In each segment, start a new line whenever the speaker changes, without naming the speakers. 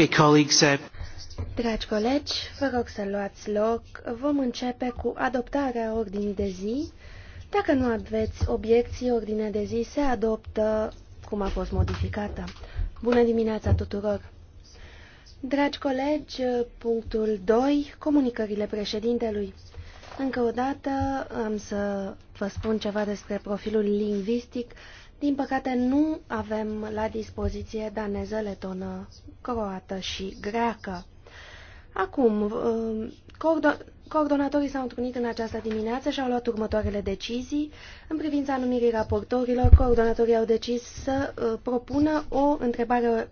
Okay, colleagues, uh...
Dragi colegi, vă rog să luați loc. Vom începe cu adoptarea ordinii de zi. Dacă nu aveți obiecții, ordinea de zi se adoptă cum a fost modificată. Bună dimineața tuturor! Dragi colegi, punctul 2, comunicările președintelui. Încă o dată am să vă spun ceva despre profilul lingvistic din păcate nu avem la dispoziție daneză, letonă, croată și greacă. Acum, um, coordonatorii s-au întrunit în această dimineață și au luat următoarele decizii. În privința numirii raportorilor, coordonatorii au decis să uh, propună o întrebare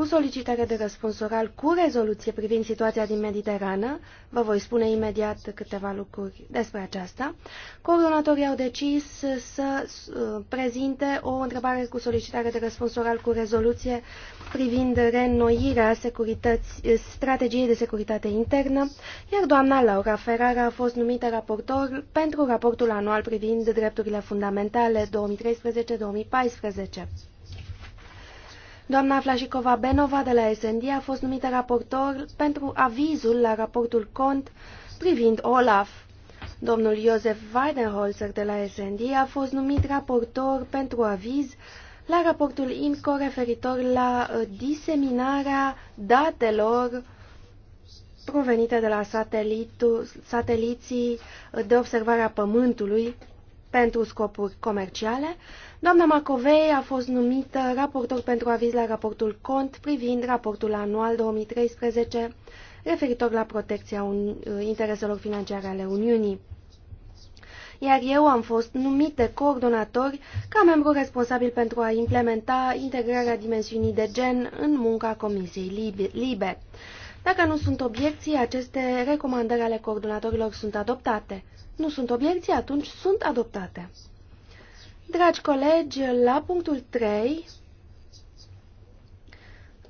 cu solicitare de răspuns oral cu rezoluție privind situația din Mediterană. Vă voi spune imediat câteva lucruri despre aceasta. Coordonatorii au decis să uh, prezinte o întrebare cu solicitare de răspuns oral cu rezoluție privind reînnoirea strategiei de securitate internă, iar doamna Laura Ferrara a fost numită raportor pentru raportul anual privind drepturile fundamentale 2013-2014. Doamna Flașicova Benova de la SND a fost numită raportor pentru avizul la raportul cont privind OLAF. Domnul Iosef Weidenholzer de la SND a fost numit raportor pentru aviz la raportul IMCO referitor la uh, diseminarea datelor provenite de la sateliții de observare a Pământului pentru scopuri comerciale Doamna Macovei a fost numită raportor pentru aviz la raportul CONT privind raportul anual 2013 referitor la protecția uh, intereselor financiare ale Uniunii. Iar eu am fost numită coordonator ca membru responsabil pentru a implementa integrarea dimensiunii de gen în munca Comisiei Libe. Dacă nu sunt obiecții, aceste recomandări ale coordonatorilor sunt adoptate. Nu sunt obiecții, atunci sunt adoptate. Dragi colegi, la punctul 3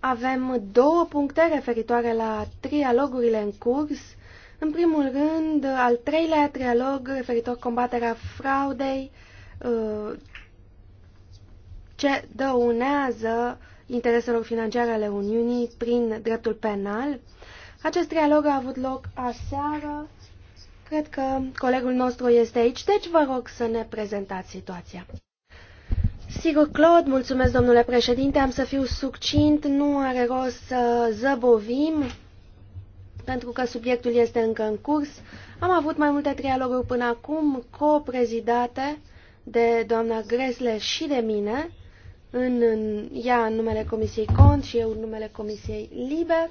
avem două puncte referitoare la trialogurile în curs. În primul rând, al treilea trialog referitor combaterea fraudei uh, ce dăunează intereselor financiare ale Uniunii prin dreptul penal. Acest trialog a avut loc aseară Cred că colegul nostru este aici, deci vă rog să ne prezentați situația. Sigur, Claude, mulțumesc, domnule președinte, am să fiu succint, nu are rost să zăbovim, pentru că subiectul este încă în curs. Am avut mai multe trialoguri până acum, coprezidate de doamna Gresle și de mine, în, în, ea în numele Comisiei Cont și eu în numele Comisiei Liber.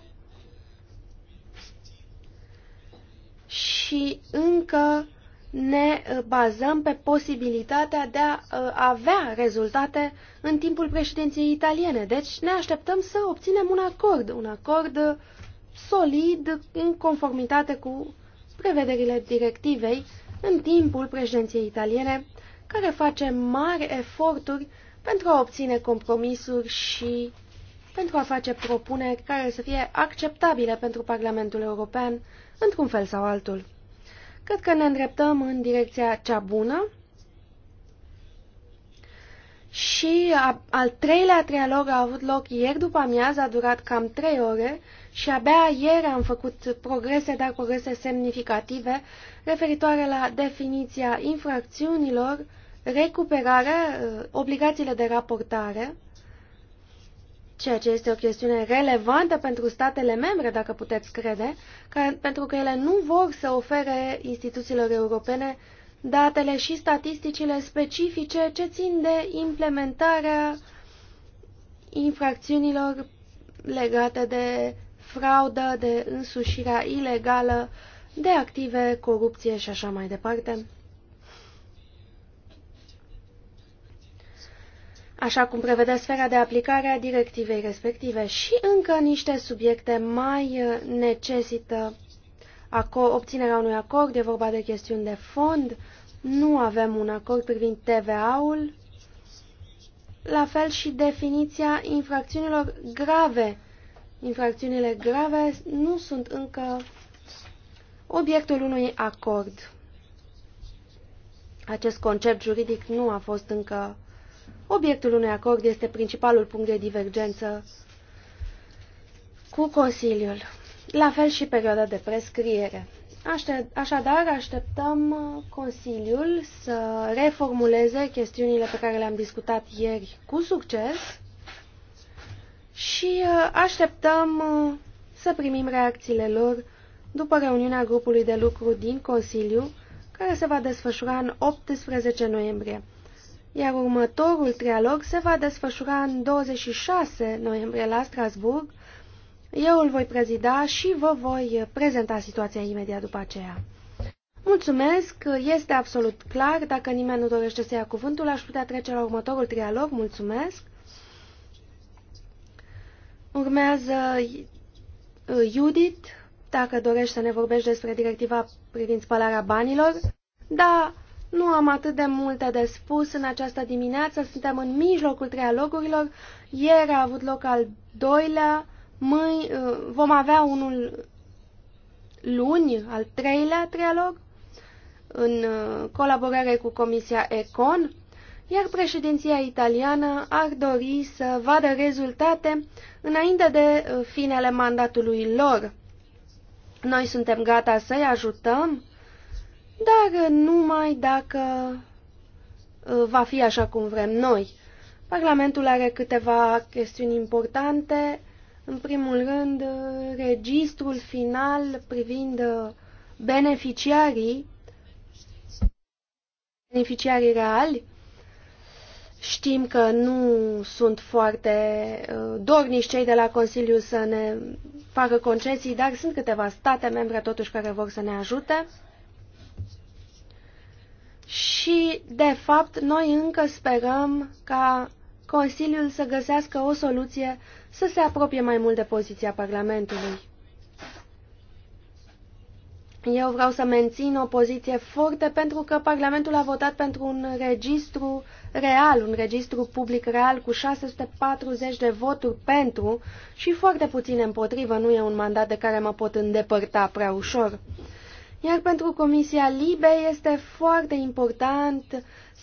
și încă ne bazăm pe posibilitatea de a uh, avea rezultate în timpul președinției italiene. Deci ne așteptăm să obținem un acord, un acord solid în conformitate cu prevederile directivei în timpul președinției italiene, care face mari eforturi pentru a obține compromisuri și pentru a face propuneri care să fie acceptabile pentru Parlamentul European într-un fel sau altul. Cred că ne îndreptăm în direcția cea bună. Și a, al treilea trialog a avut loc ieri după amiază, a durat cam trei ore și abia ieri am făcut progrese, dar progrese semnificative, referitoare la definiția infracțiunilor, recuperarea, eh, obligațiile de raportare ceea ce este o chestiune relevantă pentru statele membre, dacă puteți crede, că, pentru că ele nu vor să ofere instituțiilor europene datele și statisticile specifice ce țin de implementarea infracțiunilor legate de fraudă, de însușirea ilegală, de active, corupție și așa mai departe. așa cum prevede sfera de aplicare a directivei respective și încă niște subiecte mai uh, necesită obținerea unui acord, e vorba de chestiuni de fond, nu avem un acord privind TVA-ul, la fel și definiția infracțiunilor grave. Infracțiunile grave nu sunt încă obiectul unui acord. Acest concept juridic nu a fost încă Obiectul unui acord este principalul punct de divergență cu Consiliul, la fel și perioada de prescriere. Așadar, așteptăm Consiliul să reformuleze chestiunile pe care le-am discutat ieri cu succes și uh, așteptăm uh, să primim reacțiile lor după reuniunea grupului de lucru din Consiliu, care se va desfășura în 18 noiembrie iar următorul trialog se va desfășura în 26 noiembrie la Strasburg. Eu îl voi prezida și vă voi prezenta situația imediat după aceea. Mulțumesc, este absolut clar. Dacă nimeni nu dorește să ia cuvântul, aș putea trece la următorul trialog. Mulțumesc. Urmează uh, Judith, dacă dorești să ne vorbești despre directiva privind spălarea banilor. Da, nu am atât de multe de spus în această dimineață, suntem în mijlocul trialogurilor. Ieri a avut loc al doilea, mâini, uh, vom avea unul luni, al treilea trialog, în uh, colaborare cu Comisia ECON, iar președinția italiană ar dori să vadă rezultate înainte de uh, finele mandatului lor. Noi suntem gata să-i ajutăm dar numai dacă ă, va fi așa cum vrem noi. Parlamentul are câteva chestiuni importante. În primul rând, ă, registrul final privind ă, beneficiarii, beneficiarii reali. Știm că nu sunt foarte dornici cei de la Consiliu să ne facă concesii, dar sunt câteva state membre totuși care vor să ne ajute și, de fapt, noi încă sperăm ca Consiliul să găsească o soluție să se apropie mai mult de poziția Parlamentului. Eu vreau să mențin o poziție forte pentru că Parlamentul a votat pentru un registru real, un registru public real cu 640 de voturi pentru și foarte puține împotrivă. Nu e un mandat de care mă pot îndepărta prea ușor. Iar pentru Comisia Libe este foarte important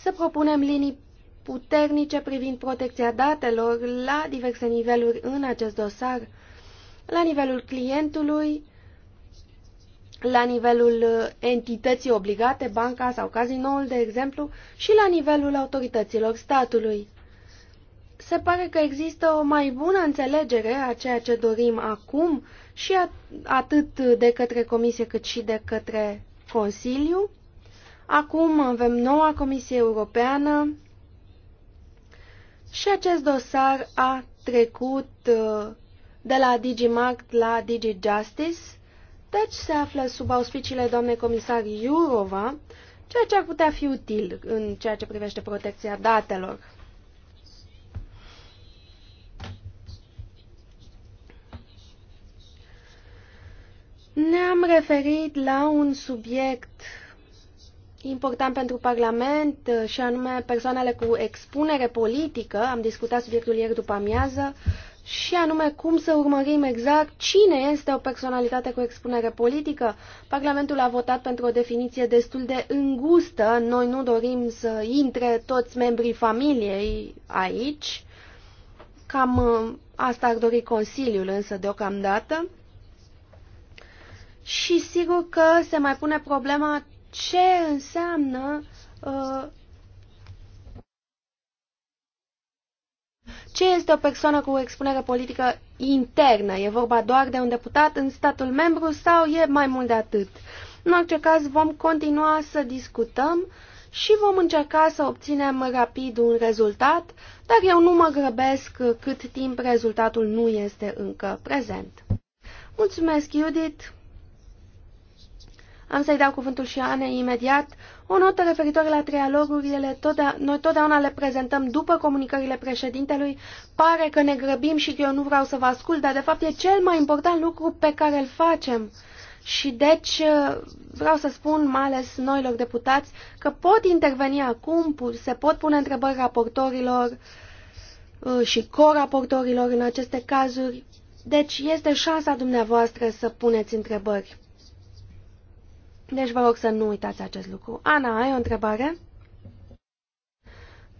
să propunem linii puternice privind protecția datelor la diverse niveluri în acest dosar, la nivelul clientului, la nivelul entității obligate, banca sau cazinoul, de exemplu, și la nivelul autorităților statului. Se pare că există o mai bună înțelegere a ceea ce dorim acum și atât de către Comisie cât și de către Consiliu. Acum avem noua Comisie Europeană și acest dosar a trecut uh, de la DigiMarkt la DigiJustice, deci se află sub auspiciile doamnei comisar Iurova, ceea ce ar putea fi util în ceea ce privește protecția datelor. Ne-am referit la un subiect important pentru Parlament și anume persoanele cu expunere politică. Am discutat subiectul ieri după amiază și anume cum să urmărim exact cine este o personalitate cu expunere politică. Parlamentul a votat pentru o definiție destul de îngustă. Noi nu dorim să intre toți membrii familiei aici. Cam uh, asta ar dori Consiliul însă deocamdată. Și sigur că se mai pune problema ce înseamnă uh, ce este o persoană cu expunere politică internă. E vorba doar de un deputat în statul membru sau e mai mult de atât? În orice caz, vom continua să discutăm și vom încerca să obținem rapid un rezultat, dar eu nu mă grăbesc cât timp rezultatul nu este încă prezent. Mulțumesc, Judith! Am să-i dau cuvântul și Anei imediat. O notă referitoare la trialogurile, noi totdeauna le prezentăm după comunicările președintelui. Pare că ne grăbim și că eu nu vreau să vă ascult, dar de fapt e cel mai important lucru pe care îl facem. Și deci vreau să spun, mai ales noilor deputați, că pot interveni acum, se pot pune întrebări raportorilor uh, și coraportorilor în aceste cazuri. Deci este șansa dumneavoastră să puneți întrebări. Deci vă rog să nu uitați acest lucru. Ana, ai o întrebare?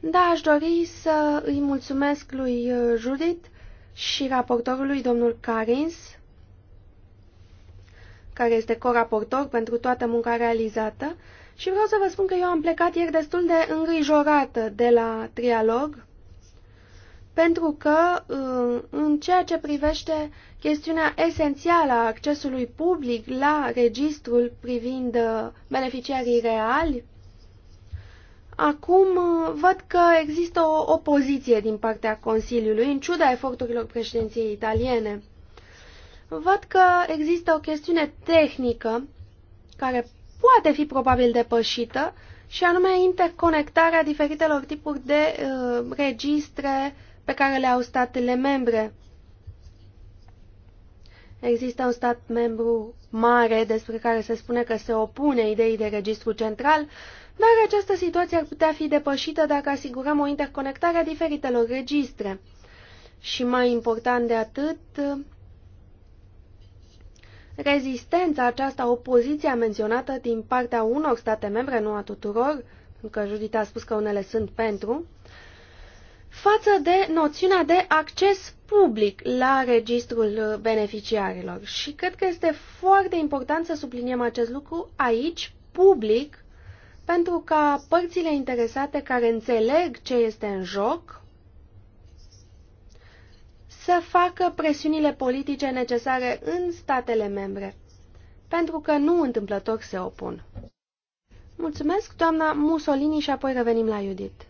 Da, aș dori să îi mulțumesc lui uh, Judith și raportorului domnul Carins, care este coraportor pentru toată munca realizată, și vreau să vă spun că eu am plecat ieri destul de îngrijorată de la trialog, pentru că uh, în ceea ce privește chestiunea esențială a accesului public la registrul privind uh, beneficiarii reali, acum uh, văd că există o opoziție din partea Consiliului, în ciuda eforturilor președinției italiene. Văd că există o chestiune tehnică care poate fi probabil depășită, și anume interconectarea diferitelor tipuri de uh, registre pe care le au statele membre. Există un stat membru mare despre care se spune că se opune ideii de registru central, dar această situație ar putea fi depășită dacă asigurăm o interconectare a diferitelor registre. Și mai important de atât, rezistența aceasta, opoziția menționată din partea unor state membre, nu a tuturor, încă Judith a spus că unele sunt pentru, față de noțiunea de acces public la registrul beneficiarilor. Și cred că este foarte important să subliniem acest lucru aici, public, pentru ca părțile interesate care înțeleg ce este în joc să facă presiunile politice necesare în statele membre, pentru că nu întâmplător se opun. Mulțumesc, doamna Mussolini, și apoi revenim la Judith.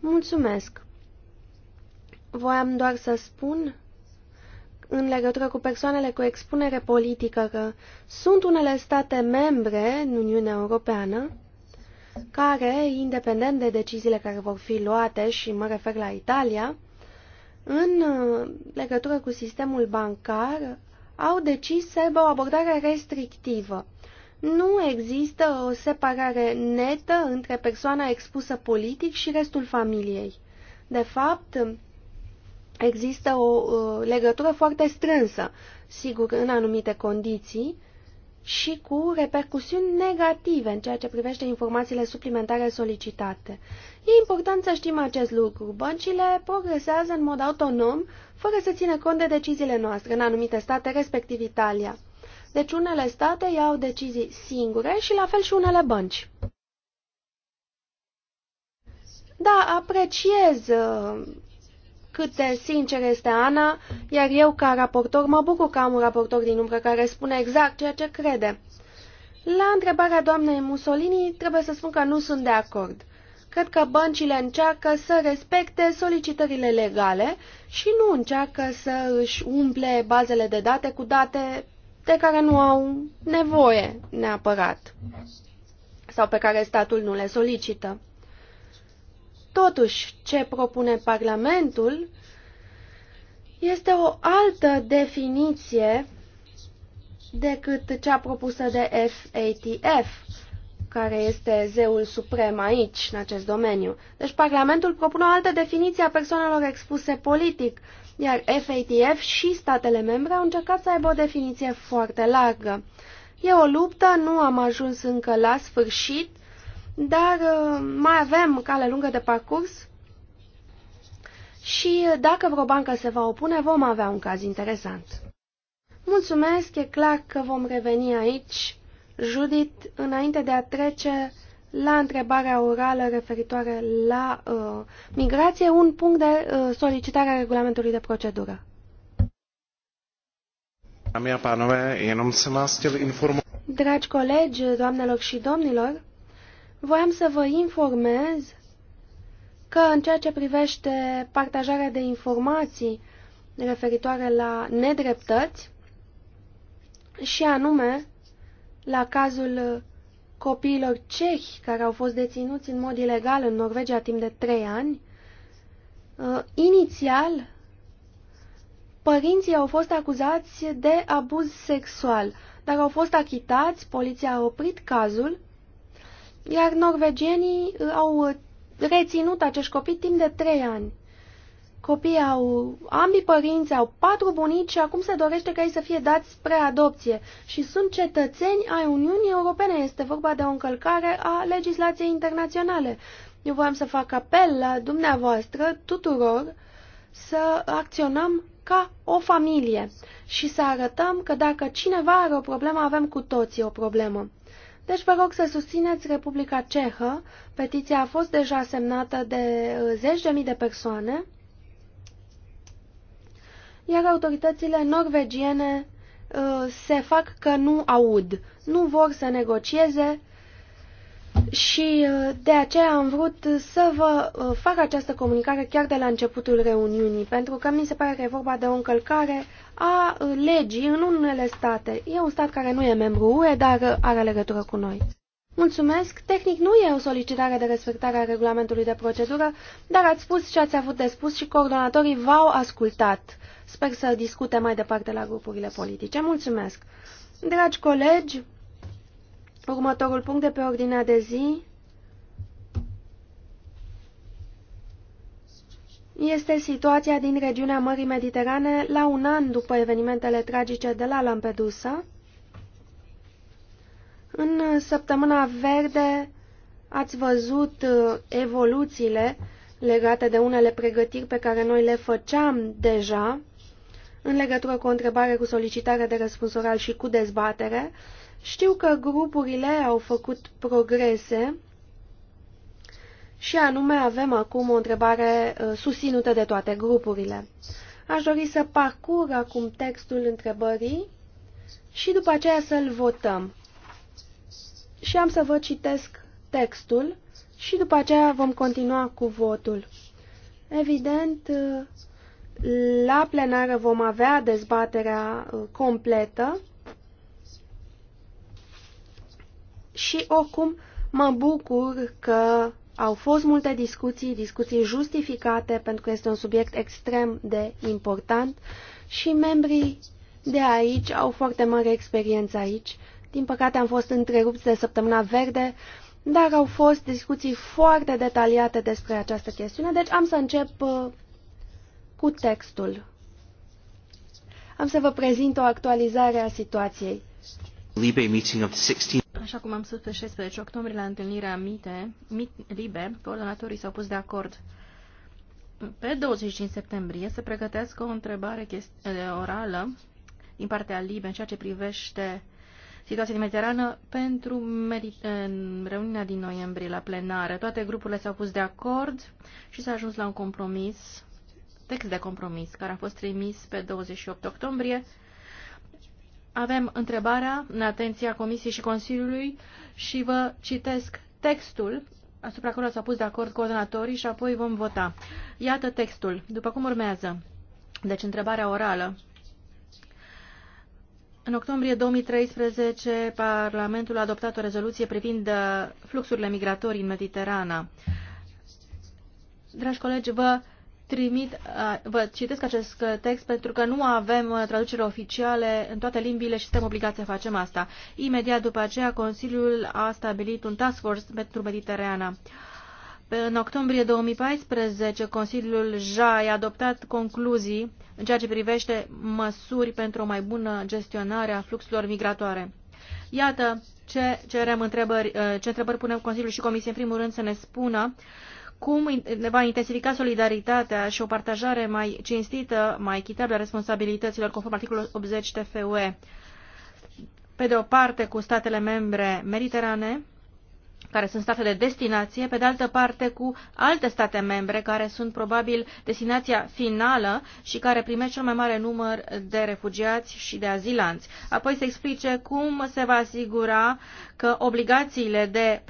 Mulțumesc. Voiam doar să spun în legătură cu persoanele cu expunere politică că sunt unele state membre în Uniunea Europeană care, independent de deciziile care vor fi luate, și mă refer la Italia, în uh, legătură cu sistemul bancar, au decis să aibă o abordare restrictivă. Nu există o separare netă între persoana expusă politic și restul familiei. De fapt, există o uh, legătură foarte strânsă, sigur, în anumite condiții, și cu repercusiuni negative în ceea ce privește informațiile suplimentare solicitate. E important să știm acest lucru. Băncile progresează în mod autonom, fără să țină cont de deciziile noastre în anumite state, respectiv Italia. Deci unele state iau decizii singure și la fel și unele bănci. Da, apreciez uh, cât de sincer este Ana, iar eu ca raportor mă bucur că am un raportor din umbră care spune exact ceea ce crede. La întrebarea doamnei Mussolini trebuie să spun că nu sunt de acord. Cred că băncile încearcă să respecte solicitările legale și nu încearcă să își umple bazele de date cu date de care nu au nevoie neapărat sau pe care statul nu le solicită. Totuși, ce propune Parlamentul este o altă definiție decât cea propusă de FATF, care este zeul suprem aici, în acest domeniu. Deci Parlamentul propune o altă definiție a persoanelor expuse politic, iar FATF și statele membre au încercat să aibă o definiție foarte largă. E o luptă, nu am ajuns încă la sfârșit, dar uh, mai avem cale lungă de parcurs și uh, dacă vreo bancă se va opune, vom avea un caz interesant. Mulțumesc, e clar că vom reveni aici. Judith, înainte de a trece la întrebarea orală referitoare la uh, migrație, un punct de uh, solicitare a regulamentului de procedură. Dragi colegi, doamnelor și domnilor, Voiam să vă informez că în ceea ce privește partajarea de informații referitoare la nedreptăți, și anume la cazul copiilor cehi care au fost deținuți în mod ilegal în Norvegia timp de trei ani, uh, inițial părinții au fost acuzați de abuz sexual, dar au fost achitați, poliția a oprit cazul iar norvegienii uh, au uh, reținut acești copii timp de trei ani. Copiii au, ambii părinți au patru bunici și acum se dorește ca ei să fie dați spre adopție și sunt cetățeni ai Uniunii Europene. Este vorba de o încălcare a legislației internaționale. Eu voiam să fac apel la dumneavoastră, tuturor, să acționăm ca o familie și să arătăm că dacă cineva are o problemă, avem cu toții o problemă. Deci vă rog să susțineți Republica Cehă. Petiția a fost deja semnată de uh, zeci de mii de persoane, iar autoritățile norvegiene uh, se fac că nu aud, nu vor să negocieze, și uh, de aceea am vrut să vă uh, fac această comunicare chiar de la începutul reuniunii, pentru că mi se pare că e vorba de o încălcare a uh, legii în unele state. E un stat care nu e membru UE, dar are legătură cu noi. Mulțumesc. Tehnic nu e o solicitare de respectare a regulamentului de procedură, dar ați spus ce ați avut de spus și coordonatorii v-au ascultat. Sper să discute mai departe la grupurile politice. Mulțumesc. Dragi colegi, Următorul punct de pe ordinea de zi este situația din regiunea Mării Mediterane la un an după evenimentele tragice de la Lampedusa. În săptămâna verde ați văzut uh, evoluțiile legate de unele pregătiri pe care noi le făceam deja în legătură cu o întrebare cu solicitare de răspuns oral și cu dezbatere. Știu că grupurile au făcut progrese și anume avem acum o întrebare uh, susținută de toate grupurile. Aș dori să parcurg acum textul întrebării și după aceea să-l votăm. Și am să vă citesc textul și după aceea vom continua cu votul. Evident, uh, la plenară vom avea dezbaterea uh, completă și oricum mă bucur că au fost multe discuții, discuții justificate, pentru că este un subiect extrem de important și membrii de aici au foarte mare experiență aici. Din păcate am fost întrerupți de săptămâna verde, dar au fost discuții foarte detaliate despre această chestiune, deci am să încep uh, cu textul. Am să vă prezint o actualizare a situației.
Libe meeting of
Așa cum am spus pe 16 octombrie la întâlnirea MITE, MIT, LIBE,
coordonatorii s-au pus de acord pe 25 septembrie să pregătească o întrebare eh, orală din partea LIBE în ceea ce privește situația din Mediterană pentru în reuniunea din noiembrie la plenară. Toate grupurile s-au pus de acord și s-a ajuns la un compromis, text de compromis, care a fost trimis pe 28 octombrie avem întrebarea în atenția Comisiei și Consiliului și vă citesc textul asupra căruia s-au pus de acord coordonatorii și apoi vom vota. Iată textul, după cum urmează. Deci întrebarea orală. În octombrie 2013, Parlamentul a adoptat o rezoluție privind uh, fluxurile migratorii în Mediterana. Dragi colegi, vă trimit, uh, vă citesc acest uh, text pentru că nu avem uh, traducere oficiale în toate limbile și suntem obligați să facem asta. Imediat după aceea, Consiliul a stabilit un task force pentru Mediterana. În octombrie 2014, Consiliul JAI a adoptat concluzii în ceea ce privește măsuri pentru o mai bună gestionare a fluxurilor migratoare. Iată ce cerem întrebări, ce întrebări punem Consiliul și Comisie, în primul rând, să ne spună uh, cum va intensifica solidaritatea și o partajare mai cinstită, mai echitabilă a responsabilităților, conform articolului 80 TFUE, pe de o parte cu statele membre mediterane care sunt state de destinație, pe de altă parte cu alte state membre care sunt probabil destinația finală și care primește cel mai mare număr de refugiați și de azilanți. Apoi se explice cum se va asigura că obligațiile de,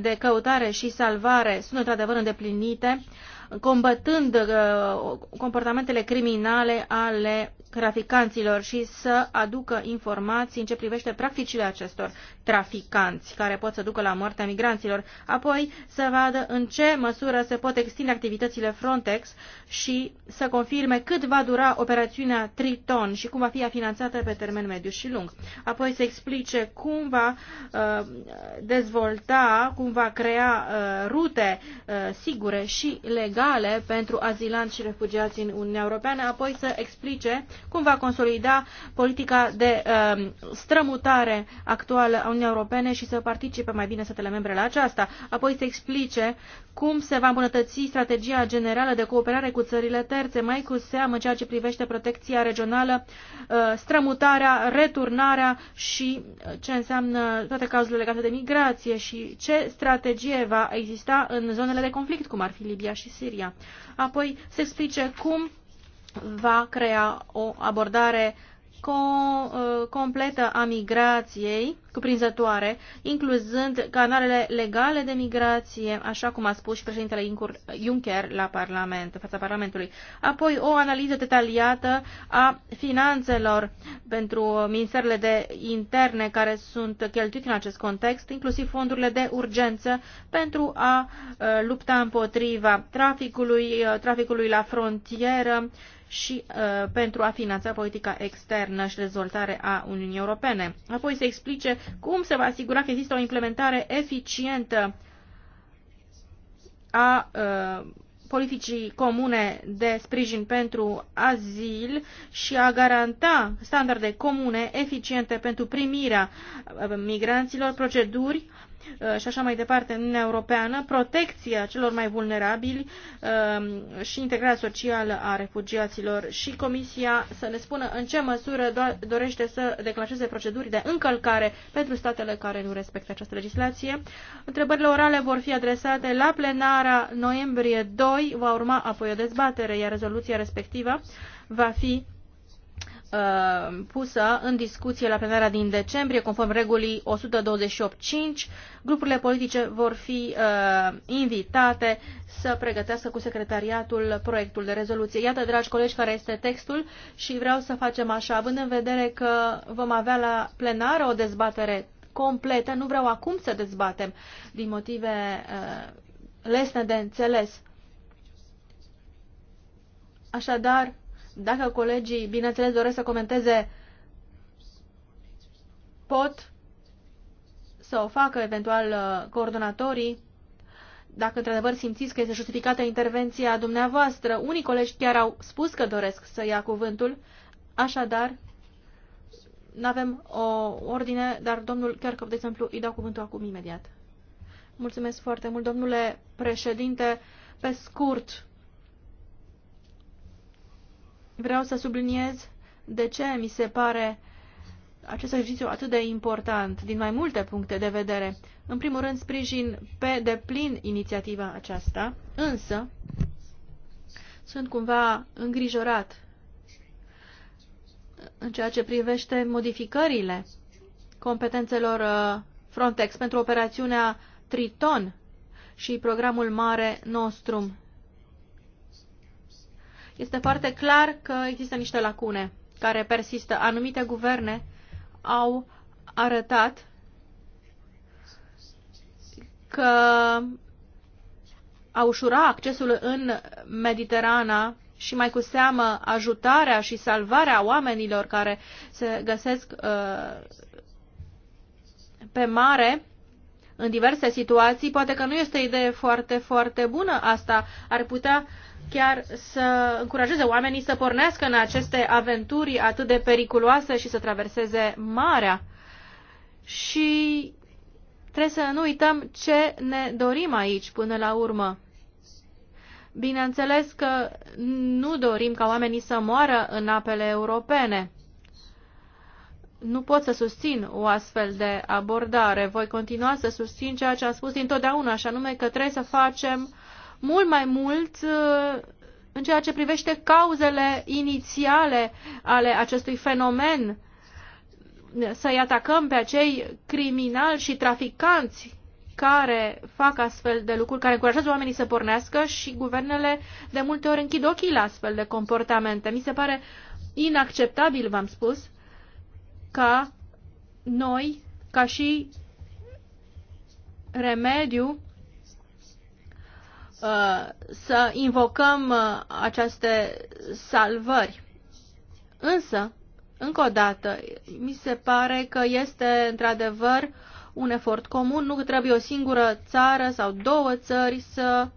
de căutare și salvare sunt într-adevăr îndeplinite, combătând uh, comportamentele criminale ale traficanților și să aducă informații în ce privește practicile acestor traficanți care pot să ducă la moartea migranților, apoi să vadă în ce măsură se pot extinde activitățile Frontex și să confirme cât va dura operațiunea Triton și cum va fi finanțată pe termen mediu și lung. Apoi să explice cum va uh, dezvolta, cum va crea uh, rute uh, sigure și legale legale pentru azilanți și refugiați în Uniunea Europeană, apoi să explice cum va consolida politica de uh, strămutare actuală a Uniunii Europene și să participe mai bine statele membre la aceasta, apoi să explice cum se va îmbunătăți strategia generală de cooperare cu țările terțe, mai cu seamă ceea ce privește protecția regională, uh, strămutarea, returnarea și uh, ce înseamnă toate cazurile legate de migrație și ce strategie va exista în zonele de conflict, cum ar fi Libia și Siria. Siria. Apoi se explice cum va crea o abordare co- uh, completă a migrației cuprinzătoare, incluzând canalele legale de migrație, așa cum a spus și președintele Juncker la Parlament, în fața Parlamentului. Apoi o analiză detaliată a finanțelor pentru ministerele de interne care sunt cheltuite în acest context, inclusiv fondurile de urgență pentru a uh, lupta împotriva traficului, uh, traficului la frontieră, și uh, pentru a finanța politica externă și dezvoltare a Uniunii Europene. Apoi se explice cum se va asigura că există o implementare eficientă a uh, politicii comune de sprijin pentru azil și a garanta standarde comune eficiente pentru primirea uh, migranților, proceduri Uh, și așa mai departe în Uniunea Europeană, protecția celor mai vulnerabili uh, și integrarea socială a refugiaților și Comisia să ne spună în ce măsură dorește să declanșeze proceduri de încălcare pentru statele care nu respectă această legislație. Întrebările orale vor fi adresate la plenara noiembrie 2, va urma apoi o dezbatere, iar rezoluția respectivă va fi Uh, pusă în discuție la plenarea din decembrie, conform regulii 128.5. Grupurile politice vor fi uh, invitate să pregătească cu secretariatul proiectul de rezoluție. Iată, dragi colegi, care este textul și vreau să facem așa, având în vedere că vom avea la plenară o dezbatere completă, nu vreau acum să dezbatem din motive uh, lesne de înțeles. Așadar, dacă colegii, bineînțeles, doresc să comenteze, pot să o facă eventual uh, coordonatorii, dacă într-adevăr simțiți că este justificată intervenția dumneavoastră. Unii colegi chiar au spus că doresc să ia cuvântul, așadar, nu avem o ordine, dar domnul Kerkov, de exemplu, îi dau cuvântul acum imediat. Mulțumesc foarte mult, domnule președinte. Pe scurt, vreau să subliniez de ce mi se pare acest exercițiu atât de important din mai multe puncte de vedere. În primul rând, sprijin pe deplin inițiativa aceasta, însă sunt cumva îngrijorat în ceea ce privește modificările competențelor uh, Frontex pentru operațiunea Triton și programul mare Nostrum este foarte clar că există niște lacune care persistă. Anumite guverne au arătat că a ușura accesul în Mediterana și mai cu seamă ajutarea și salvarea oamenilor care se găsesc uh, pe mare în diverse situații, poate că nu este o idee foarte, foarte bună asta. Ar putea uh, chiar să încurajeze oamenii să pornească în aceste aventuri atât de periculoase și să traverseze marea. Și trebuie să nu uităm ce ne dorim aici până la urmă. Bineînțeles că nu dorim ca oamenii să moară în apele europene. Nu pot să susțin o astfel de abordare. Voi continua să susțin ceea ce am spus dintotdeauna, și anume că trebuie să facem uh, mult mai mult uh, în ceea ce privește cauzele inițiale ale acestui fenomen, să-i atacăm pe acei criminali și traficanți care fac astfel de lucruri, care încurajează oamenii să pornească și guvernele de multe ori închid ochii la astfel de comportamente. Mi se pare inacceptabil, v-am spus, ca noi, ca și remediu, Uh, să invocăm uh, aceste salvări. Însă, încă o dată, mi se pare că este într-adevăr un efort comun, nu trebuie o singură țară sau două țări să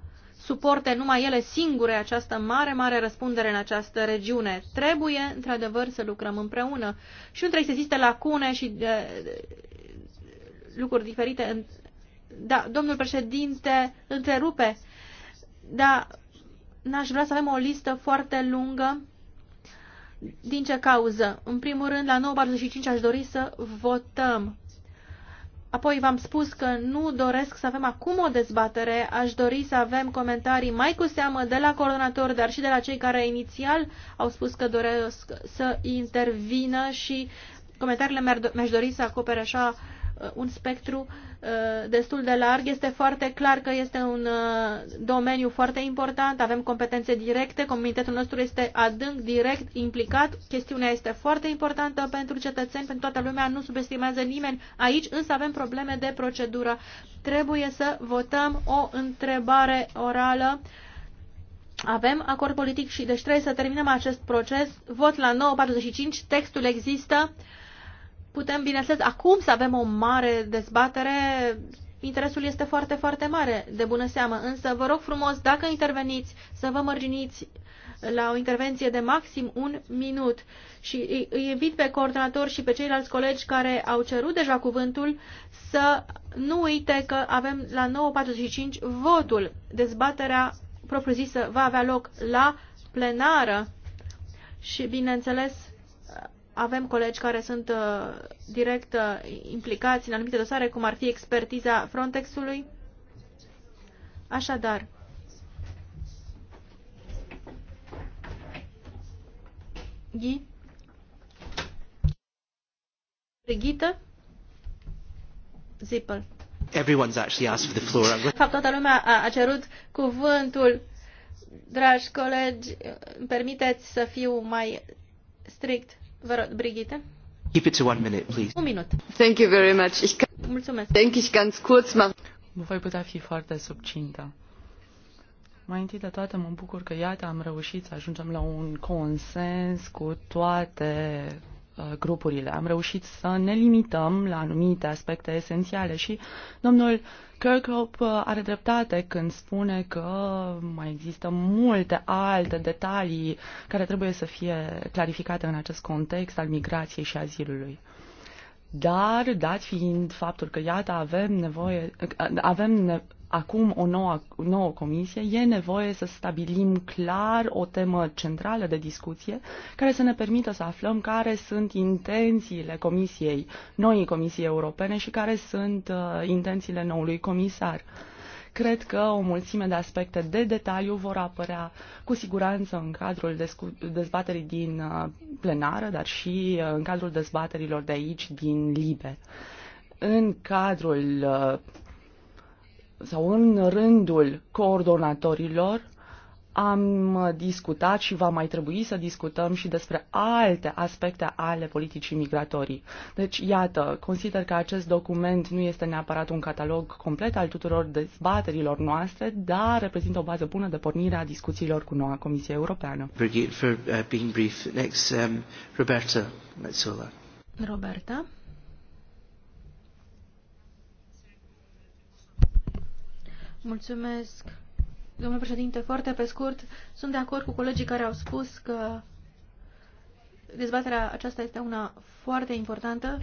suporte numai ele singure această mare, mare răspundere în această regiune. Trebuie, într-adevăr, să lucrăm împreună. Și nu trebuie să existe lacune și de, uh, de, lucruri diferite. Da, domnul președinte întrerupe da, n-aș vrea să avem o listă foarte lungă. Din ce cauză? În primul rând, la 9.45 aș dori să votăm. Apoi v-am spus că nu doresc să avem acum o dezbatere, aș dori să avem comentarii mai cu seamă de la coordonator, dar și de la cei care inițial au spus că doresc să intervină și comentariile mi-aș dori să acopere așa Uh, un spectru uh, destul de larg. Este foarte clar că este un uh, domeniu foarte important, avem competențe directe, comunitetul nostru este adânc, direct implicat, chestiunea este foarte importantă pentru cetățeni, pentru toată lumea, nu subestimează nimeni aici, însă avem probleme de procedură. Trebuie să votăm o întrebare orală. Avem acord politic și deci trebuie să terminăm acest proces. Vot la 9.45, textul există putem, bineînțeles, acum să avem o mare dezbatere, interesul este foarte, foarte mare, de bună seamă. Însă, vă rog frumos, dacă interveniți, să vă mărginiți la o intervenție de maxim un minut. Și îi invit pe coordonator și pe ceilalți colegi care au cerut deja cuvântul să nu uite că avem la 9.45 votul. Dezbaterea propriu-zisă va avea loc la plenară și, bineînțeles, avem colegi care sunt uh, direct uh, implicați în anumite dosare, cum ar fi expertiza Frontexului. Așadar, Ghi, Brigitte, Zippel. Everyone's actually asked for the floor. Fapt, toată lumea a, a cerut cuvântul. Dragi colegi, îmi permiteți să fiu mai strict. Vă rog, Brigitte.
Keep it to one minute, please.
Un minut. Thank you very much. Ich kann, Mulțumesc. Denke
ich ganz kurz Mă Voi putea fi foarte subcintă. Mai întâi de toate mă bucur că iată am reușit să ajungem la un consens cu toate Uh, grupurile. Am reușit să ne limităm la anumite aspecte esențiale și domnul Kirkhope uh, are dreptate când spune că mai există multe alte detalii care trebuie să fie clarificate în acest context al migrației și azilului. Dar, dat fiind faptul că, iată, avem nevoie, avem ne- acum o nouă, nouă comisie, e nevoie să stabilim clar o temă centrală de discuție care să ne permită să aflăm care sunt intențiile comisiei, noii comisii europene și care sunt uh, intențiile noului comisar. Uh, Cred că o mulțime de aspecte de detaliu vor apărea cu siguranță în cadrul dezbaterii din uh, plenară, dar și uh, în cadrul dezbaterilor de aici din LIBE. În cadrul uh, sau în rândul coordonatorilor am uh, discutat și va mai trebui să discutăm și despre alte aspecte ale politicii migratorii. Deci, iată, consider că acest document nu este neapărat un catalog complet al tuturor dezbaterilor noastre, dar reprezintă o bază bună de pornire a discuțiilor cu noua Comisie Europeană.
For, uh, being brief. Next, um, Roberta Metzola. Roberta. Mulțumesc. Domnule președinte, foarte pe scurt, sunt de acord cu colegii care au spus că dezbaterea aceasta este una foarte importantă.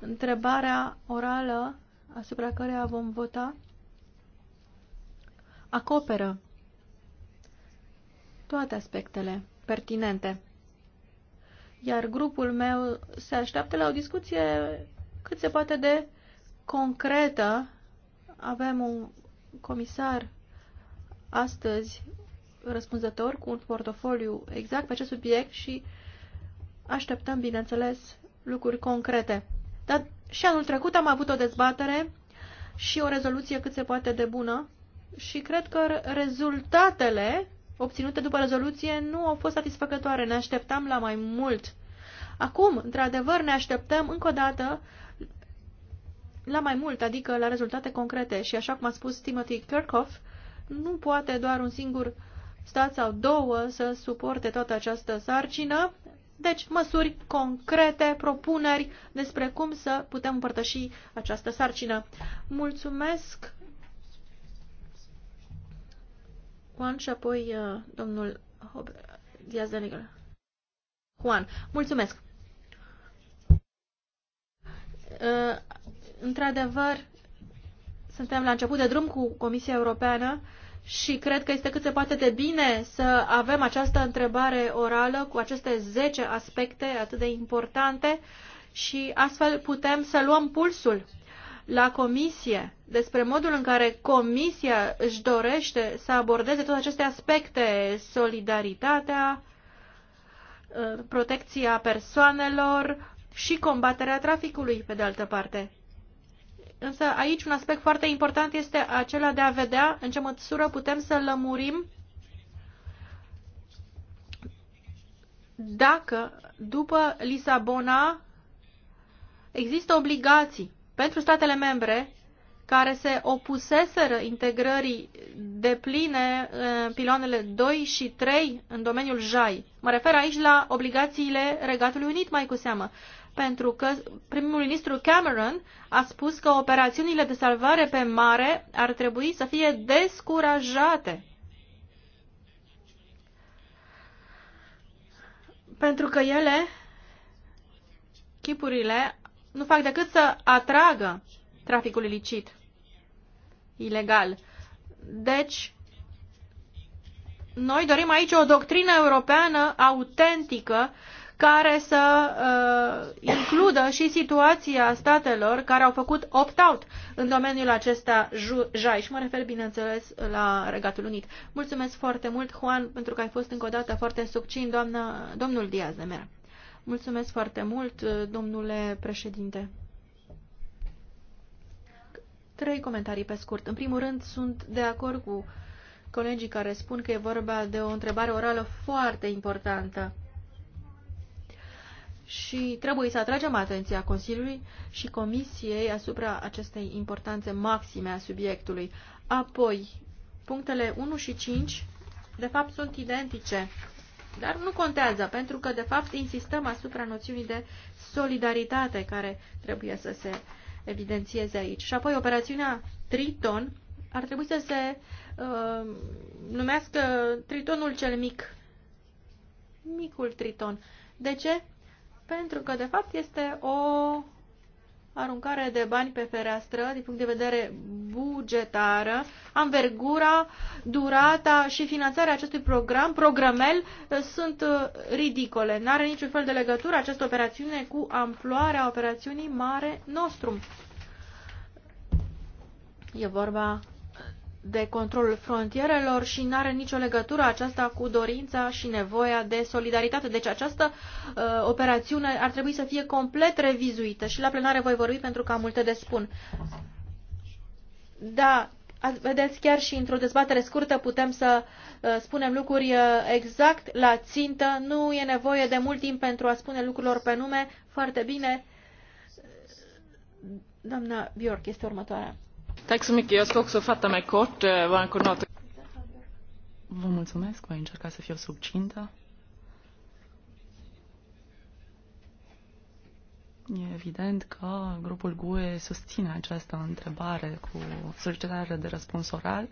Întrebarea orală asupra căreia vom vota acoperă toate aspectele pertinente. Iar grupul meu se așteaptă la o discuție cât se poate de concretă. Avem un comisar astăzi răspunzător cu un portofoliu exact pe acest subiect și așteptăm, bineînțeles, lucruri concrete. Dar și anul trecut am avut o dezbatere și o rezoluție cât se poate de bună și cred că rezultatele obținute după rezoluție nu au fost satisfăcătoare. Ne așteptam la mai mult. Acum, într-adevăr, ne așteptăm încă o dată la mai mult, adică la rezultate concrete. Și așa cum a spus Timothy Kirchhoff, nu poate doar un singur stat sau două să suporte toată această sarcină. Deci, măsuri concrete, propuneri despre cum să putem împărtăși această sarcină. Mulțumesc! Juan și apoi uh, domnul Diaz de Negre. Juan, mulțumesc! Uh, Într-adevăr, suntem la început de drum cu Comisia Europeană și cred că este cât se poate de bine să avem această întrebare orală cu aceste 10 aspecte atât de importante și astfel putem să luăm pulsul la comisie despre modul în care comisia își dorește să abordeze toate aceste aspecte, solidaritatea, uh, protecția persoanelor și combaterea traficului, pe de altă parte. Însă aici un aspect foarte important este acela de a vedea în ce măsură putem să lămurim dacă după Lisabona există obligații pentru statele membre care se opuseseră integrării de pline piloanele 2 și 3 în domeniul JAI. Mă refer aici la obligațiile Regatului Unit, mai cu seamă pentru că primul ministru Cameron a spus că operațiunile de salvare pe mare ar trebui să fie descurajate. Pentru că ele, chipurile, nu fac decât să atragă traficul ilicit, ilegal. Deci, noi dorim aici o doctrină europeană autentică care să uh, includă și situația statelor care au făcut opt-out în domeniul acesta JAI și mă refer, bineînțeles, la Regatul Unit. Mulțumesc foarte mult, Juan, pentru că ai fost încă o dată foarte succint, doamna, domnul Diaz de Mera. Mulțumesc foarte mult, domnule președinte. Trei comentarii pe scurt. În primul rând, sunt de acord cu colegii care spun că e vorba de o întrebare orală foarte importantă și trebuie să atragem atenția Consiliului și Comisiei asupra acestei importanțe maxime a subiectului. Apoi, punctele 1 și 5, de fapt, sunt identice, dar nu contează, pentru că, de fapt, insistăm asupra noțiunii de solidaritate care trebuie să se evidențieze aici. Și apoi, operațiunea Triton ar trebui să se uh, numească Tritonul cel mic. Micul Triton. De ce? pentru că, de fapt, este o aruncare de bani pe fereastră din punct de vedere bugetară, anvergura, durata și finanțarea acestui program, programel, sunt uh, ridicole. Nu are niciun fel de legătură această operațiune cu amploarea operațiunii Mare Nostrum. E vorba de controlul frontierelor și nu are nicio legătură aceasta cu dorința și nevoia de solidaritate. Deci această uh, operațiune ar trebui să fie complet revizuită și la plenare voi vorbi pentru că am multe de spun. Da, vedeți, chiar și într-o dezbatere scurtă putem să uh, spunem lucruri uh, exact la țintă. Nu e nevoie de mult timp pentru a spune lucrurilor pe nume. Foarte bine. Doamna Bjork este următoarea. Tack så mycket. Jag ska också fatta mig kort. Eh, vår koordinator...
Vă mulțumesc, voi încerca să fiu subcintă. E evident că grupul GUE susține această întrebare cu solicitare de răspuns oral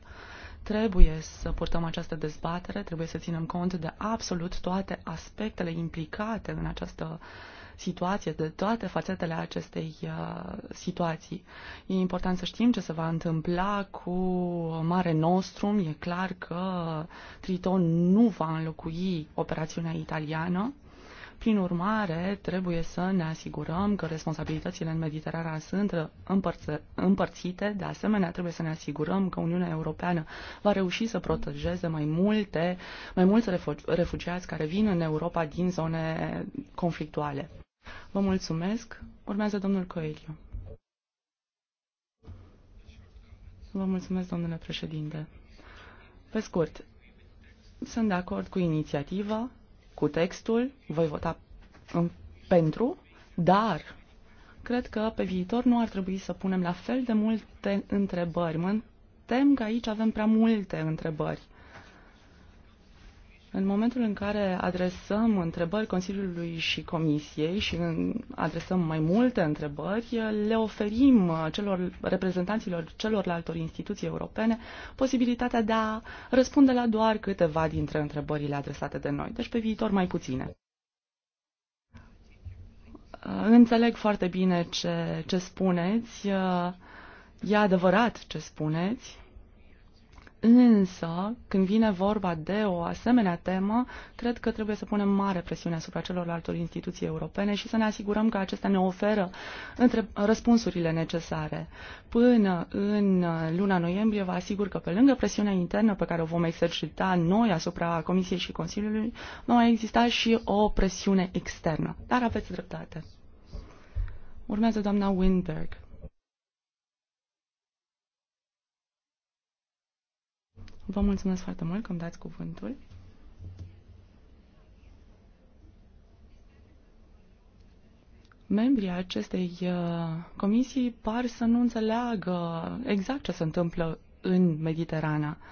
Trebuie să purtăm această dezbatere, trebuie să ținem cont de absolut toate aspectele implicate în această situație, de toate fațetele acestei uh, situații. E important să știm ce se va întâmpla cu Mare Nostrum. E clar că Triton nu va înlocui operațiunea italiană. Prin urmare, trebuie să ne asigurăm că responsabilitățile în Mediterana sunt împărțite. De asemenea, trebuie să ne asigurăm că Uniunea Europeană va reuși să protejeze mai multe, mai mulți refugiați care vin în Europa din zone conflictuale. Vă mulțumesc. Urmează domnul Coelho. Vă mulțumesc, domnule președinte. Pe scurt, sunt de acord cu inițiativa, cu textul, voi vota în, pentru, dar cred că pe viitor nu ar trebui să punem la fel de multe întrebări. Mă tem că aici avem prea multe întrebări. În momentul în care adresăm întrebări Consiliului și Comisiei și adresăm mai multe întrebări, le oferim celor reprezentanților celorlalte instituții europene posibilitatea de a răspunde la doar câteva dintre întrebările adresate de noi, deci pe viitor mai puține. Înțeleg foarte bine ce, ce spuneți. E adevărat ce spuneți. Însă, când vine vorba de o asemenea temă, cred că trebuie să punem mare presiune asupra celorlalte instituții europene și să ne asigurăm că acestea ne oferă între răspunsurile necesare. Până în luna noiembrie, vă asigur că pe lângă presiunea internă pe care o vom exercita noi asupra Comisiei și Consiliului, nu va exista și o presiune externă. Dar aveți dreptate. Urmează doamna Winberg. Vă mulțumesc foarte mult că îmi dați cuvântul. Membrii acestei uh, comisii par să nu înțeleagă exact ce se întâmplă în Mediterana. Uh,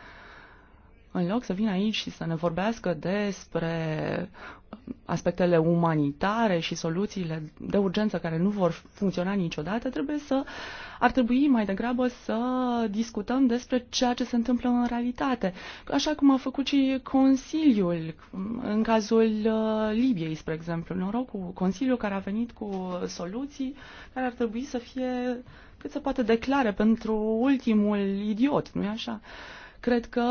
în loc să vină aici și să ne vorbească despre aspectele umanitare și soluțiile de urgență care nu vor funcționa niciodată, trebuie să ar trebui mai degrabă să discutăm despre ceea ce se întâmplă în realitate, așa cum a făcut și Consiliul în cazul uh, Libiei, spre exemplu, norocul, cu Consiliul care a venit cu soluții care ar trebui să fie cât se poate declare pentru ultimul idiot, nu-i așa? Uh, Cred că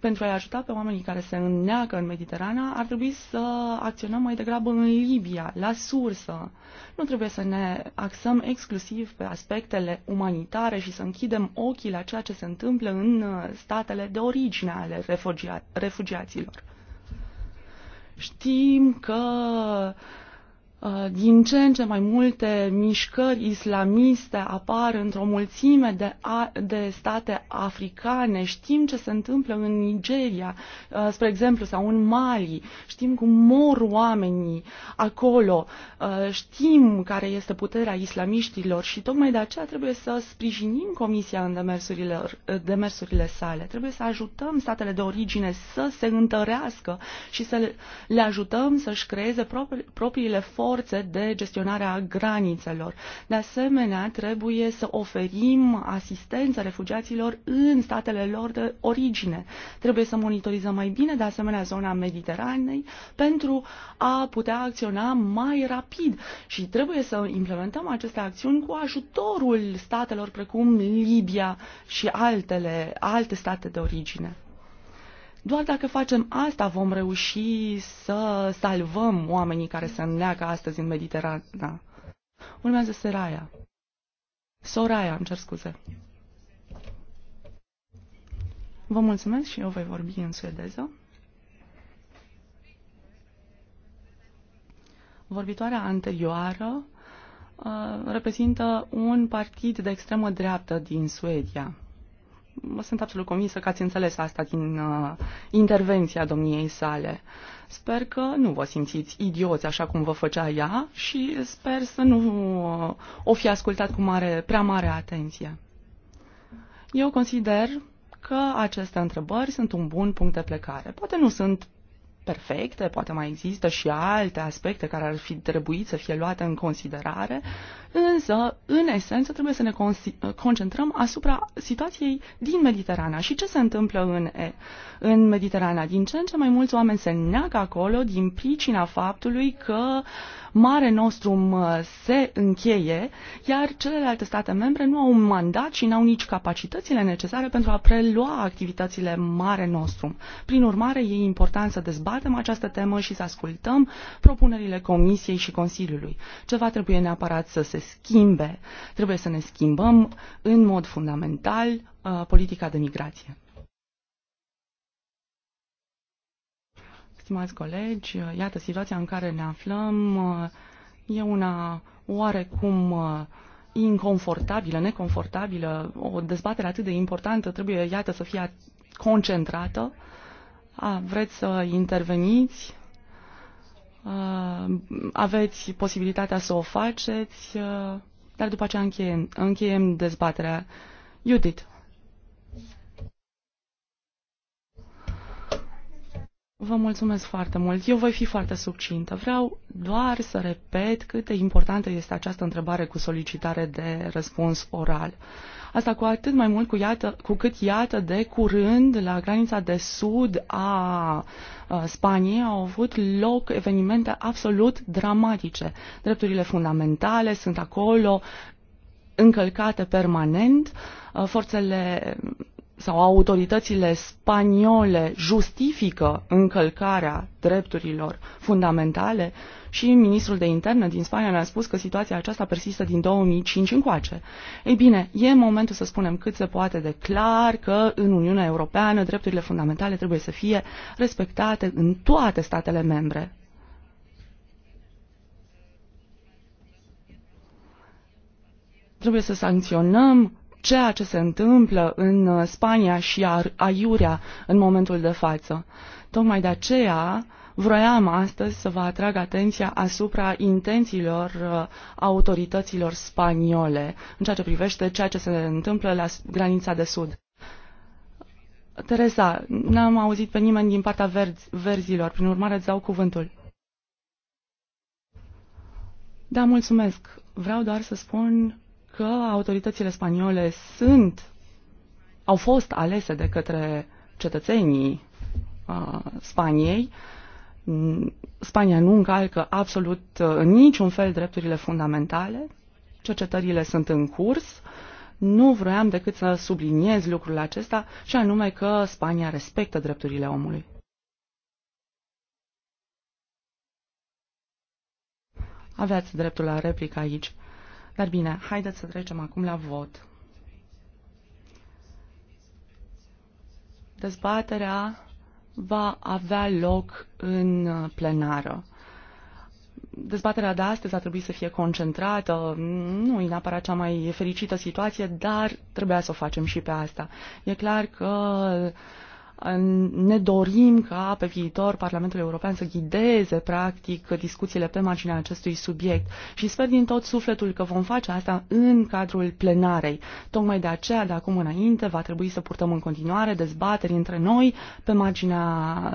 pentru a-i ajuta pe oamenii care se înneacă în Mediterana, ar trebui să acționăm mai degrabă în Libia, la sursă. Nu trebuie să ne axăm exclusiv pe aspectele umanitare și să închidem ochii la ceea ce se întâmplă în uh, statele de origine ale refugia- refugiaților. Știm că uh, Uh, din ce în ce mai multe mișcări islamiste apar într-o mulțime de, a, de state africane. Știm ce se întâmplă în Nigeria, uh, spre exemplu, sau în Mali. Știm cum mor oamenii acolo. Uh, știm care este puterea islamiștilor și tocmai de aceea trebuie să sprijinim Comisia în demersurile, demersurile sale. Trebuie să ajutăm statele de origine să se întărească și să le ajutăm să-și creeze propriile forme forțe de gestionare a granițelor. De asemenea, trebuie să oferim asistență refugiaților în statele lor de origine. Trebuie să monitorizăm mai bine, de asemenea, zona Mediteranei pentru a putea acționa mai rapid și trebuie să implementăm aceste acțiuni cu ajutorul statelor precum Libia și altele, alte state de origine. Doar dacă facem asta vom reuși să salvăm oamenii care se înneacă astăzi în Mediterana. Urmează Seraia. Soraia, îmi cer scuze. Vă mulțumesc și eu voi vorbi în suedeză. Vorbitoarea anterioară uh, reprezintă un partid de extremă dreaptă din Suedia. Mă sunt absolut convinsă că ați înțeles asta din uh, intervenția domniei sale. Sper că nu vă simțiți idioți așa cum vă făcea ea și sper să nu uh, o fi ascultat cu mare, prea mare atenție. Eu consider că aceste întrebări sunt un bun punct de plecare. Poate nu sunt perfecte, poate mai există și alte aspecte care ar fi trebuit să fie luate în considerare, Însă, în esență, trebuie să ne concentrăm asupra situației din Mediterana. Și ce se întâmplă în, e, în Mediterana? Din ce în ce mai mulți oameni se neagă acolo din pricina faptului că Mare nostru uh, se încheie, iar celelalte state membre nu au un mandat și n-au nici capacitățile necesare pentru a prelua activitățile Mare nostru. Prin urmare, e important să dezbatem această temă și să ascultăm propunerile Comisiei și Consiliului. Ceva trebuie neapărat să se schimbe. Trebuie să ne schimbăm în mod fundamental uh, politica de migrație. Stimați colegi, uh, iată situația în care ne aflăm uh, e una oarecum inconfortabilă, neconfortabilă. O dezbatere atât de importantă trebuie, iată, să fie concentrată. A, vreți să interveniți? Uh, aveți posibilitatea să o faceți, uh, dar după aceea încheiem, încheiem dezbaterea. Judith. Vă mulțumesc foarte mult. Eu voi fi foarte succintă. Vreau doar să repet cât de importantă este această întrebare cu solicitare de răspuns oral. Uh, Asta cu atât mai mult cu, iată, cu cât, iată, de curând, la granița de sud a Spaniei au avut loc evenimente absolut dramatice. Drepturile fundamentale sunt acolo încălcate permanent, forțele sau autoritățile spaniole justifică încălcarea drepturilor fundamentale și ministrul de interne din Spania ne-a spus că situația aceasta persistă din 2005 încoace. Ei bine, e momentul să spunem cât se poate de clar că în Uniunea Europeană drepturile fundamentale trebuie să fie respectate în toate statele membre. Trebuie să sancționăm ceea ce se întâmplă în uh, Spania și aiurea în momentul de față. Tocmai de aceea vroiam astăzi să vă atrag atenția asupra intențiilor uh, autorităților spaniole în ceea ce privește ceea ce se întâmplă la granița de sud. Teresa, n-am auzit pe nimeni din partea verzi, verzilor, prin urmare îți dau cuvântul. Da, mulțumesc. Vreau doar să spun că autoritățile spaniole sunt, au fost alese de către cetățenii uh, Spaniei, Spania nu încalcă absolut uh, în niciun fel drepturile fundamentale, cercetările sunt în curs, nu vroiam decât să subliniez lucrul acesta și anume că Spania respectă drepturile omului. Aveați dreptul la replică aici. Dar bine, haideți să trecem acum la vot. Dezbaterea va avea loc în plenară. Dezbaterea de astăzi a trebuit să fie concentrată, nu e neapărat cea mai fericită situație, dar trebuia să o facem și pe asta. E clar că uh, ne dorim ca pe viitor Parlamentul European să ghideze practic discuțiile pe marginea acestui subiect și sper din tot sufletul că vom face asta în cadrul plenarei. Tocmai de aceea, de acum înainte, va trebui să purtăm în continuare dezbateri între noi pe marginea,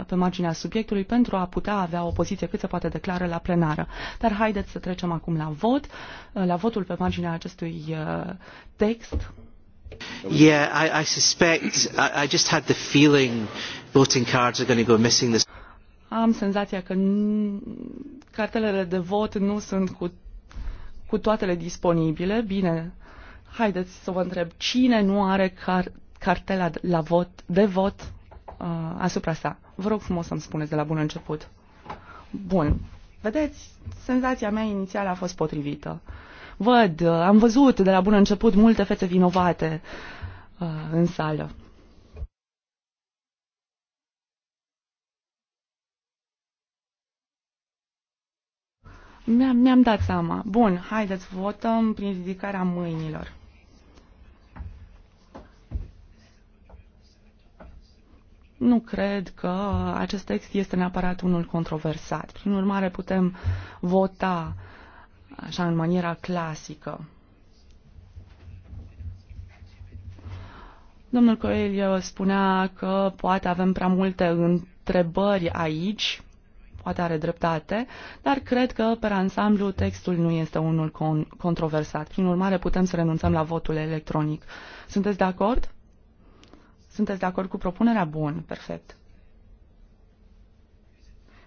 pe marginea subiectului pentru a putea avea o poziție cât se poate declară la plenară. Dar haideți să trecem acum la vot, la votul pe marginea acestui uh, text.
Yeah, I, I suspect, I, I just had the feeling voting cards are going to go missing this.
Am senzația că cartelele de vot nu sunt cu, cu toatele disponibile. Bine, haideți să vă întreb cine nu are car, cartela la vot, de vot uh, asupra sa. Vă rog frumos să-mi spuneți de la bun început. Bun. Vedeți, senzația mea inițială a fost potrivită. Uh, Văd, am văzut de la bun început multe fețe vinovate uh, în sală. Mi-am, mi-am dat seama. Bun, haideți, votăm prin ridicarea mâinilor. Nu cred că acest text este neapărat unul controversat. Prin urmare, putem vota uh, așa în maniera clasică. Domnul Coelho spunea că poate avem prea multe întrebări aici, poate are dreptate, dar cred că, pe ansamblu, textul nu este unul con- controversat. Prin urmare, putem să renunțăm la votul electronic. Sunteți de acord? Sunteți de acord cu propunerea? Bun, perfect.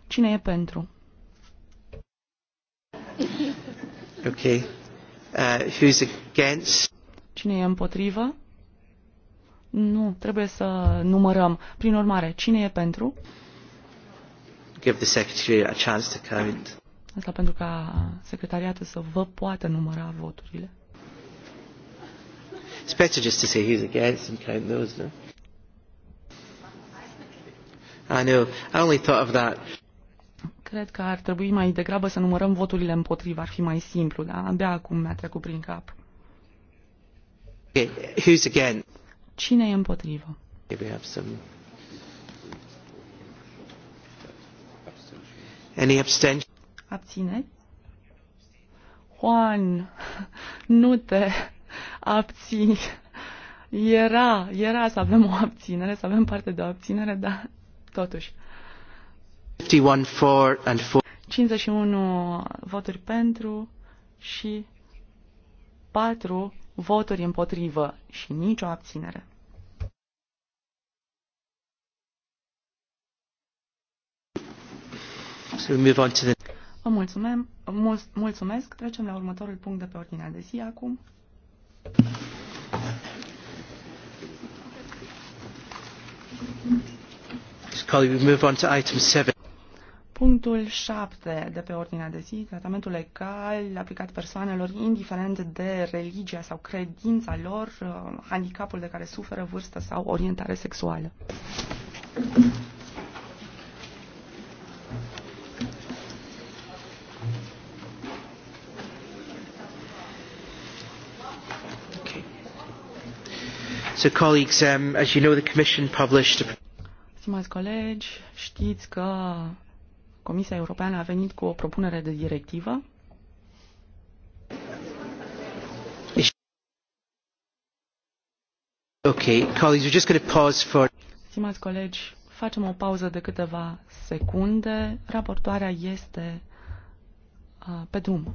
Cine e pentru?
Okay. Uh, who's against?
Cine e împotrivă? Nu, trebuie să numărăm. Prin urmare, cine e pentru? Give the secretary a chance to count. Asta pentru ca secretariatul să vă poată număra voturile.
It's better just to say who's against and count those, no? I know. I only thought of that.
Cred că ar trebui mai degrabă să numărăm voturile împotriva, ar fi mai simplu, dar abia acum mi-a trecut prin cap.
Who's again?
Cine e împotrivă?
We have some... Any abstention?
Abțineri? Juan, nu te abții. Era, era să avem o abținere, să avem parte de o abținere, dar totuși.
51,
voturi pentru și 4 voturi împotrivă și nicio abținere.
So we move on to the...
Vă mulțumim, mulțumesc. Trecem la următorul punct de pe ordinea de zi acum.
Colleague, we move on to item 7.
Punctul 7 de pe ordinea de zi, tratamentul legal aplicat persoanelor, indiferent de religia sau credința lor, uh, handicapul de care suferă vârstă sau orientare sexuală.
Okay. So colleagues, um, as you know, the Commission published...
Stimați colegi, știți că Comisia Europeană a venit cu o propunere de directivă
Okay, colleagues, we're just going to pause for...
Stimați colegi, facem o pauză de câteva secunde. Raportoarea este uh, pe drum.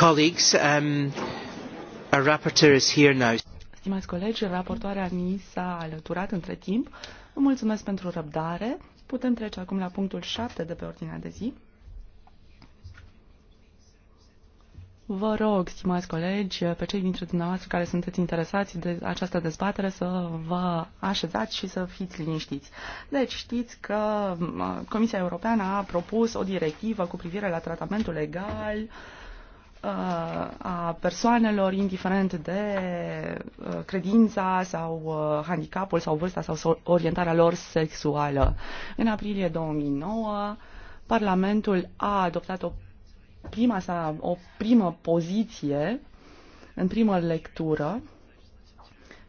colleagues, um, our rapporteur is here now.
Stimați colegi, raportoarea mi s-a alăturat între timp. Vă mulțumesc pentru răbdare. Putem trece acum la punctul 7 de pe ordinea de zi. Vă rog, stimați colegi, pe cei dintre dumneavoastră care sunteți interesați de această dezbatere să vă așezați și să fiți liniștiți. Deci știți că uh, Comisia Europeană a propus o directivă cu privire la tratamentul legal uh, Uh, a persoanelor, indiferent de uh, credința sau uh, handicapul sau vârsta sau orientarea lor sexuală. În aprilie 2009, Parlamentul a adoptat o prima sa, o primă poziție în primă lectură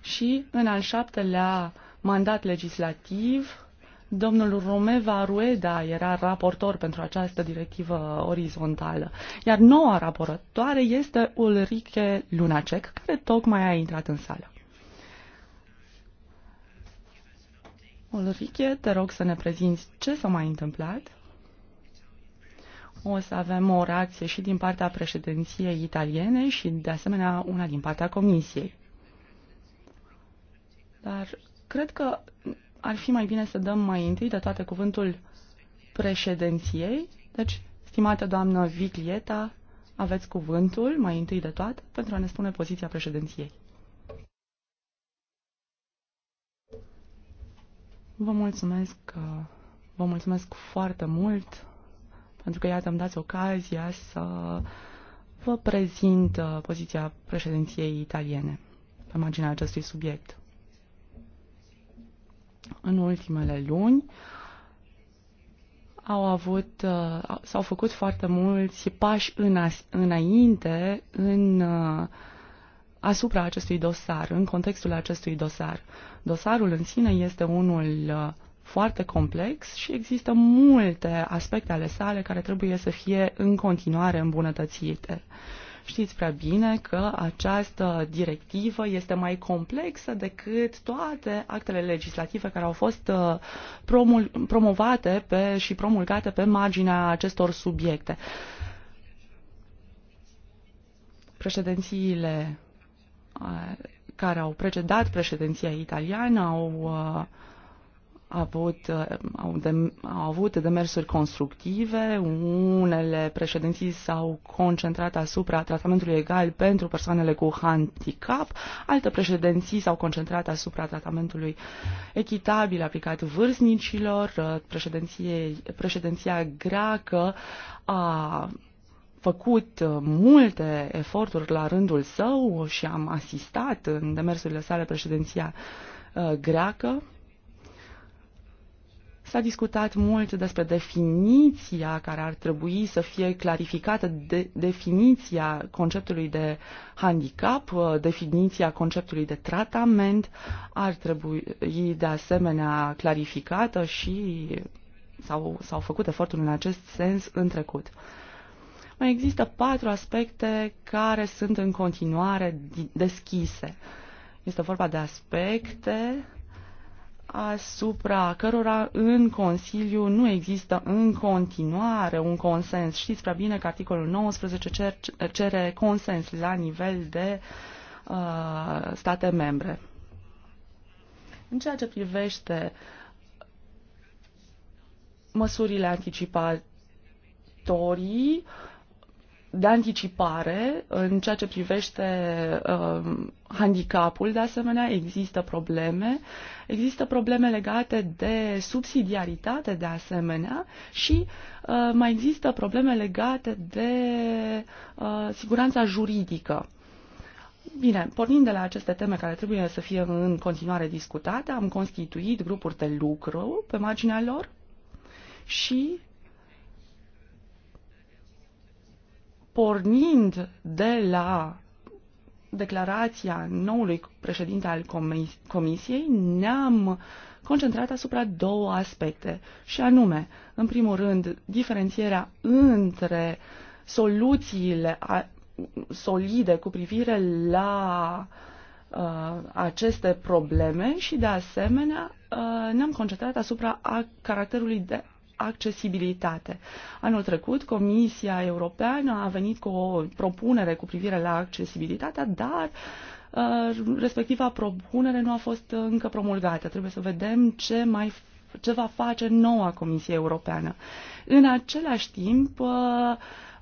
și în al șaptelea mandat legislativ Domnul Romeva Rueda era raportor pentru această directivă orizontală, iar noua raportoare este Ulrike Lunacek, care tocmai a intrat în sală. Ulrike, te rog să ne prezinți ce s-a mai întâmplat. O să avem o reacție și din partea președinției italiene și, de asemenea, una din partea Comisiei. Dar cred că ar fi mai bine să dăm mai întâi de toate cuvântul președinției. Deci, stimată doamnă Viglieta, aveți cuvântul mai întâi de toate pentru a ne spune poziția președinției. Vă mulțumesc, vă mulțumesc foarte mult pentru că iată îmi dați ocazia să vă prezint poziția președinției italiene pe marginea acestui subiect. În ultimele luni au avut, uh, s-au făcut foarte mulți pași în, înainte în uh, asupra acestui dosar, în contextul acestui dosar. Dosarul în sine este unul uh, foarte complex și există multe aspecte ale sale care trebuie să fie în continuare îmbunătățite. Uh, Știți prea bine că această directivă este mai complexă decât toate actele legislative care au fost uh, promul, promovate pe, și promulgate pe marginea acestor subiecte. Președințiile uh, care au precedat președinția italiană au uh, avut, uh, au, de, au avut demersuri constructive, unele președinții s-au concentrat asupra tratamentului egal pentru persoanele cu handicap, alte președinții s-au concentrat asupra tratamentului echitabil aplicat vârstnicilor, uh, președinția greacă a făcut uh, multe eforturi la rândul său și am asistat în demersurile sale președinția greacă, S-a discutat mult despre definiția care ar trebui să fie clarificată, de, definiția conceptului de handicap, uh, definiția conceptului de tratament ar trebui de asemenea clarificată și s-au, s-au făcut eforturi în acest sens în trecut. Mai există patru aspecte care sunt în continuare deschise. Este vorba de aspecte asupra cărora în Consiliu nu există în continuare un consens. Știți prea bine că articolul 19 cer, cere consens la nivel de uh, state membre. În ceea ce privește măsurile anticipatorii, uh, de anticipare în ceea ce privește uh, handicapul, de asemenea, există probleme. Există probleme legate de subsidiaritate, de asemenea, și uh, mai există probleme legate de uh, siguranța juridică. Bine, pornind de la aceste teme care trebuie să fie în continuare discutate, am constituit grupuri de lucru pe marginea lor și pornind de la declarația noului președinte al comis Comisiei, ne-am concentrat asupra două aspecte, și anume, în primul rând, diferențierea între soluțiile solide cu privire la uh, aceste probleme și, de asemenea, uh, ne-am concentrat asupra a caracterului de accesibilitate. Anul trecut, Comisia Europeană a venit cu o propunere cu privire la accesibilitatea, dar uh, respectiva propunere nu a fost încă promulgată. Trebuie să vedem ce mai ce va face noua Comisie Europeană. În același timp, uh,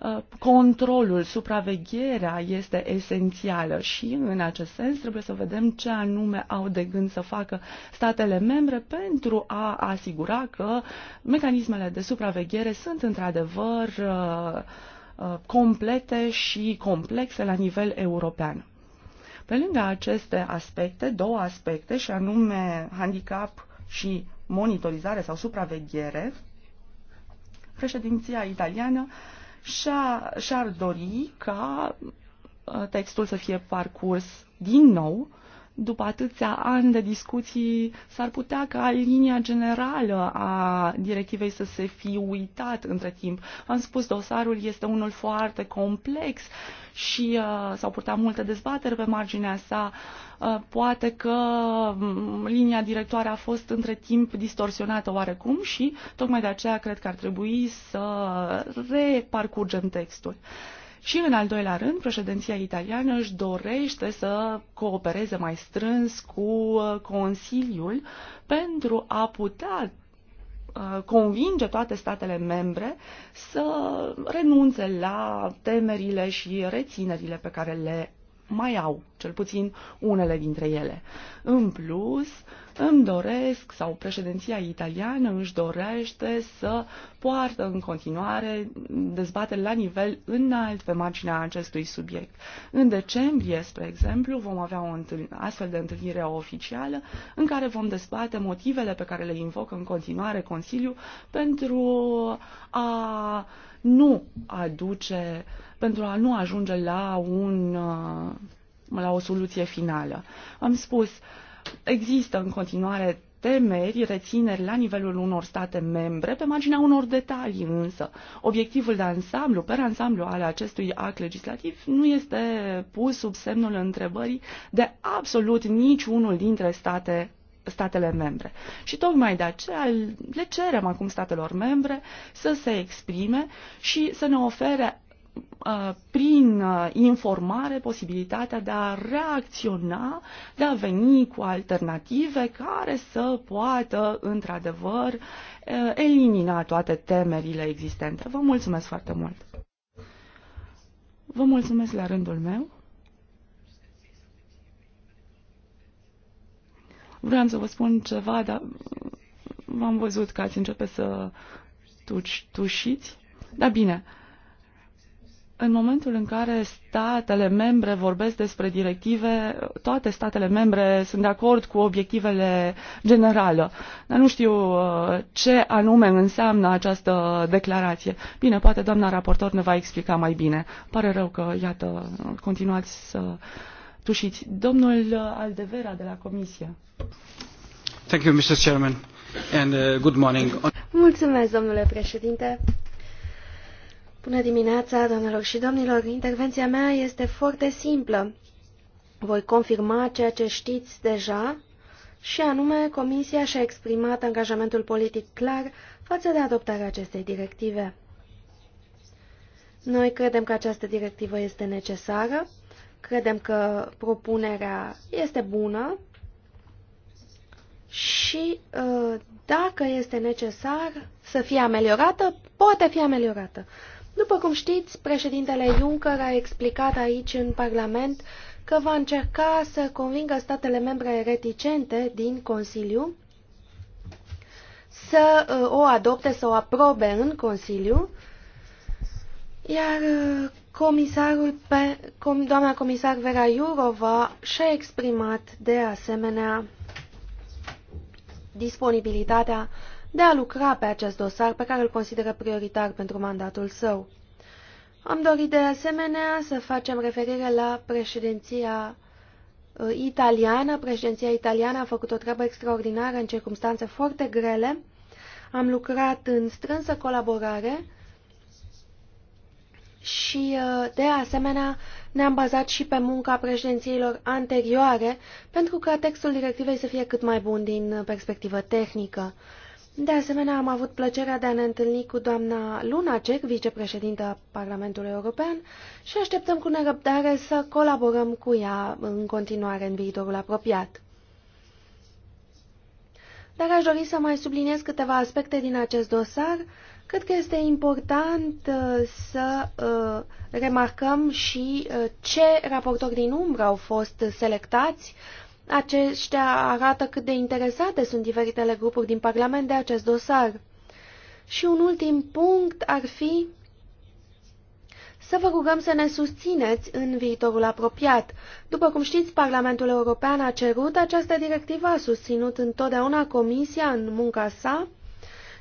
Uh, controlul, supravegherea este esențială și în acest sens trebuie să vedem ce anume au de gând să facă statele membre pentru a asigura că mecanismele de supraveghere sunt într-adevăr uh, uh, complete și complexe la nivel european. Pe lângă aceste aspecte, două aspecte, și anume handicap și monitorizare sau supraveghere, președinția italiană uh, și ar dori ca uh, textul să fie parcurs din nou după atâția ani de discuții, s-ar putea ca linia generală a directivei să se fi uitat între timp. Am spus, dosarul este unul foarte complex și uh, s-au purtat multe dezbateri pe marginea sa. Uh, poate că mm, linia directoare a fost între timp distorsionată oarecum și tocmai de aceea cred că ar trebui să reparcurgem textul. Uh, și în al doilea rând, președinția italiană își dorește să coopereze mai strâns cu uh, Consiliul pentru a putea uh, convinge toate statele membre să renunțe la temerile și reținerile pe care le mai au, cel puțin unele dintre ele. În plus, îmi doresc sau președinția italiană își dorește să poartă în continuare dezbateri la nivel înalt pe marginea acestui subiect. În decembrie, spre exemplu, vom avea o astfel de întâlnire oficială în care vom dezbate motivele pe care le invocă în continuare Consiliul pentru a nu aduce, pentru a nu ajunge la un la o soluție finală. Am spus, uh, Există în continuare temeri, rețineri la nivelul unor state membre, pe marginea unor detalii însă. Obiectivul de ansamblu, per ansamblu al acestui act legislativ, nu este pus sub semnul întrebării de absolut niciunul dintre state statele membre. Și tocmai de aceea le cerem acum statelor membre să se exprime și să ne ofere Uh, prin uh, informare posibilitatea de a reacționa, de a veni cu alternative care să poată, într-adevăr, uh, elimina toate temerile existente. Vă mulțumesc foarte mult! Vă mulțumesc la rândul meu. Vreau să vă spun ceva, dar v-am văzut că ați începe să tuci, tușiți. Da bine, în momentul în care statele membre vorbesc despre directive, toate statele membre sunt de acord cu obiectivele generale. Dar nu știu uh, ce anume înseamnă această declarație. Bine, poate doamna raportor ne va explica mai bine. Pare rău că, iată, continuați să tușiți. Domnul Aldevera de la Comisie.
Thank you, Mr. Chairman, and uh, good morning.
Mulțumesc, domnule președinte. Bună dimineața, doamnelor și domnilor. Intervenția mea este foarte simplă. Voi confirma ceea ce știți deja, și anume Comisia și-a exprimat angajamentul politic clar față de adoptarea acestei directive. Noi credem că această directivă este necesară, credem că propunerea este bună și uh, dacă este necesar să fie ameliorată, poate fi ameliorată. După cum știți, președintele Juncker a explicat aici în Parlament că va încerca să convingă statele membre reticente din Consiliu să uh, o adopte, să o aprobe în Consiliu, iar uh, comisarul pe, doamna comisar Vera Iurova și-a exprimat de asemenea disponibilitatea de a lucra pe acest dosar pe care îl consideră prioritar pentru mandatul său. Am dorit de asemenea să facem referire la președinția uh, italiană. Președinția italiană a făcut o treabă extraordinară în circunstanțe foarte grele. Am lucrat în strânsă colaborare și, uh, de asemenea, ne-am bazat și pe munca președințiilor anterioare pentru ca textul directivei să fie cât mai bun din perspectivă tehnică. De asemenea, am avut plăcerea de a ne întâlni cu doamna Lunacek, vicepreședintă Parlamentului European, și așteptăm cu nerăbdare să colaborăm cu ea în continuare în viitorul apropiat. Dar aș dori să mai subliniez câteva aspecte din acest dosar. Cred că este important uh, să uh, remarcăm și uh, ce raportori din umbră au fost selectați aceștia arată cât de interesate sunt diferitele grupuri din Parlament de acest dosar. Și un ultim punct ar fi să vă rugăm să ne susțineți în viitorul apropiat. După cum știți, Parlamentul European a cerut această directivă, a susținut întotdeauna Comisia în munca sa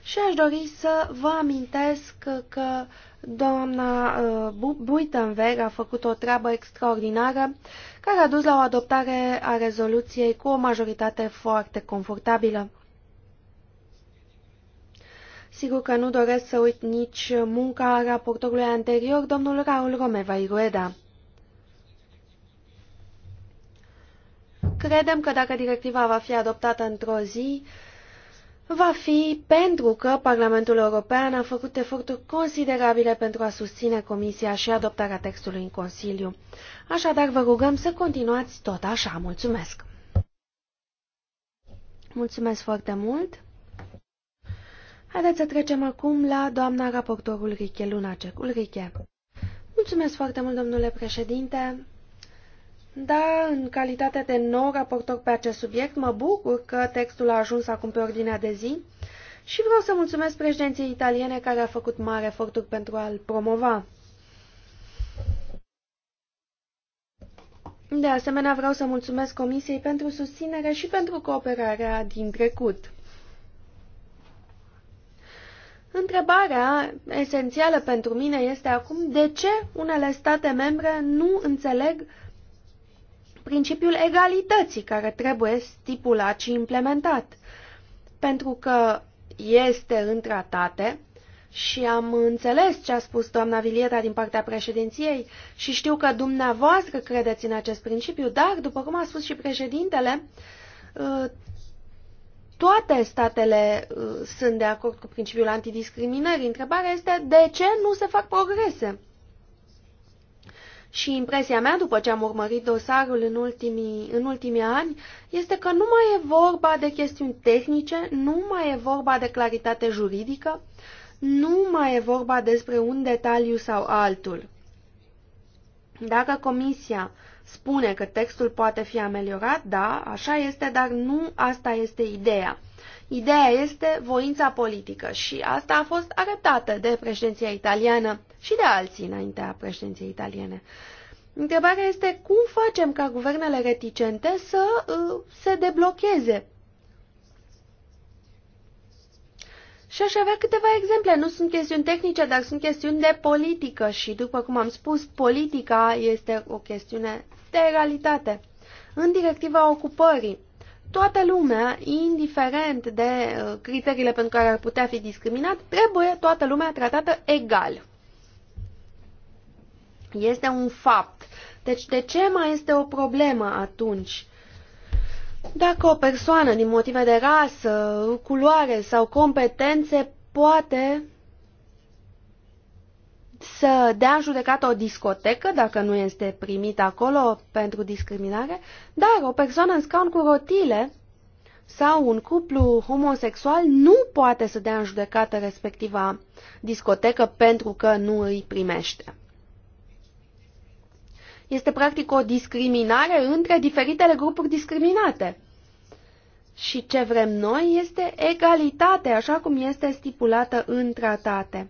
și aș dori să vă amintesc că doamna uh, Buitenberg a făcut o treabă extraordinară care a dus la o adoptare a rezoluției cu o majoritate foarte confortabilă. Sigur că nu doresc să uit nici munca raportorului anterior, domnul Raul Romeva Irueda. Credem că dacă directiva va fi adoptată într-o zi, va fi pentru că Parlamentul European a făcut eforturi considerabile pentru a susține Comisia și adoptarea textului în Consiliu. Așadar, vă rugăm să continuați tot așa. Mulțumesc! Mulțumesc foarte mult! Haideți să trecem acum la doamna raportorul Ulrike Lunacek. Ulrike, mulțumesc foarte mult, domnule președinte! Da, în calitate de nou raportor pe acest subiect, mă bucur că textul a ajuns acum pe ordinea de zi și vreau să mulțumesc președinției italiene care a făcut mari eforturi pentru a-l promova. De asemenea, vreau să mulțumesc Comisiei pentru susținere și pentru cooperarea din trecut. Întrebarea esențială pentru mine este acum de ce unele state membre nu înțeleg principiul egalității care trebuie stipulat și implementat. Pentru că este în tratate și am înțeles ce a spus doamna Vilieta din partea președinției și știu că dumneavoastră credeți în acest principiu, dar, după cum a spus și președintele, uh, toate statele uh, sunt de acord cu principiul antidiscriminării. Întrebarea este de ce nu se fac progrese? Și impresia mea, după ce am urmărit dosarul în ultimii, în ultimii ani, este că nu mai e vorba de chestiuni tehnice, nu mai e vorba de claritate juridică, nu mai e vorba despre un detaliu sau altul. Dacă comisia spune că textul poate fi ameliorat, da, așa este, dar nu asta este ideea. Ideea este voința politică și asta a fost arătată de președinția italiană și de alții înaintea președinției italiene. Întrebarea este cum facem ca guvernele reticente să uh, se deblocheze. Și aș avea câteva exemple. Nu sunt chestiuni tehnice, dar sunt chestiuni de politică și, după cum am spus, politica este o chestiune de realitate. În directiva ocupării, toată lumea, indiferent de uh, criteriile pentru care ar putea fi discriminat, trebuie toată lumea tratată egal. Este un fapt. Deci de ce mai este o problemă atunci? Dacă o persoană din motive de rasă, culoare sau competențe poate să dea în judecată o discotecă dacă nu este primit acolo pentru discriminare, dar o persoană în scaun cu rotile sau un cuplu homosexual nu poate să dea în judecată respectiva discotecă pentru că nu îi primește. Este practic o discriminare între diferitele grupuri discriminate. Și ce vrem noi este egalitate, așa cum este stipulată în tratate.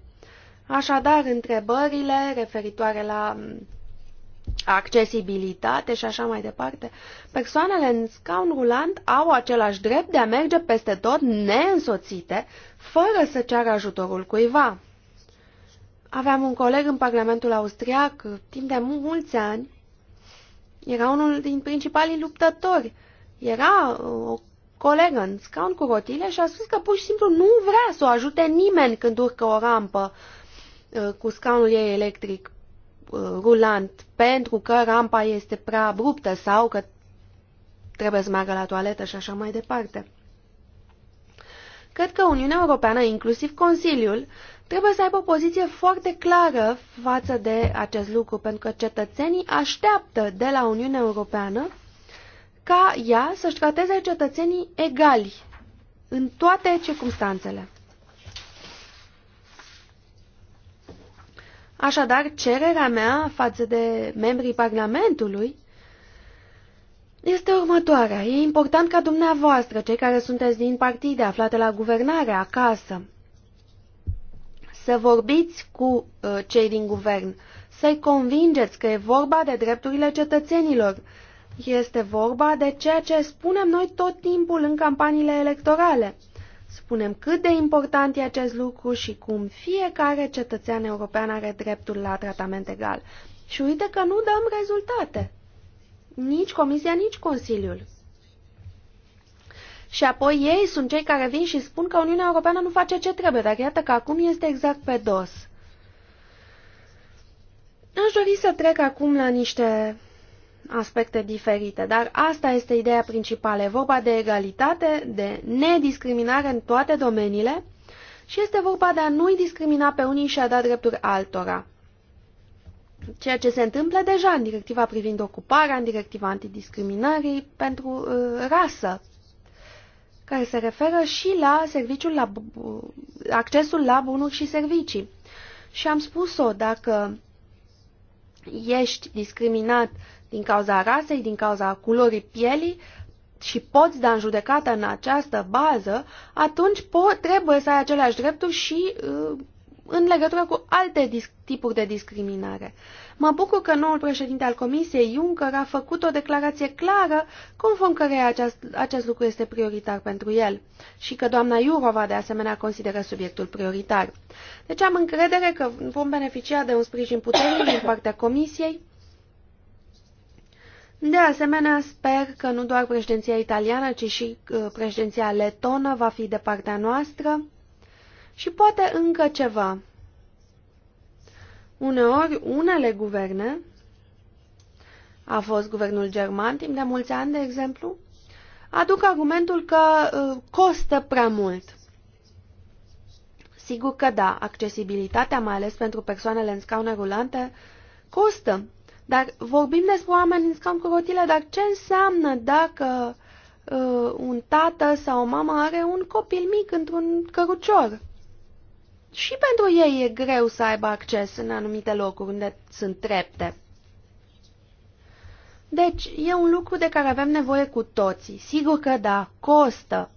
Așadar, întrebările referitoare la mm, accesibilitate și așa mai departe, persoanele în scaun rulant au același drept de a merge peste tot neînsoțite, fără să ceară ajutorul cuiva. Aveam un coleg în Parlamentul Austriac, timp de mulți ani, era unul din principalii luptători. Era uh, o colegă în scaun cu rotile și a spus că pur și simplu nu vrea să o ajute nimeni când urcă o rampă Uh, cu scaunul ei electric uh, rulant pentru că rampa este prea abruptă sau că trebuie să meargă la toaletă și așa mai departe. Cred că Uniunea Europeană, inclusiv Consiliul, trebuie să aibă o poziție foarte clară față de acest lucru, pentru că cetățenii așteaptă de la Uniunea Europeană ca ea să-și trateze cetățenii egali în toate circumstanțele. Așadar, cererea mea față de membrii Parlamentului este următoarea. E important ca dumneavoastră, cei care sunteți din partide aflate la guvernare, acasă, să vorbiți cu uh, cei din guvern, să-i convingeți că e vorba de drepturile cetățenilor. Este vorba de ceea ce spunem noi tot timpul în campaniile electorale spunem cât de important e acest lucru și cum fiecare cetățean european are dreptul la tratament egal. Și uite că nu dăm rezultate. Nici Comisia, nici Consiliul. Și apoi ei sunt cei care vin și spun că Uniunea Europeană nu face ce trebuie, dar iată că acum este exact pe dos. Aș dori să trec acum la niște aspecte diferite, dar asta este ideea principală. E vorba de egalitate, de nediscriminare în toate domeniile și este vorba de a nu-i discrimina pe unii și a da drepturi altora. Ceea ce se întâmplă deja în directiva privind ocuparea, în directiva antidiscriminării pentru uh, rasă, care se referă și la serviciul la, accesul la bunuri și servicii. Și am spus-o, dacă ești discriminat din cauza rasei, din cauza culorii pielii și poți da în judecată în această bază, atunci po- trebuie să ai aceleași drepturi și uh, în legătură cu alte tipuri de discriminare. Mă bucur că noul președinte al Comisiei, Juncker, a făcut o declarație clară conform căreia acest, acest lucru este prioritar pentru el și că doamna Jurova de asemenea consideră subiectul prioritar. Deci am încredere că vom beneficia de un sprijin puternic din partea Comisiei de asemenea, sper că nu doar președinția italiană, ci și uh, președinția letonă va fi de partea noastră. Și poate încă ceva. Uneori, unele guverne, a fost guvernul german timp de mulți ani, de exemplu, aduc argumentul că ă, costă prea mult. Sigur că da, accesibilitatea, mai ales pentru persoanele în scaune rulante, costă. Dar vorbim despre oameni în scaun cu rotile, dar ce înseamnă dacă uh, un tată sau o mamă are un copil mic într-un cărucior? și pentru ei e greu să aibă acces în anumite locuri unde sunt trepte. Deci, e un lucru de care avem nevoie cu toții. Sigur că da, costă.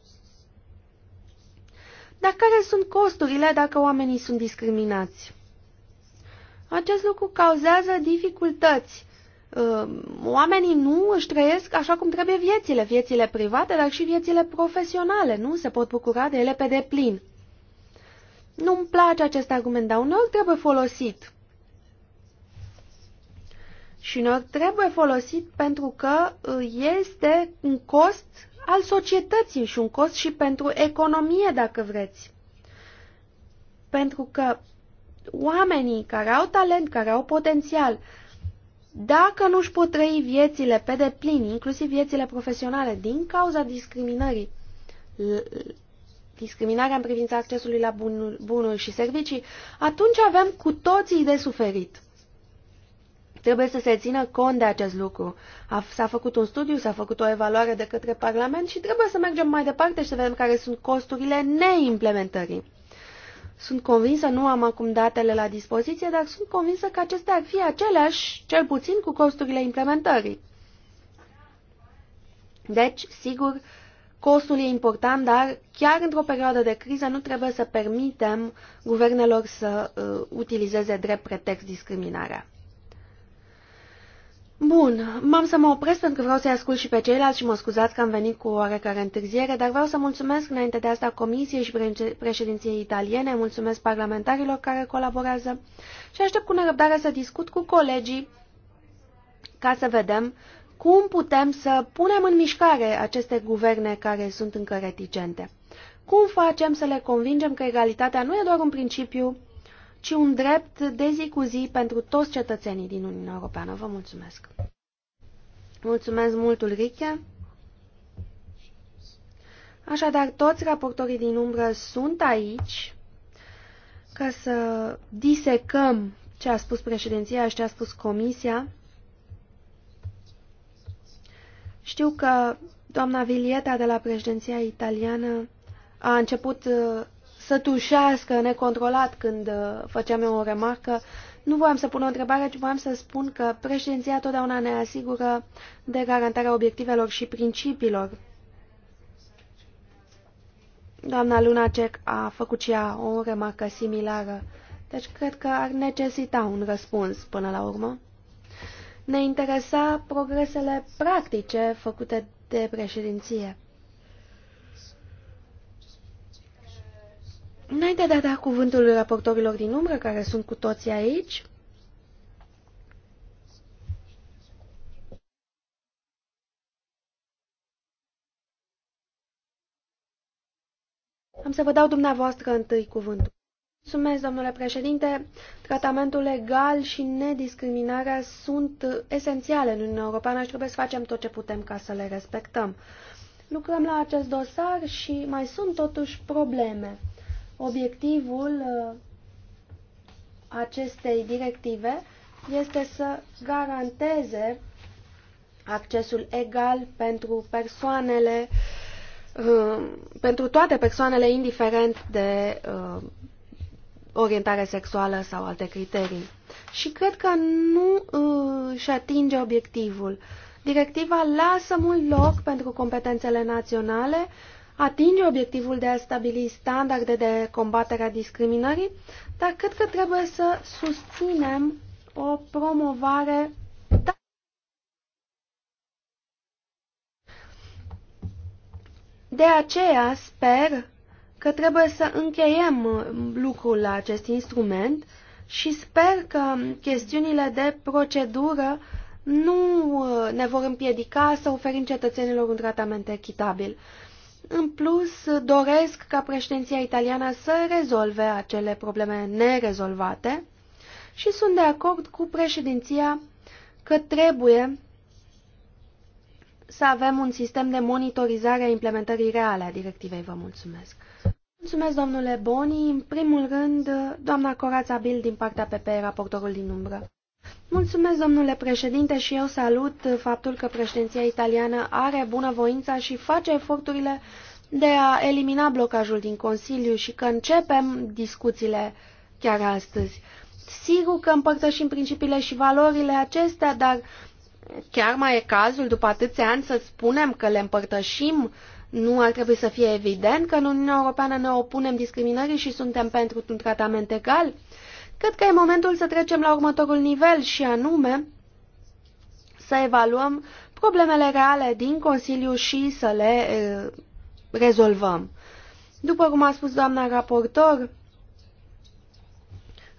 Dar care sunt costurile dacă oamenii sunt discriminați? Acest lucru cauzează dificultăți. Ă, oamenii nu își trăiesc așa cum trebuie viețile, viețile private, dar și viețile profesionale. Nu se pot bucura de ele pe deplin. Nu-mi place acest argument, dar unor trebuie folosit. Și unor trebuie folosit pentru că uh, este un cost al societății și un cost și pentru economie, dacă vreți. Pentru că oamenii care au talent, care au potențial, dacă nu își pot trăi viețile pe deplin, inclusiv viețile profesionale, din cauza discriminării discriminarea în privința accesului la bunuri, și servicii, atunci avem cu toții de suferit. Trebuie să se țină cont de acest lucru. S-a făcut un studiu, s-a făcut o evaluare de către Parlament și trebuie să mergem mai departe și să vedem care sunt costurile neimplementării. Sunt convinsă, nu am acum datele la dispoziție, dar sunt convinsă că acestea ar fi aceleași, cel puțin cu costurile implementării. Deci, sigur, Costul e important, dar chiar într-o perioadă de criză nu trebuie să permitem guvernelor să uh, utilizeze drept pretext discriminarea. Bun, m-am să mă opresc pentru că vreau să-i ascult și pe ceilalți și mă scuzați că am venit cu oarecare întârziere, dar vreau să mulțumesc înainte de asta Comisiei și președinției italiene, mulțumesc parlamentarilor care colaborează și aștept cu nerăbdare să discut cu colegii ca să vedem cum putem să punem în mișcare aceste guverne care sunt încă reticente? Cum facem să le convingem că egalitatea nu e doar un principiu, ci un drept de zi cu zi pentru toți cetățenii din Uniunea Europeană? Vă mulțumesc! Mulțumesc mult, Ulrike! Așadar, toți raportorii din umbră sunt aici ca să disecăm ce a spus președinția și ce a spus comisia. Știu că doamna Vilieta de la președinția italiană a început uh, să tușească necontrolat când uh, făceam eu o remarcă. Nu voiam să pun o întrebare, ci voiam să spun că președinția totdeauna ne asigură de garantarea obiectivelor și principiilor. Doamna Lunacek a făcut și ea o remarcă similară, deci cred că ar necesita un răspuns până la urmă ne interesa progresele practice făcute de președinție. Înainte de a da cuvântul raportorilor din umbră, care sunt cu toții aici, am să vă dau dumneavoastră întâi cuvântul. Mulțumesc, domnule președinte. Tratamentul legal și nediscriminarea sunt esențiale în Uniunea Europeană și trebuie să facem tot ce putem ca să le respectăm. Lucrăm la acest dosar și mai sunt totuși probleme. Obiectivul uh, acestei directive este să garanteze accesul egal pentru persoanele, uh, pentru toate persoanele, indiferent de uh, orientare sexuală sau alte criterii. Și cred că nu uh, își atinge obiectivul. Directiva lasă mult loc pentru competențele naționale, atinge obiectivul de a stabili standarde de combatere a discriminării, dar cred că trebuie să susținem o promovare De aceea sper că trebuie să încheiem uh, lucrul la acest instrument și sper că chestiunile de procedură nu uh, ne vor împiedica să oferim cetățenilor un tratament echitabil. În plus, doresc ca președinția italiană să rezolve acele probleme nerezolvate și sunt de acord cu președinția că trebuie să avem un sistem de monitorizare a implementării reale a directivei. Vă mulțumesc. Mulțumesc, domnule Boni. În primul rând, doamna Corața Bil din partea PP, raportorul din umbră. Mulțumesc, domnule președinte, și eu salut faptul că președinția italiană are bunăvoința și face eforturile de a elimina blocajul din Consiliu și că începem discuțiile chiar astăzi. Sigur că împărtășim principiile și valorile acestea, dar chiar mai e cazul, după atâția ani, să spunem că le împărtășim nu ar trebui să fie evident că în Uniunea Europeană ne opunem discriminării și suntem pentru un tratament egal? Cred că e momentul să trecem la următorul nivel și anume să evaluăm problemele reale din Consiliu și să le e, eh, rezolvăm. După cum a spus doamna raportor,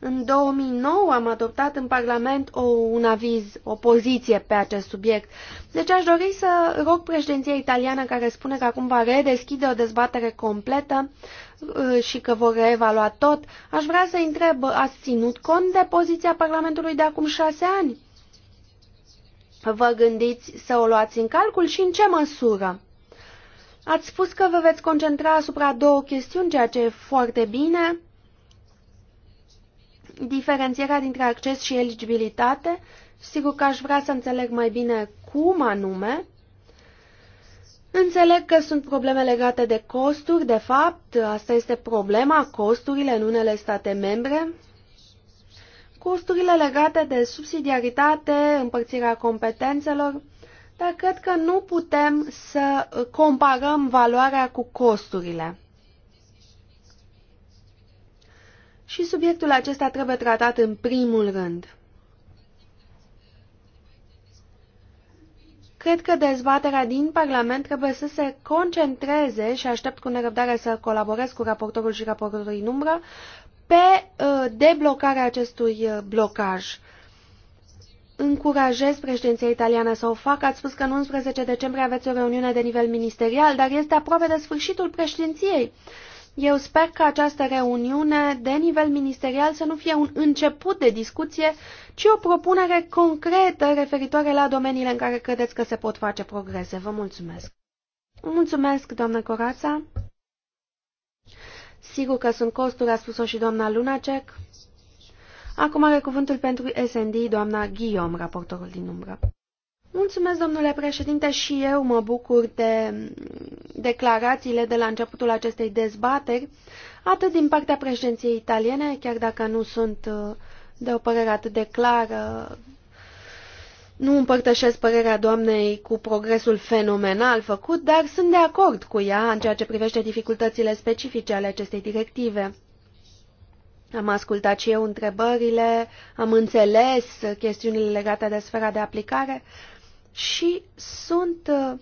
în 2009 am adoptat în Parlament o, un aviz, o poziție pe acest subiect. Deci aș dori să rog președinția italiană care spune că acum va redeschide o dezbatere completă uh, și că vor reevalua tot. Aș vrea să întreb, ați ținut cont de poziția Parlamentului de acum șase ani? Vă gândiți să o luați în calcul și în ce măsură? Ați spus că vă veți concentra asupra două chestiuni, ceea ce e foarte bine diferențierea dintre acces și eligibilitate. Sigur că aș vrea să înțeleg mai bine cum anume. Înțeleg că sunt probleme legate de costuri, de fapt, asta este problema, costurile în unele state membre, costurile legate de subsidiaritate, împărțirea competențelor, dar cred că nu putem să comparăm valoarea cu costurile. și subiectul acesta trebuie tratat în primul rând. Cred că dezbaterea din Parlament trebuie să se concentreze și aștept cu nerăbdare să colaborez cu raportorul și raportorul în umbră pe uh, deblocarea acestui uh, blocaj. Încurajez președinția italiană să o facă. Ați spus că în 11 decembrie aveți o reuniune de nivel ministerial, dar este aproape de sfârșitul președinției. Eu sper că această reuniune de nivel ministerial să nu fie un început de discuție, ci o propunere concretă referitoare la domeniile în care credeți că se pot face progrese. Vă mulțumesc! Mulțumesc, doamnă Corața! Sigur că sunt costuri, a spus-o și doamna Lunacek. Acum are cuvântul pentru SND doamna Guillaume, raportorul din umbră. Mulțumesc, domnule președinte, și eu mă bucur de declarațiile de la începutul acestei dezbateri, atât din partea președinției italiene, chiar dacă nu sunt uh, de o părere atât de clară, nu împărtășesc părerea doamnei cu progresul fenomenal făcut, dar sunt de acord cu ea în ceea ce privește dificultățile specifice ale acestei directive. Am ascultat și eu întrebările, am înțeles chestiunile legate de sfera de aplicare, și sunt uh,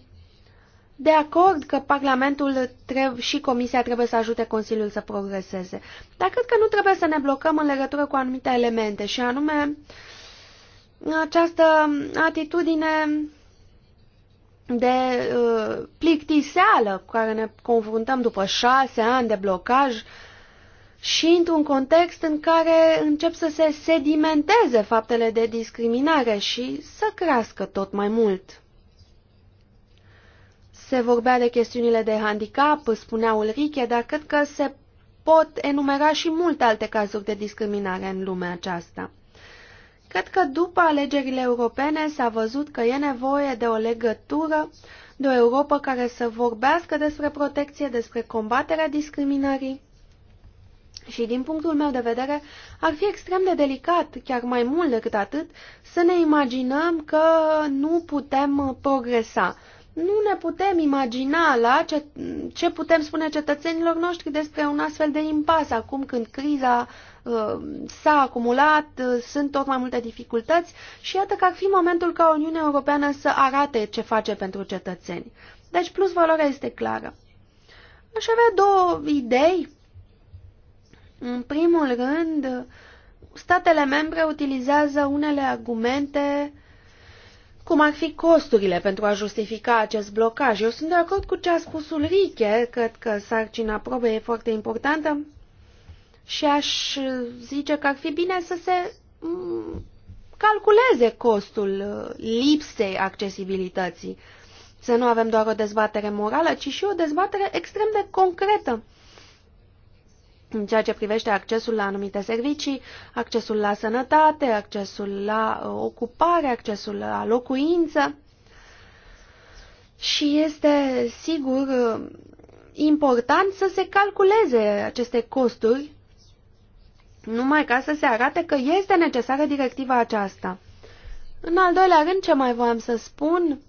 de acord că Parlamentul și Comisia trebuie să ajute Consiliul să progreseze. Dar cred că nu trebuie să ne blocăm în legătură cu anumite elemente și anume această atitudine de uh, plictiseală cu care ne confruntăm după șase ani de blocaj uh, și într-un context în care încep să se sedimenteze faptele de discriminare și să crească tot mai mult. Se vorbea de chestiunile de handicap, spunea Ulrike, dar cred că se pot enumera și multe alte cazuri de discriminare în lumea aceasta. Cred că după alegerile europene s-a văzut că e nevoie de o legătură, de o Europa care să vorbească despre protecție, despre combaterea discriminării și din punctul meu de vedere, ar fi extrem de delicat, chiar mai mult decât atât, să ne imaginăm că nu putem progresa. Nu ne putem imagina la ce, ce putem spune cetățenilor noștri despre un astfel de impas acum când criza uh, s-a acumulat, uh, sunt tot mai multe dificultăți și iată că ar fi momentul ca Uniunea Europeană să arate ce face pentru cetățeni. Deci plus valoarea este clară. Aș avea două idei în primul rând, statele membre utilizează unele argumente cum ar fi costurile pentru a justifica acest blocaj. Eu sunt de acord cu ce a spus Ulrike, cred că sarcina probei e foarte importantă și aș zice că ar fi bine să se mm, calculeze costul uh, lipsei accesibilității. Să nu avem doar o dezbatere morală, ci și o dezbatere extrem de concretă în ceea ce privește accesul la anumite servicii, accesul la sănătate, accesul la uh, ocupare, accesul la locuință. Și este, sigur, uh, important să se calculeze aceste costuri, numai ca să se arate că este necesară directiva aceasta. În al doilea rând, ce mai voiam să spun,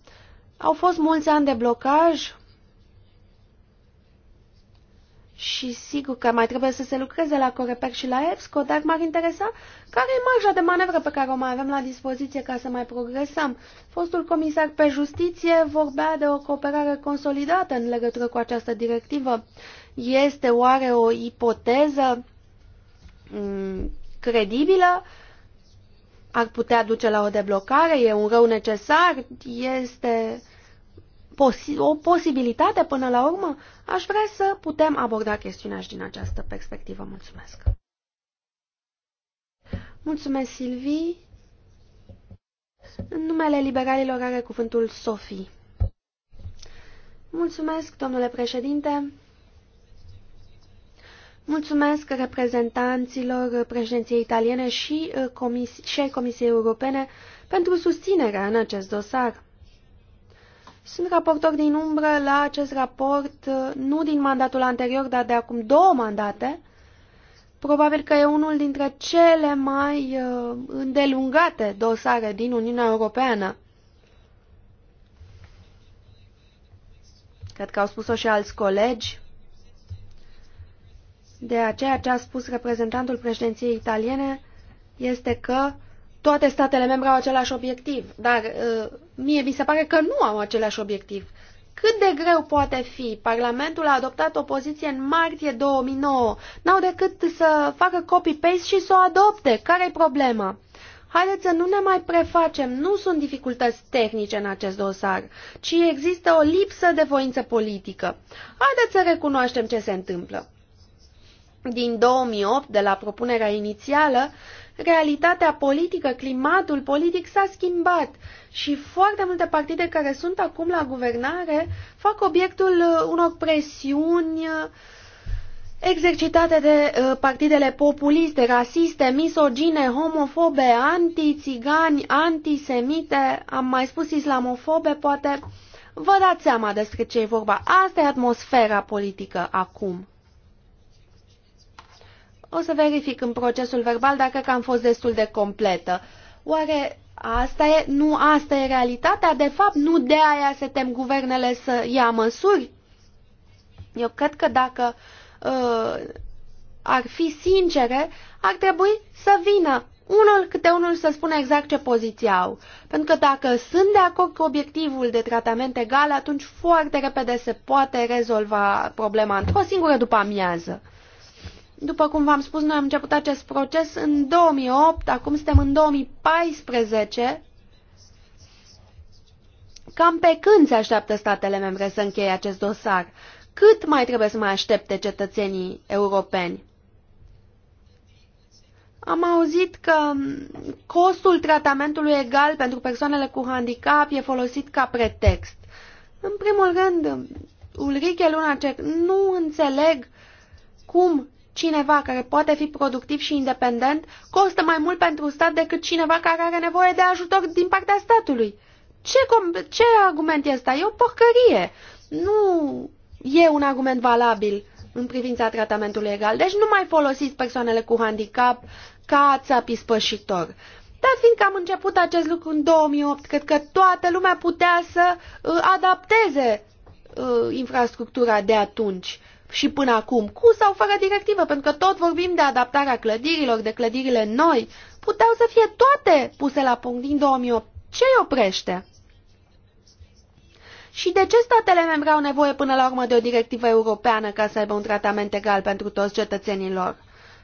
au fost mulți ani de blocaj și sigur că mai trebuie să se lucreze la Coreper și la EPSCO, dar m-ar interesa care e marja de manevră pe care o mai avem la dispoziție ca să mai progresăm. Fostul comisar pe justiție vorbea de o cooperare consolidată în legătură cu această directivă. Este oare o ipoteză mm, credibilă? Ar putea duce la o deblocare? E un rău necesar? Este posi o posibilitate până la urmă, aș vrea să putem aborda chestiunea și din această perspectivă. Mulțumesc! Mulțumesc, Silvi. În numele liberalilor are cuvântul Sofie. Mulțumesc, domnule președinte. Mulțumesc reprezentanților președinției italiene și, uh, comis și ai Comisiei Europene pentru susținerea în acest dosar. Sunt raportor din umbră la acest raport, uh, nu din mandatul anterior, dar de acum două mandate. Probabil că e unul dintre cele mai uh, îndelungate dosare din Uniunea Europeană. Cred că au spus-o și alți colegi. De aceea ce a spus reprezentantul președinției italiene este că toate statele membre au același obiectiv, dar uh, mie mi se pare că nu au același obiectiv. Cât de greu poate fi? Parlamentul a adoptat o poziție în martie 2009. N-au decât să facă copy-paste și să o adopte. care e problema? Haideți să nu ne mai prefacem, nu sunt dificultăți tehnice în acest dosar, ci există o lipsă de voință politică. Haideți să recunoaștem ce se întâmplă. Din 2008, de la propunerea inițială, realitatea politică, climatul politic s-a schimbat și foarte multe partide care sunt acum la guvernare fac obiectul uh, unor presiuni uh, exercitate de uh, partidele populiste, rasiste, misogine, homofobe, anti-țigani, antisemite, am mai spus islamofobe, poate. Vă dați seama despre ce e vorba. Asta e atmosfera politică acum. O să verific în procesul verbal dacă că am fost destul de completă. Oare asta e, nu asta e realitatea? De fapt, nu de aia se tem guvernele să ia măsuri? Eu cred că dacă uh, ar fi sincere, ar trebui să vină unul câte unul să spună exact ce poziție au. Pentru că dacă sunt de acord cu obiectivul de tratament egal, atunci foarte repede se poate rezolva problema într-o singură după amiază. După cum v-am spus, noi am început acest proces în 2008, acum suntem în 2014. Cam pe când se așteaptă statele membre să încheie acest dosar? Cât mai trebuie să mai aștepte cetățenii europeni? Am auzit că costul tratamentului egal pentru persoanele cu handicap e folosit ca pretext. În primul rând, Ulrike Lunacek, nu înțeleg cum Cineva care poate fi productiv și independent costă mai mult pentru stat decât cineva care are nevoie de ajutor din partea statului. Ce, ce argument este asta? E o porcărie. Nu e un argument valabil în privința tratamentului egal. Deci nu mai folosiți persoanele cu handicap ca țapi spășitor. Dar fiindcă am început acest lucru în 2008, cred că toată lumea putea să uh, adapteze uh, infrastructura de atunci și până acum, cu sau fără directivă, pentru că tot vorbim de adaptarea clădirilor, de clădirile noi, puteau să fie toate puse la punct din 2008. ce îi oprește? Și de ce statele membre au nevoie până la urmă de o directivă europeană ca să aibă un tratament egal pentru toți cetățenii lor?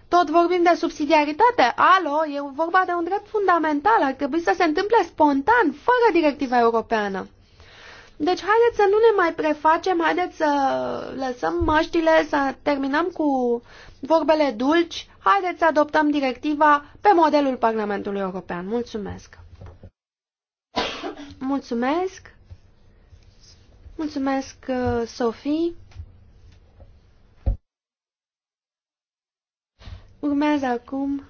Tot vorbim de subsidiaritate. Alo, e vorba de un drept fundamental, ar trebui să se întâmple spontan, fără directiva europeană. Deci haideți să nu ne mai prefacem, haideți să lăsăm măștile, să terminăm cu vorbele dulci, haideți să adoptăm directiva pe modelul Parlamentului European. Mulțumesc! Mulțumesc! Mulțumesc, uh, Sofie! Urmează acum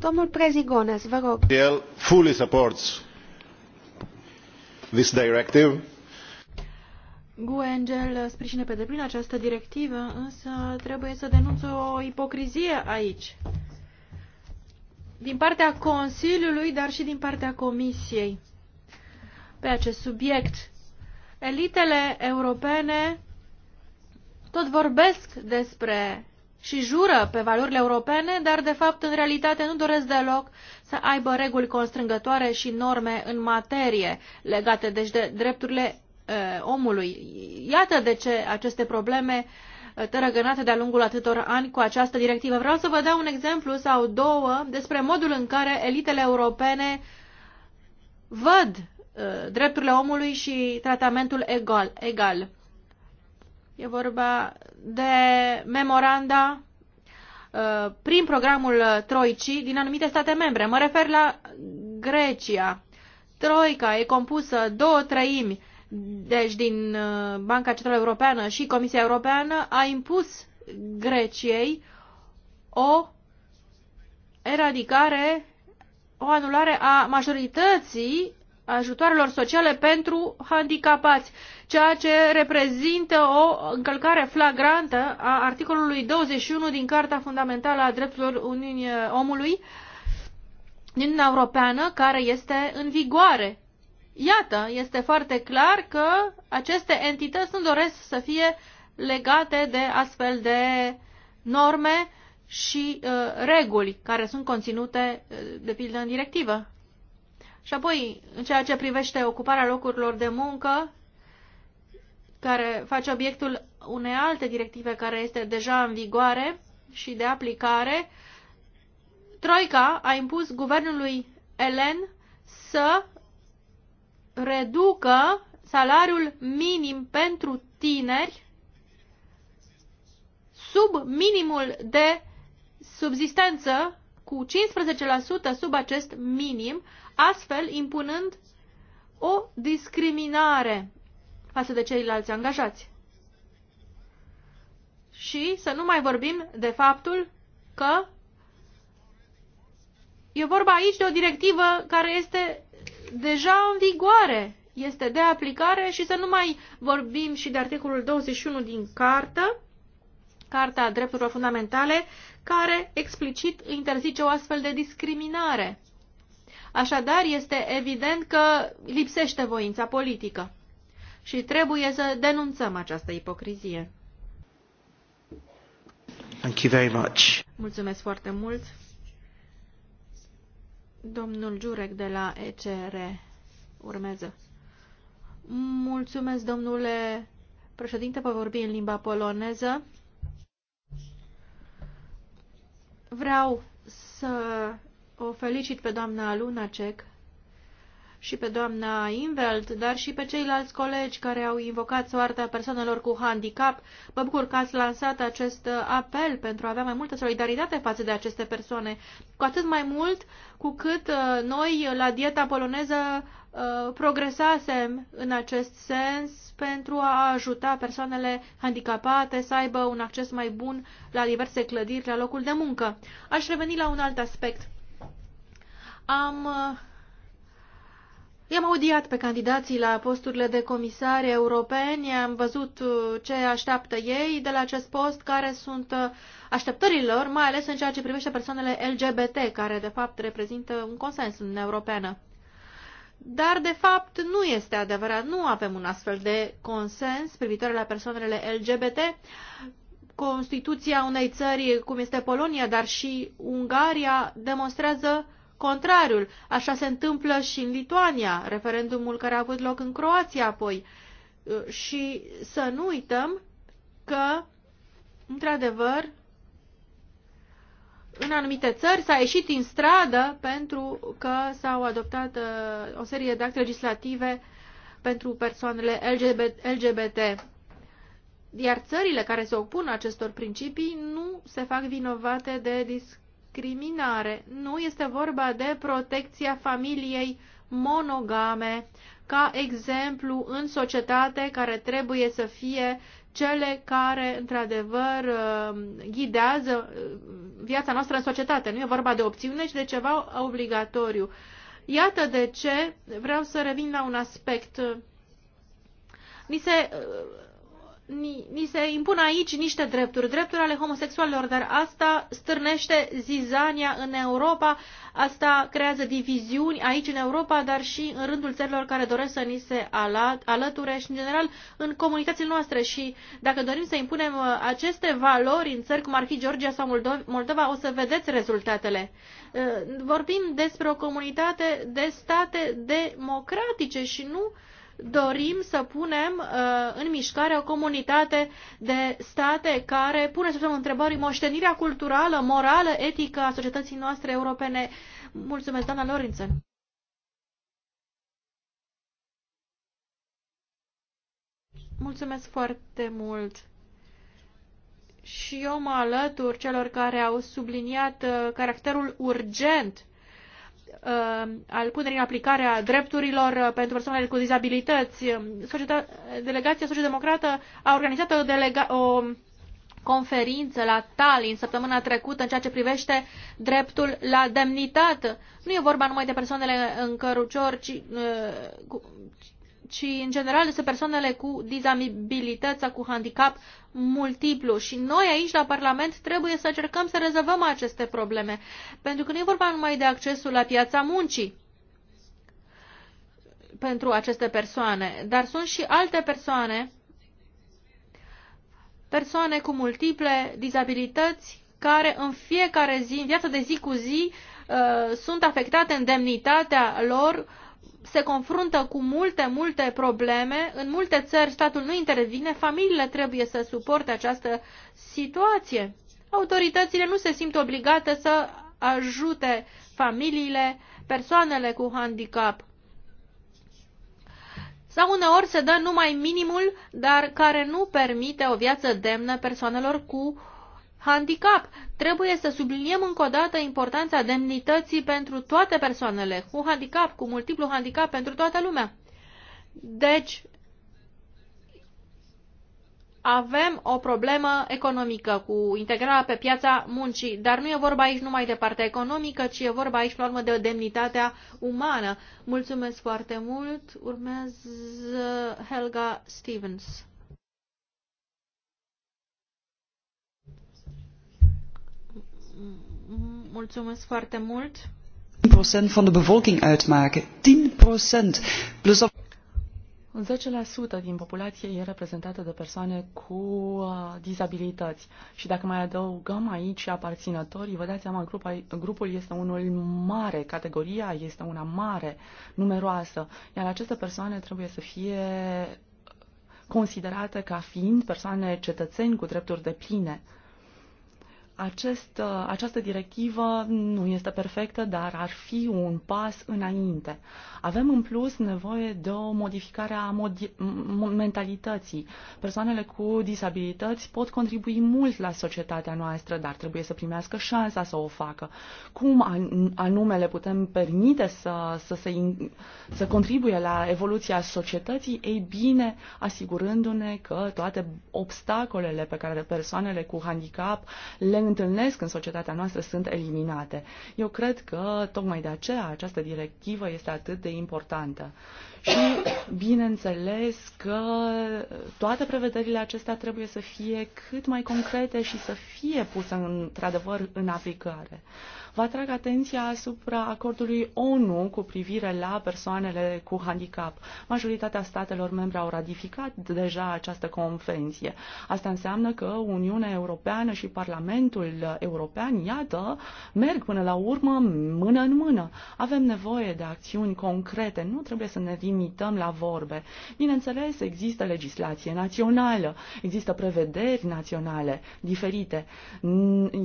Domnul Prezigones, vă rog. El fully supports this directive. Guengel sprijină pe deplin
această directivă, însă trebuie să denunț o ipocrizie aici. Din partea Consiliului, dar și din partea Comisiei pe acest subiect. Elitele europene tot vorbesc despre și jură pe valorile europene, dar de fapt în realitate nu doresc deloc să aibă reguli constrângătoare și norme în materie legate deci de drepturile uh, omului. Iată de ce aceste probleme tărăgănate de-a lungul atâtor ani cu această directivă. Vreau să vă dau un exemplu sau două despre modul în care elitele europene văd uh, drepturile omului și tratamentul egal. egal. E vorba de memoranda uh, prin programul Troicii din anumite state membre. Mă refer la Grecia. Troica e compusă două trăimi, deci din uh, Banca Centrală Europeană și Comisia Europeană, a impus Greciei o eradicare, o anulare a majorității ajutoarelor sociale pentru handicapați ceea ce reprezintă o încălcare flagrantă a articolului 21 din Carta Fundamentală a Drepturilor Uniunii eh, Omului din Uniunea Europeană, care este în vigoare. Iată, este foarte clar că aceste entități nu doresc să fie legate de astfel de norme și uh, reguli care sunt conținute, eh, de pildă, în directivă. Și apoi, în ceea ce privește ocuparea locurilor de muncă, care face obiectul unei alte directive care este deja în vigoare și de aplicare, Troica a impus guvernului Elen să reducă salariul minim pentru tineri sub minimul de subsistență cu 15% sub acest minim, astfel impunând o discriminare față de ceilalți angajați. Și să nu mai vorbim de faptul că e vorba aici de o directivă care este deja în vigoare, este de aplicare și să nu mai vorbim și de articolul 21 din cartă, Carta Drepturilor Fundamentale, care explicit interzice o astfel de discriminare. Așadar, este evident că lipsește voința politică și trebuie să denunțăm această ipocrizie. Thank you very much. Mulțumesc foarte mult. Domnul Jurek de la ECR urmează. Mulțumesc, domnule președinte, vă vorbi în limba poloneză. Vreau să o felicit pe doamna Cech și pe doamna Invelt, dar și pe ceilalți colegi care au invocat soarta persoanelor cu handicap. Mă bucur că ați lansat acest uh, apel pentru a avea mai multă solidaritate față de aceste persoane, cu atât mai mult cu cât uh, noi la dieta poloneză uh, progresasem în acest sens pentru a ajuta persoanele handicapate să aibă un acces mai bun la diverse clădiri, la locul de muncă. Aș reveni la un alt aspect. Am uh, I-am audiat pe candidații la posturile de comisari europeni, am văzut uh, ce așteaptă ei de la acest post, care sunt uh, așteptările lor, mai ales în ceea ce privește persoanele LGBT, care de fapt reprezintă un consens în Europeană. Dar, de fapt, nu este adevărat. Nu avem un astfel de consens privitor la persoanele LGBT. Constituția unei țări, cum este Polonia, dar și Ungaria, demonstrează contrariul. Așa se întâmplă și în Lituania, referendumul care a avut loc în Croația apoi. Uh, și să nu uităm că, într-adevăr, în anumite țări s-a ieșit în stradă pentru că s-au adoptat uh, o serie de acte legislative pentru persoanele LGBT, Iar țările care se opun acestor principii nu se fac vinovate de discriminare discriminare. Nu este vorba de protecția familiei monogame, ca exemplu în societate care trebuie să fie cele care, într-adevăr, um, ghidează uh, viața noastră în societate. Nu e vorba de opțiune, ci de ceva obligatoriu. Iată de ce vreau să revin la un aspect. Ni se uh, ni, ni se impun aici niște drepturi, drepturi ale homosexualilor, dar asta stârnește zizania în Europa, asta creează diviziuni aici în Europa, dar și în rândul țărilor care doresc să ni se alăture și, în general, în comunitățile noastre. Și dacă dorim să impunem uh, aceste valori în țări cum ar fi Georgia sau Moldova, o să vedeți rezultatele. Uh, vorbim despre o comunitate de state democratice și nu uh, dorim să punem uh, în mișcare o comunitate de state care pune sub semnul întrebării moștenirea culturală, morală, etică a societății noastre europene. Mulțumesc, doamna Lorință. Mulțumesc foarte mult. Și eu mă alătur celor care au subliniat uh, caracterul urgent Uh, al punerii în aplicare a drepturilor uh, pentru persoanele cu dizabilități. Um, Societa, delegația Sociodemocrată a organizat o, delega, o conferință la Tallinn săptămâna trecută în ceea ce privește dreptul la demnitate. Nu e vorba numai de persoanele în cărucior, ci, uh, ci în general despre persoanele cu dizabilități sau cu handicap multiplu. Și noi aici la Parlament trebuie să încercăm să rezolvăm aceste probleme, pentru că nu e vorba numai de accesul la piața muncii pentru aceste persoane, dar sunt și alte persoane, persoane cu multiple dizabilități, care în fiecare zi, în viața de zi cu zi, uh, sunt afectate în demnitatea lor se confruntă cu multe, multe probleme. În multe țări statul nu intervine, familiile trebuie să suporte această situație. Autoritățile nu se simt obligate să ajute familiile, persoanele cu handicap. Sau uneori se dă numai minimul, dar care nu permite o viață demnă persoanelor cu handicap. Trebuie să subliniem încă o dată importanța demnității pentru toate persoanele, cu handicap, cu multiplu handicap, pentru toată lumea. Deci, avem o problemă economică cu integrarea pe piața muncii, dar nu e vorba aici numai de partea economică, ci e vorba aici, la urmă, de demnitatea umană. Mulțumesc foarte mult. Urmează Helga Stevens. Mulțumesc foarte mult.
10% van de bevolking uitmaken. 10%. Plus of... 10% din populație e reprezentată de persoane cu uh, dizabilități. Și dacă mai adăugăm aici aparținătorii, vă dați seama, grupa, grupul este unul mare, categoria este una mare, numeroasă, iar aceste persoane trebuie să fie considerate ca fiind persoane cetățeni cu drepturi de pline. Acest, uh, această directivă nu este perfectă, dar ar fi un pas înainte. Avem în plus nevoie de o modificare a modi- mentalității. Persoanele cu disabilități pot contribui mult la societatea noastră, dar trebuie să primească șansa să o facă. Cum anume le putem permite să, să, se, să contribuie la evoluția societății? Ei bine, asigurându-ne că toate obstacolele pe care persoanele cu handicap le întâlnesc în societatea noastră sunt eliminate. Eu cred că tocmai de aceea această directivă este atât de importantă. Și bineînțeles că toate prevederile acestea trebuie să fie cât mai concrete și să fie puse într-adevăr în aplicare. Vă atrag atenția asupra acordului ONU cu privire la persoanele cu handicap. Majoritatea statelor membre au ratificat deja această convenție. Asta înseamnă că Uniunea Europeană și Parlamentul European, iată, merg până la urmă mână în mână. Avem nevoie de acțiuni concrete, nu trebuie să ne limităm la vorbe. Bineînțeles, există legislație națională, există prevederi naționale diferite.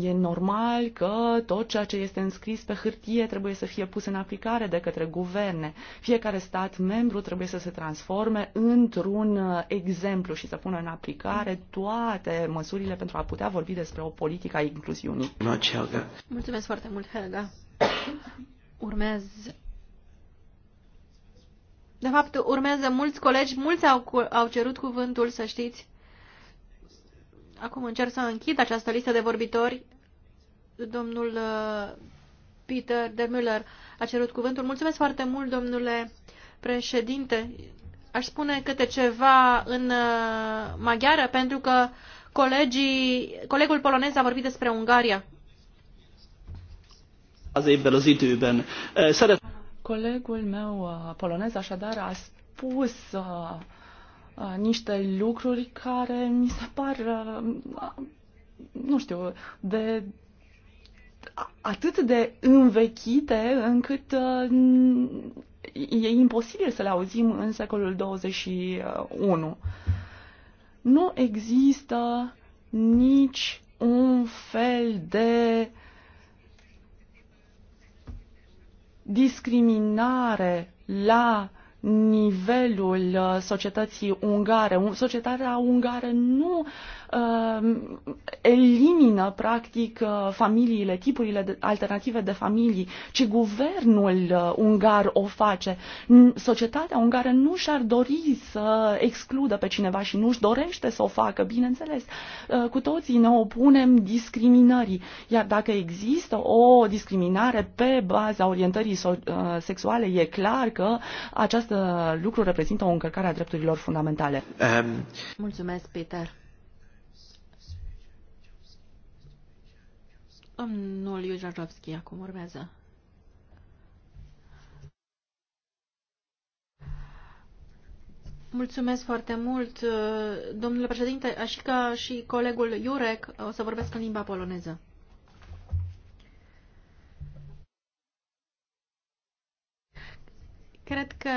E normal că tot ceea ce este înscris pe hârtie trebuie să fie pus în aplicare de către guverne. Fiecare stat membru trebuie să se transforme într-un uh, exemplu și să pună în aplicare toate măsurile pentru a putea vorbi despre o politică a incluziunii.
Mulțumesc foarte mult, Helga. Urmează de fapt, urmează mulți colegi, mulți au, au cerut cuvântul, să știți. Acum încerc să închid această listă de vorbitori Domnul uh, Peter de Müller a cerut cuvântul. Mulțumesc foarte mult, domnule președinte. Aș spune câte ceva în uh, maghiară, pentru că colegii, colegul polonez a vorbit despre Ungaria.
Uh, colegul meu polonez așadar a spus niște lucruri care mi se par, nu știu, de atât de învechite încât uh, e imposibil să le auzim în secolul 21. Nu există nici un fel de discriminare la nivelul uh, societății ungare. Societatea ungară nu uh, Um, elimină, practic, uh, familiile, tipurile de, alternative de familii, ci guvernul uh, ungar o face. Societatea ungară nu și-ar dori să excludă pe cineva și nu-și dorește să o facă, bineînțeles. Uh, cu toții ne opunem discriminării, iar dacă există o discriminare pe baza orientării sexuale, e clar că acest lucru reprezintă o încălcare a drepturilor fundamentale. Um... Mulțumesc, Peter.
Domnul Iujajovski acum urmează. Mulțumesc foarte mult, domnule președinte, așa ca și colegul Iurek, o să vorbesc în limba poloneză. Cred că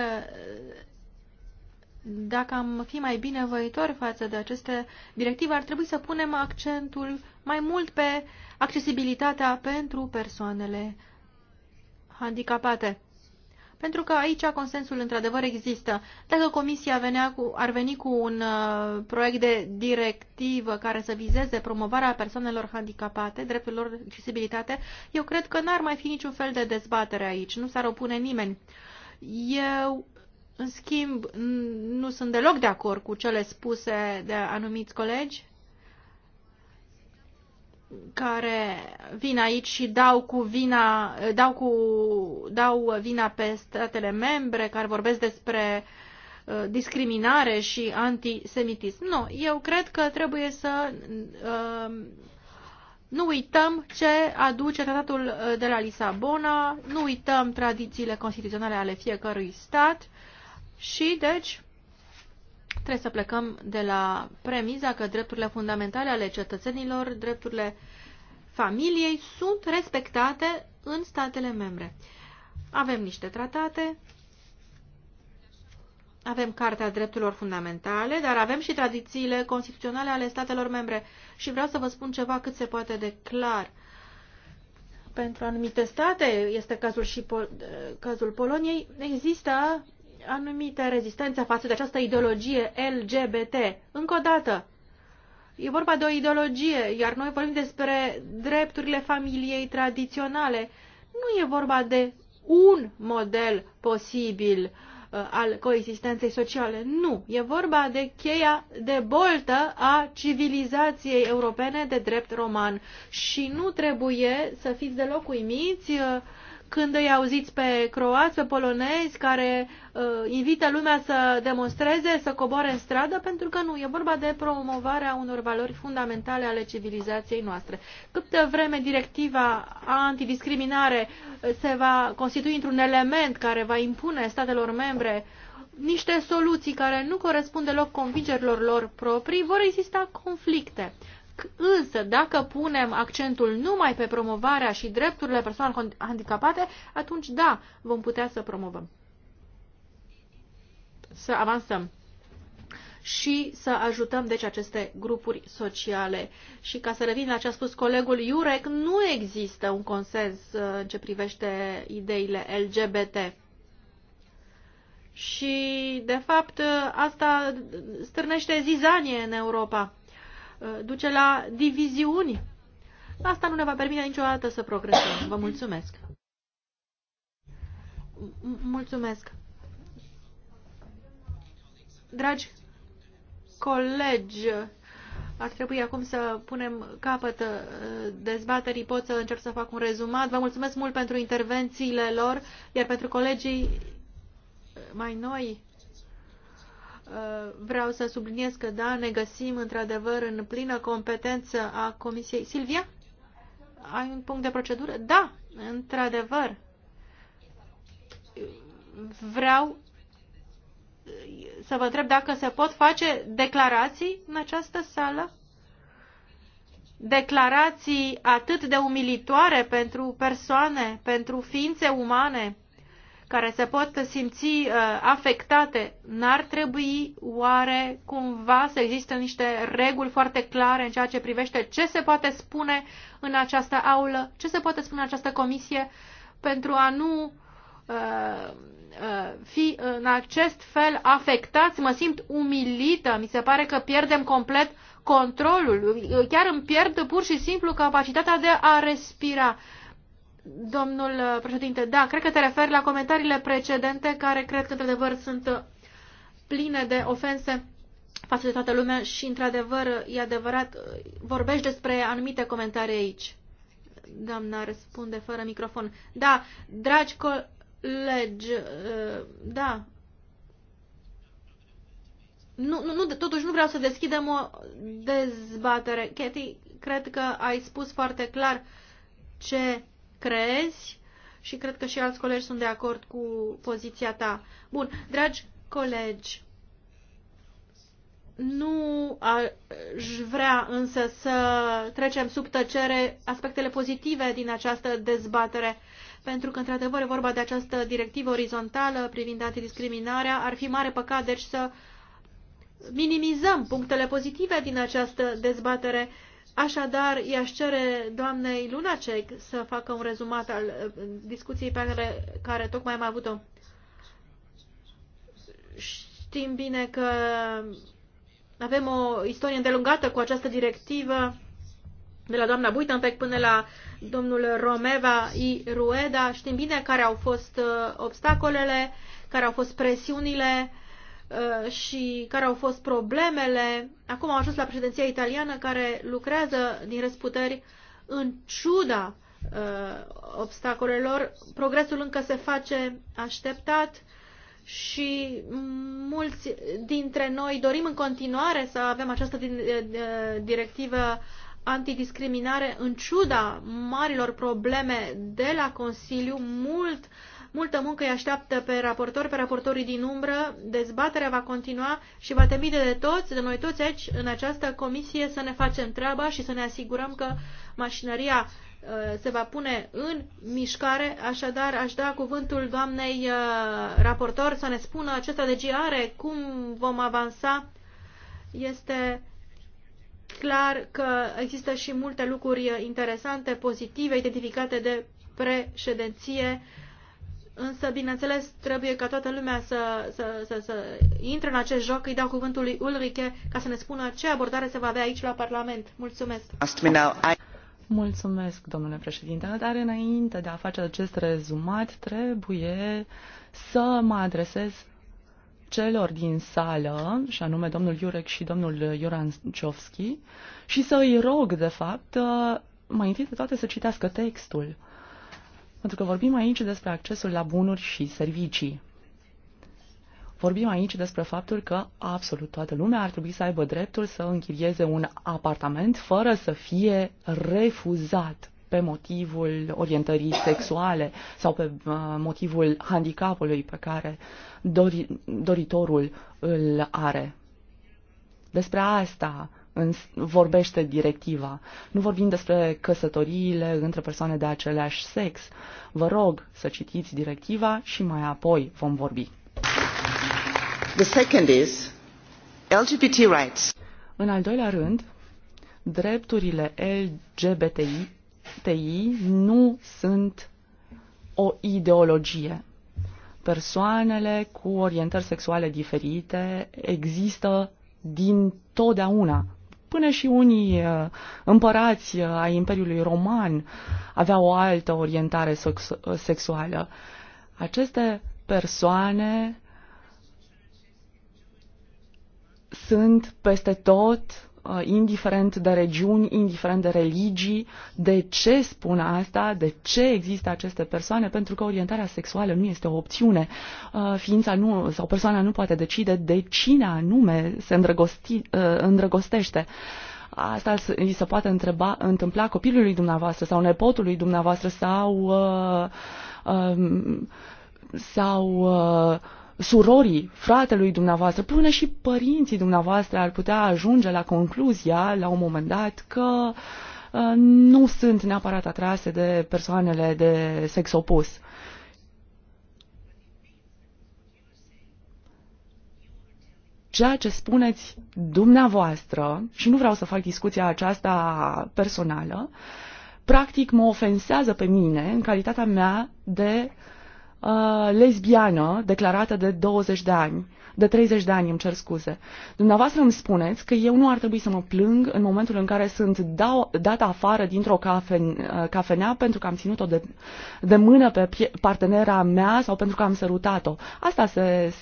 dacă am fi mai binevoitori față de aceste directive, ar trebui să punem accentul mai mult pe accesibilitatea pentru persoanele handicapate. Pentru că aici consensul într-adevăr există. Dacă Comisia venea cu, ar veni cu un uh, proiect de directivă care să vizeze promovarea persoanelor handicapate, drepturilor lor accesibilitate, eu cred că n-ar mai fi niciun fel de dezbatere aici. Nu s-ar opune nimeni. Eu în schimb, nu sunt deloc de acord cu cele spuse de anumiți colegi care vin aici și dau cu vina, dau cu, dau vina pe statele membre care vorbesc despre uh, discriminare și antisemitism. Nu, eu cred că trebuie să uh, nu uităm ce aduce tratatul uh, de la Lisabona, nu uităm tradițiile constituționale ale fiecărui stat și, deci, trebuie să plecăm de la premiza că drepturile fundamentale ale cetățenilor, drepturile familiei sunt respectate în statele membre. Avem niște tratate, avem Cartea Drepturilor Fundamentale, dar avem și tradițiile constituționale ale statelor membre. Și vreau să vă spun ceva cât se poate de clar. Pentru anumite state, este cazul și pol, cazul Poloniei, există anumite rezistențe față de această ideologie LGBT. Încă o dată, e vorba de o ideologie, iar noi vorbim despre drepturile familiei tradiționale. Nu e vorba de un model posibil uh, al coexistenței sociale. Nu, e vorba de cheia de boltă a civilizației europene de drept roman. Și nu trebuie să fiți deloc uimiți uh, când îi auziți pe croați, pe polonezi care uh, invită lumea să demonstreze, să coboare în stradă, pentru că nu, e vorba de promovarea unor valori fundamentale ale civilizației noastre. Câtă vreme directiva antidiscriminare uh, se va constitui într-un element care va impune statelor membre niște soluții care nu corespund deloc convingerilor lor proprii, vor exista conflicte. Însă, dacă punem accentul numai pe promovarea și drepturile persoanelor handicapate, atunci da, vom putea să promovăm. Să avansăm și să ajutăm deci aceste grupuri sociale. Și ca să revin la ce a spus colegul Iurec, nu există un consens uh, în ce privește ideile LGBT. Și, de fapt, uh, asta stârnește zizanie în Europa. Uh, duce la diviziuni. Asta nu ne va permite niciodată să progresăm. Vă mulțumesc. Mulțumesc. Dragi colegi, ar trebui acum să punem capăt uh, dezbaterii. Pot să încerc să fac un rezumat. Vă mulțumesc mult pentru intervențiile lor, iar pentru colegii uh, mai noi Uh, vreau să subliniez că da, ne găsim într-adevăr în plină competență a Comisiei. Silvia, ai un punct de procedură? Da, într-adevăr. Vreau uh, să vă întreb dacă se pot face declarații în această sală? Declarații atât de umilitoare pentru persoane, pentru ființe umane, care se pot simți uh, afectate, n-ar trebui oare cumva să există niște reguli foarte clare în ceea ce privește ce se poate spune în această aulă, ce se poate spune în această comisie pentru a nu uh, uh, fi în acest fel afectați, mă simt umilită, mi se pare că pierdem complet controlul, chiar îmi pierd pur și simplu capacitatea de a respira. Uh, Domnul președinte, da, cred că te referi la comentariile precedente care cred că într-adevăr sunt pline de ofense față de toată lumea și într-adevăr e adevărat, vorbești despre anumite comentarii aici. Doamna răspunde fără microfon. Da, dragi colegi, uh, da, nu, nu, nu, totuși nu vreau să deschidem o dezbatere. Katie, cred că ai spus foarte clar ce crezi și cred că și alți colegi sunt de acord cu poziția ta. Bun, dragi colegi, nu aș vrea însă să trecem sub tăcere aspectele pozitive din această dezbatere, pentru că, într-adevăr, e vorba de această directivă orizontală privind antidiscriminarea. Ar fi mare păcat, deci, să minimizăm punctele pozitive din această dezbatere Așadar, i-aș cere doamnei Lunacek să facă un rezumat al uh, discuției pe care, care tocmai am avut-o. Știm bine că avem o istorie îndelungată cu această directivă de la doamna Buitampec până la domnul Romeva I. Rueda. Știm bine care au fost uh, obstacolele, care au fost presiunile Uh, și care au fost problemele. Acum am ajuns la președinția italiană care lucrează din răsputeri în ciuda uh, obstacolelor. Progresul încă se face așteptat și mulți dintre noi dorim în continuare să avem această uh, directivă antidiscriminare în ciuda marilor probleme de la Consiliu. Mult uh, Multă muncă îi așteaptă pe raportori, pe raportorii din umbră. Dezbaterea va continua și va temi de toți, de noi toți aici, în această comisie, să ne facem treaba și să ne asigurăm că mașinăria uh, se va pune în mișcare, așadar aș da cuvântul doamnei uh, raportor să ne spună ce strategie are, cum vom avansa. Este clar că există și multe lucruri uh, interesante, pozitive, identificate de președinție Însă, bineînțeles, trebuie ca toată lumea să, să, să, să intre în acest joc. Îi dau cuvântul lui Ulrike ca să ne spună ce abordare se va avea aici la Parlament. Mulțumesc!
Mulțumesc, domnule președinte, dar înainte de a face acest rezumat, trebuie să mă adresez celor din sală, și anume domnul Iurec și domnul Ciovski, și să îi rog, de fapt, mai întâi de toate să citească textul pentru că vorbim aici despre accesul la bunuri și servicii. Vorbim aici despre faptul că absolut toată lumea ar trebui să aibă dreptul să închirieze un apartament fără să fie refuzat pe motivul orientării sexuale sau pe uh, motivul handicapului pe care dori, doritorul îl are. Despre asta în, vorbește directiva. Nu vorbim despre căsătoriile între persoane de același sex. Vă rog să citiți directiva și mai apoi vom vorbi. The second is LGBT rights. În al doilea rând, drepturile LGBTI TI nu sunt o ideologie. Persoanele cu orientări sexuale diferite există din totdeauna Până și unii uh, împărați uh, ai Imperiului Roman aveau o altă orientare sexuală. Aceste persoane sunt peste tot Uh, indiferent de regiuni, indiferent de religii, de ce spun asta, de ce există aceste persoane, pentru că orientarea sexuală nu este o opțiune. Uh, ființa nu, sau persoana nu poate decide de cine anume se uh, îndrăgostește. Asta îi se poate întreba, întâmpla copilului dumneavoastră sau nepotului dumneavoastră sau, uh, um, sau uh, surorii, fratelui dumneavoastră, până și părinții dumneavoastră ar putea ajunge la concluzia, la un moment dat, că uh, nu sunt neapărat atrase de persoanele de sex opus. ceea ce spuneți dumneavoastră, și nu vreau să fac discuția aceasta personală, practic mă ofensează pe mine în calitatea mea de uh, Uh, lesbiană declarată de 20 de ani, de 30 de ani, îmi cer scuze. Dumneavoastră îmi spuneți că eu nu ar trebui să mă plâng în momentul în care sunt dau, dat afară dintr-o cafe, uh, cafenea pentru că am ținut-o de, de mână pe partenera mea sau pentru că am sărutat-o. Asta se,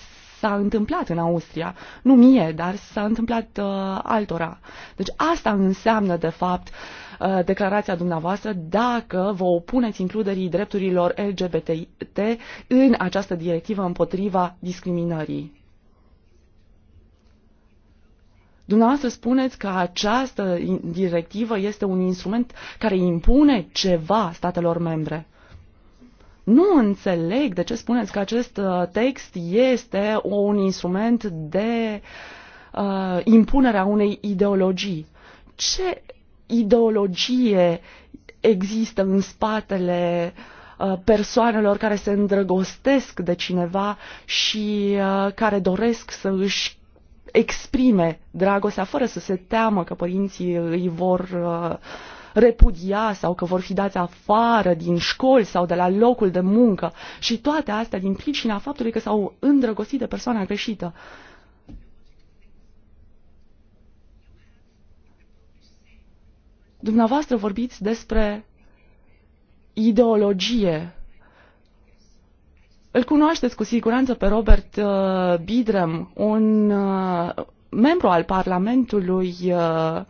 s-a întâmplat în Austria. Nu mie, dar s-a întâmplat uh, altora. Deci asta înseamnă, de fapt, uh, declarația dumneavoastră dacă vă opuneți includerii drepturilor LGBT în această directivă împotriva discriminării. Dumneavoastră spuneți că această directivă este un instrument care impune ceva statelor membre. Nu înțeleg de ce spuneți că acest uh, text este un instrument de uh, impunerea unei ideologii. Ce ideologie există în spatele uh, persoanelor care se îndrăgostesc de cineva și uh, care doresc să își exprime dragostea fără să se teamă că părinții îi vor uh, repudia sau că vor fi dați afară din școli sau de la locul de muncă și toate astea din pricina faptului că s-au îndrăgostit de persoana greșită. Dumneavoastră vorbiți despre ideologie. Îl cunoașteți cu siguranță pe Robert uh, Bidrem, un uh, membru al Parlamentului uh,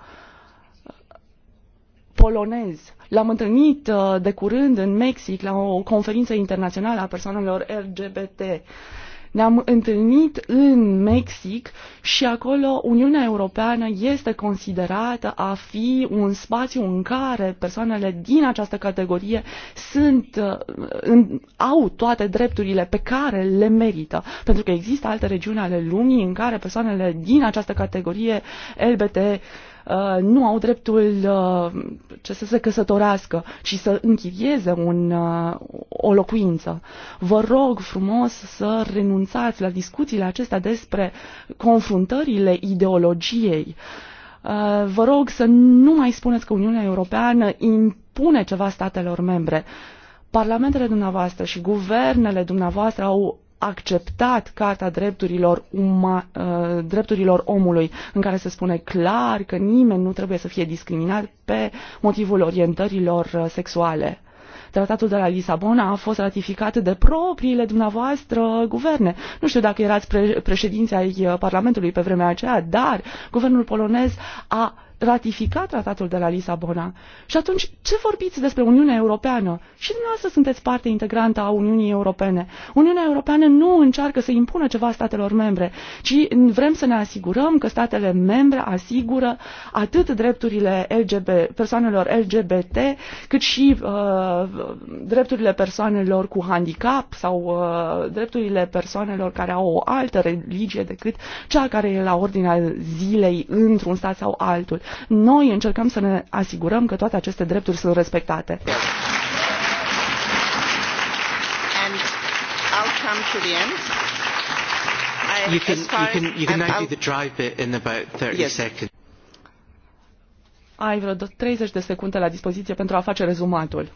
polonez. L-am întâlnit uh, de curând în Mexic la o conferință internațională a persoanelor LGBT. Ne-am întâlnit în Mexic și acolo Uniunea Europeană este considerată a fi un spațiu în care persoanele din această categorie sunt, uh, în, au toate drepturile pe care le merită. Pentru că există alte regiuni ale lumii în care persoanele din această categorie LBT Uh, nu au dreptul uh, ce să se căsătorească și să închirieze un, uh, o locuință. Vă rog frumos să renunțați la discuțiile acestea despre confruntările ideologiei. Vă rog să nu mai spuneți că Uniunea Europeană impune ceva statelor membre. Parlamentele dumneavoastră și guvernele dumneavoastră au acceptat Carta Drepturilor, uma, uh, drepturilor Omului, în care se spune clar că nimeni nu trebuie să fie discriminat pe motivul orientărilor uh, sexuale. Tratatul de la Lisabona a fost ratificat de propriile dumneavoastră guverne. Nu știu dacă erați pre- președinții ai uh, Parlamentului pe vremea aceea, dar guvernul polonez a ratifica tratatul de la Lisabona. Și atunci, ce vorbiți despre Uniunea Europeană? Și dumneavoastră sunteți parte integrantă a Uniunii Europene. Uniunea Europeană nu încearcă să impună ceva statelor membre, ci vrem să ne asigurăm că statele membre asigură atât drepturile LGBT, persoanelor LGBT, cât și uh, drepturile persoanelor cu handicap sau uh, drepturile persoanelor care au o altă religie decât cea care e la ordinea zilei într-un stat sau altul. Noi încercăm să ne asigurăm că toate aceste drepturi sunt respectate. You can, you can, you can now
do the drive bit in about 30 yes. seconds.
Ai
vreo 30 de secunde la dispoziție pentru a face rezumatul.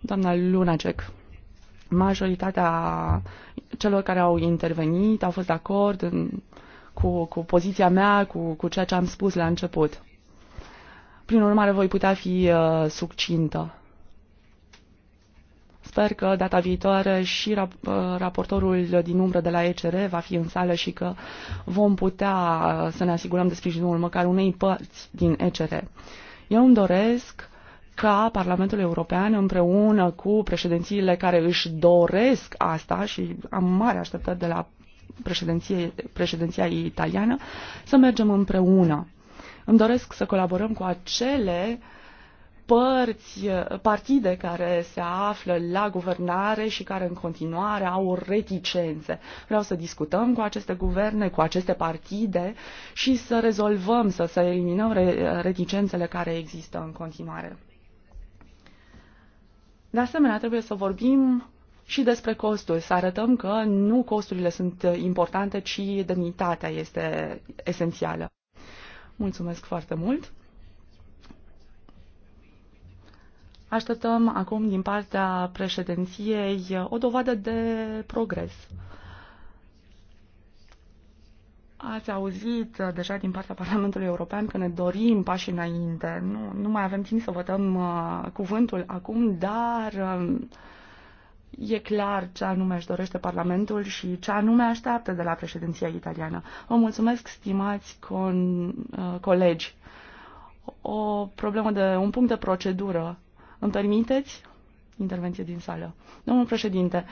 Doamna Lunacek majoritatea celor care au intervenit au fost de acord în, cu, cu poziția mea, cu, cu ceea ce am spus la început. Prin urmare, voi putea fi uh, succintă. Sper că data viitoare și rap- uh, raportorul din umbră de la ECR va fi în sală și că vom putea uh, să ne asigurăm de sprijinul măcar unei părți din ECR. Eu îmi doresc ca Parlamentul European împreună cu președințiile care își doresc asta și am mare așteptări de la președinția italiană să mergem împreună îmi doresc să colaborăm cu acele părți, partide care se află la guvernare și care în continuare au reticențe. Vreau să discutăm cu aceste guverne, cu aceste partide și să rezolvăm, să, să eliminăm re, reticențele care există în continuare. De asemenea, trebuie să vorbim și despre costuri, să arătăm că nu costurile sunt importante, ci demnitatea este esențială. Mulțumesc foarte mult! Așteptăm acum din partea președinției o dovadă de progres. Ați auzit deja din partea Parlamentului European că ne dorim pași înainte. Nu, nu mai avem timp să votăm uh, cuvântul acum, dar uh, E clar ce anume își dorește Parlamentul și ce anume așteaptă de la președinția italiană. Vă mulțumesc, stimați con, uh, colegi. O problemă de un punct de procedură. Îmi permiteți? Intervenție din sală. Domnul președinte,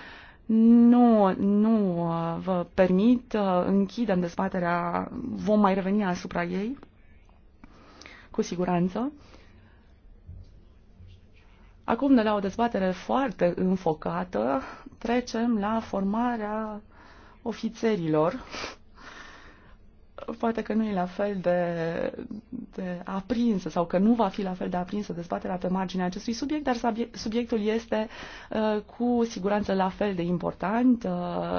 nu, nu uh, vă permit, uh, închidem dezbaterea, vom mai reveni asupra ei, cu siguranță. Acum, de la o dezbatere foarte înfocată, trecem la formarea ofițerilor. Poate că nu e la fel de, de aprinsă sau că nu va fi la fel de aprinsă dezbaterea pe marginea acestui subiect, dar subiectul este uh, cu siguranță la fel de important. Uh,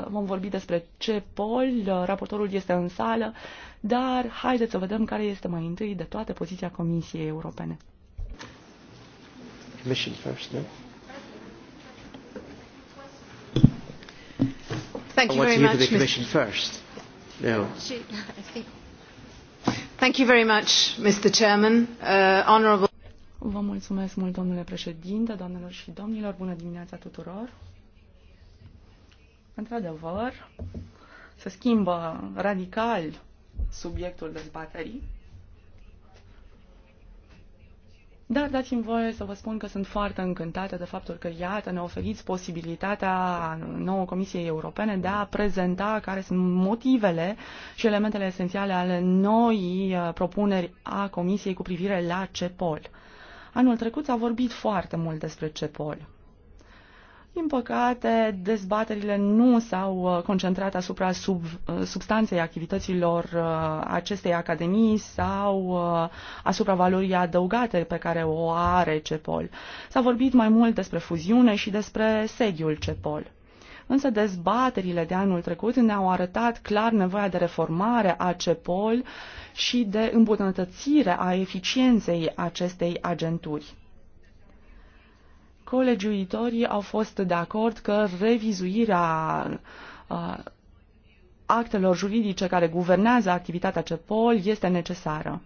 vom vorbi despre ce pol, uh, raportorul este în sală, dar haideți să vedem care este mai întâi de toate poziția Comisiei Europene.
Commission first, no?
Thank you very much. I want to hear much, the Commission
Mr. first. No.
Thank you very much, Mr. Chairman. Uh,
honorable. Vă mulțumesc mult, domnule președinte, doamnelor și domnilor. Bună dimineața tuturor. Într-adevăr, se schimbă radical subiectul dezbaterii. Dar dați-mi voie să vă spun că sunt foarte încântată de faptul că, iată, ne oferiți posibilitatea nouă Comisiei Europene de a prezenta care sunt motivele și elementele esențiale ale noii uh, propuneri a Comisiei cu privire la CEPOL. Anul trecut s-a vorbit foarte mult despre CEPOL. Din păcate, dezbaterile nu s-au uh, concentrat asupra sub, uh, substanței activităților uh, acestei academii sau asupra valorii adăugate pe care o are CEPOL. S-a vorbit mai mult despre fuziune și despre sediul CEPOL. Însă dezbaterile de anul trecut ne-au arătat clar nevoia de reformare a CEPOL și de îmbunătățire a eficienței acestei agenturi. Colegiuitorii au fost de acord că revizuirea uh, actelor juridice care guvernează activitatea CEPOL este necesară.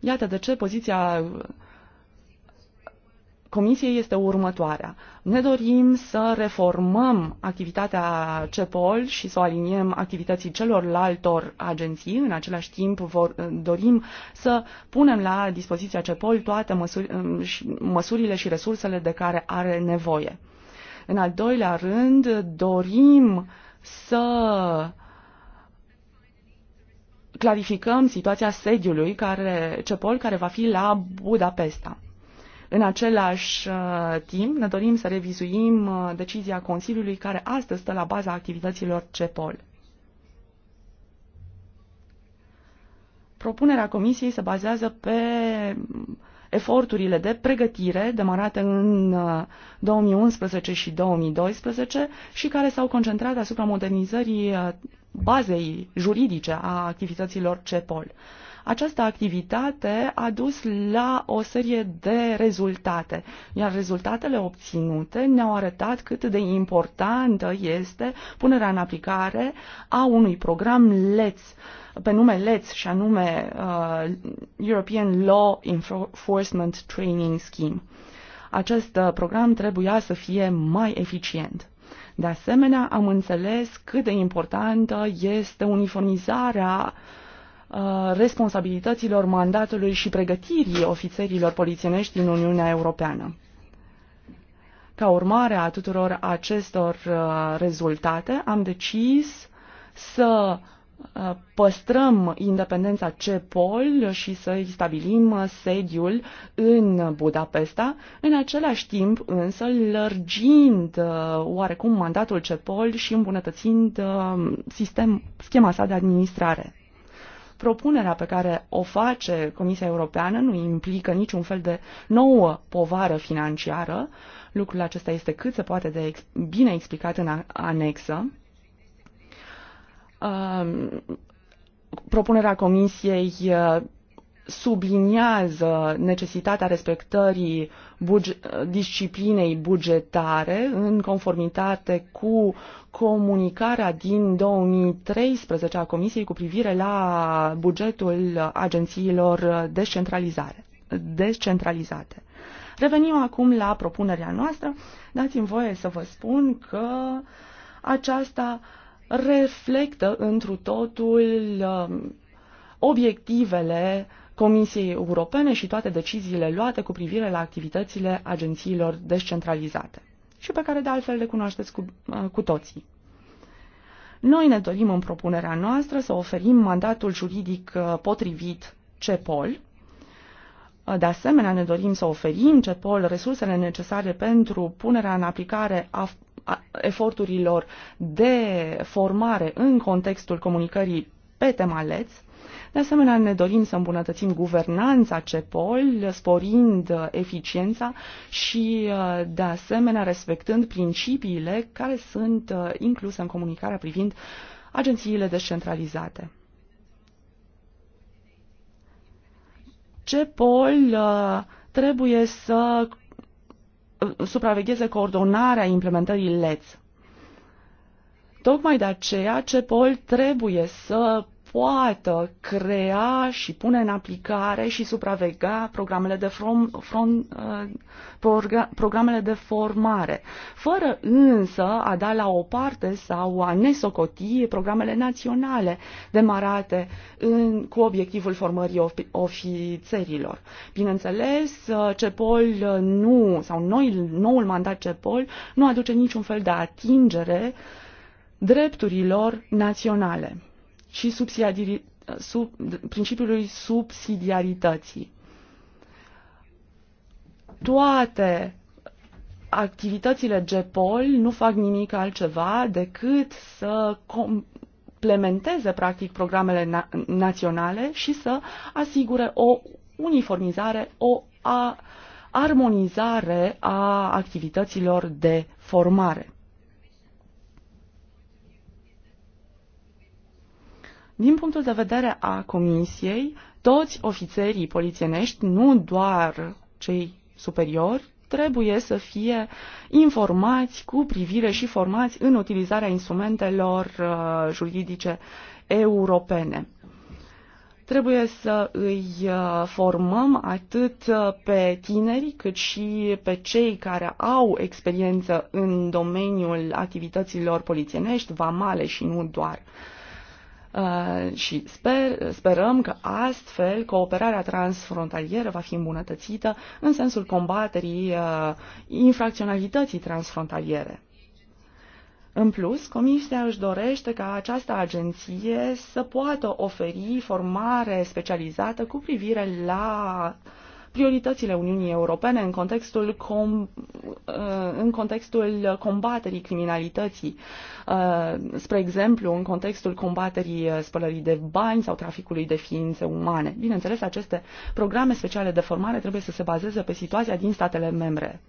Iată de ce poziția Comisiei este următoarea. Ne dorim să reformăm activitatea CEPOL și să o aliniem activității celorlaltor agenții. În același timp vor, dorim să punem la dispoziția CEPOL toate măsuri, um, măsurile și resursele de care are nevoie. În al doilea rând, dorim să clarificăm situația sediului care, CEPOL care va fi la Budapesta. În același uh, timp, ne dorim să revizuim uh, decizia Consiliului care astăzi stă la baza activităților CEPOL. Propunerea Comisiei se bazează pe eforturile de pregătire demarate în 2011 uh, și 2012 și care s-au concentrat asupra modernizării bazei juridice a activităților CEPOL. Această activitate a dus la o serie de rezultate, iar rezultatele obținute ne-au arătat cât de importantă este punerea în aplicare a unui program LETS, pe nume LETS și anume uh, European Law Enforcement Training Scheme. Acest uh, program trebuia să fie mai eficient. De asemenea, am înțeles cât de importantă este uniformizarea uh, Uh, responsabilităților, mandatului și pregătirii ofițerilor polițienești din Uniunea Europeană. Ca urmare a tuturor acestor uh, rezultate, am decis să uh, păstrăm independența CEPOL și să-i stabilim sediul în Budapesta, în același timp însă lărgind oarecum mandatul CEPOL și îmbunătățind sistem, schema sa de administrare. Propunerea pe care o face Comisia Europeană nu implică niciun fel de nouă povară financiară. Lucrul acesta este cât se poate de bine explicat în anexă. Uh, propunerea Comisiei uh, subliniază necesitatea respectării buge- disciplinei bugetare în conformitate cu comunicarea din 2013 a Comisiei cu privire la bugetul agențiilor descentralizare, descentralizate. Revenim acum la propunerea noastră. Dați-mi voie să vă spun că aceasta reflectă întru totul um, obiectivele Comisiei Europene și toate deciziile luate cu privire la activitățile agențiilor descentralizate și pe care de altfel le cunoașteți cu, uh, cu toții. Noi ne dorim în propunerea noastră să oferim mandatul juridic uh, potrivit CEPOL. Uh, de asemenea, ne dorim să oferim CEPOL resursele necesare pentru punerea în aplicare a eforturilor de formare în contextul comunicării pe tema LEDS de asemenea, ne dorim să îmbunătățim guvernanța CEPOL, sporind uh, eficiența și, uh, de asemenea, respectând principiile care sunt uh, incluse în comunicarea privind agențiile descentralizate. CEPOL trebuie să supravegheze coordonarea implementării LEDS. Tocmai de aceea CEPOL trebuie să poată crea și pune în aplicare și supraveghea programele de, from, from, uh, proga, programele de formare, fără însă a da la o parte sau a nesocoti programele naționale demarate în, cu obiectivul formării ofițerilor. Bineînțeles, uh, CEPOL uh, nu, sau noi, noul mandat CEPOL nu aduce niciun fel de atingere drepturilor naționale și sub, principiului subsidiarității. Toate activitățile GEPOL nu fac nimic altceva decât să complementeze practic programele na- naționale și să asigure o uniformizare, o a armonizare a activităților de formare. Din punctul de vedere a Comisiei, toți ofițerii polițienești, nu doar cei superiori, trebuie să fie informați cu privire și formați în utilizarea instrumentelor uh, juridice europene. Trebuie să îi uh, formăm atât uh, pe tineri cât și pe cei care au experiență în domeniul activităților polițienești, vamale și nu doar. Uh, Uh, și sper, sperăm că astfel cooperarea transfrontalieră va fi îmbunătățită în sensul combaterii uh, infracționalității transfrontaliere. În plus, Comisia își dorește ca această agenție să poată oferi formare specializată cu privire la uh, prioritățile Uniunii Europene în contextul, com, uh, în contextul combaterii criminalității, uh, spre exemplu, în contextul combaterii uh, spălării de bani sau traficului de ființe umane. Bineînțeles, aceste programe speciale de formare trebuie să se bazeze pe situația din statele membre.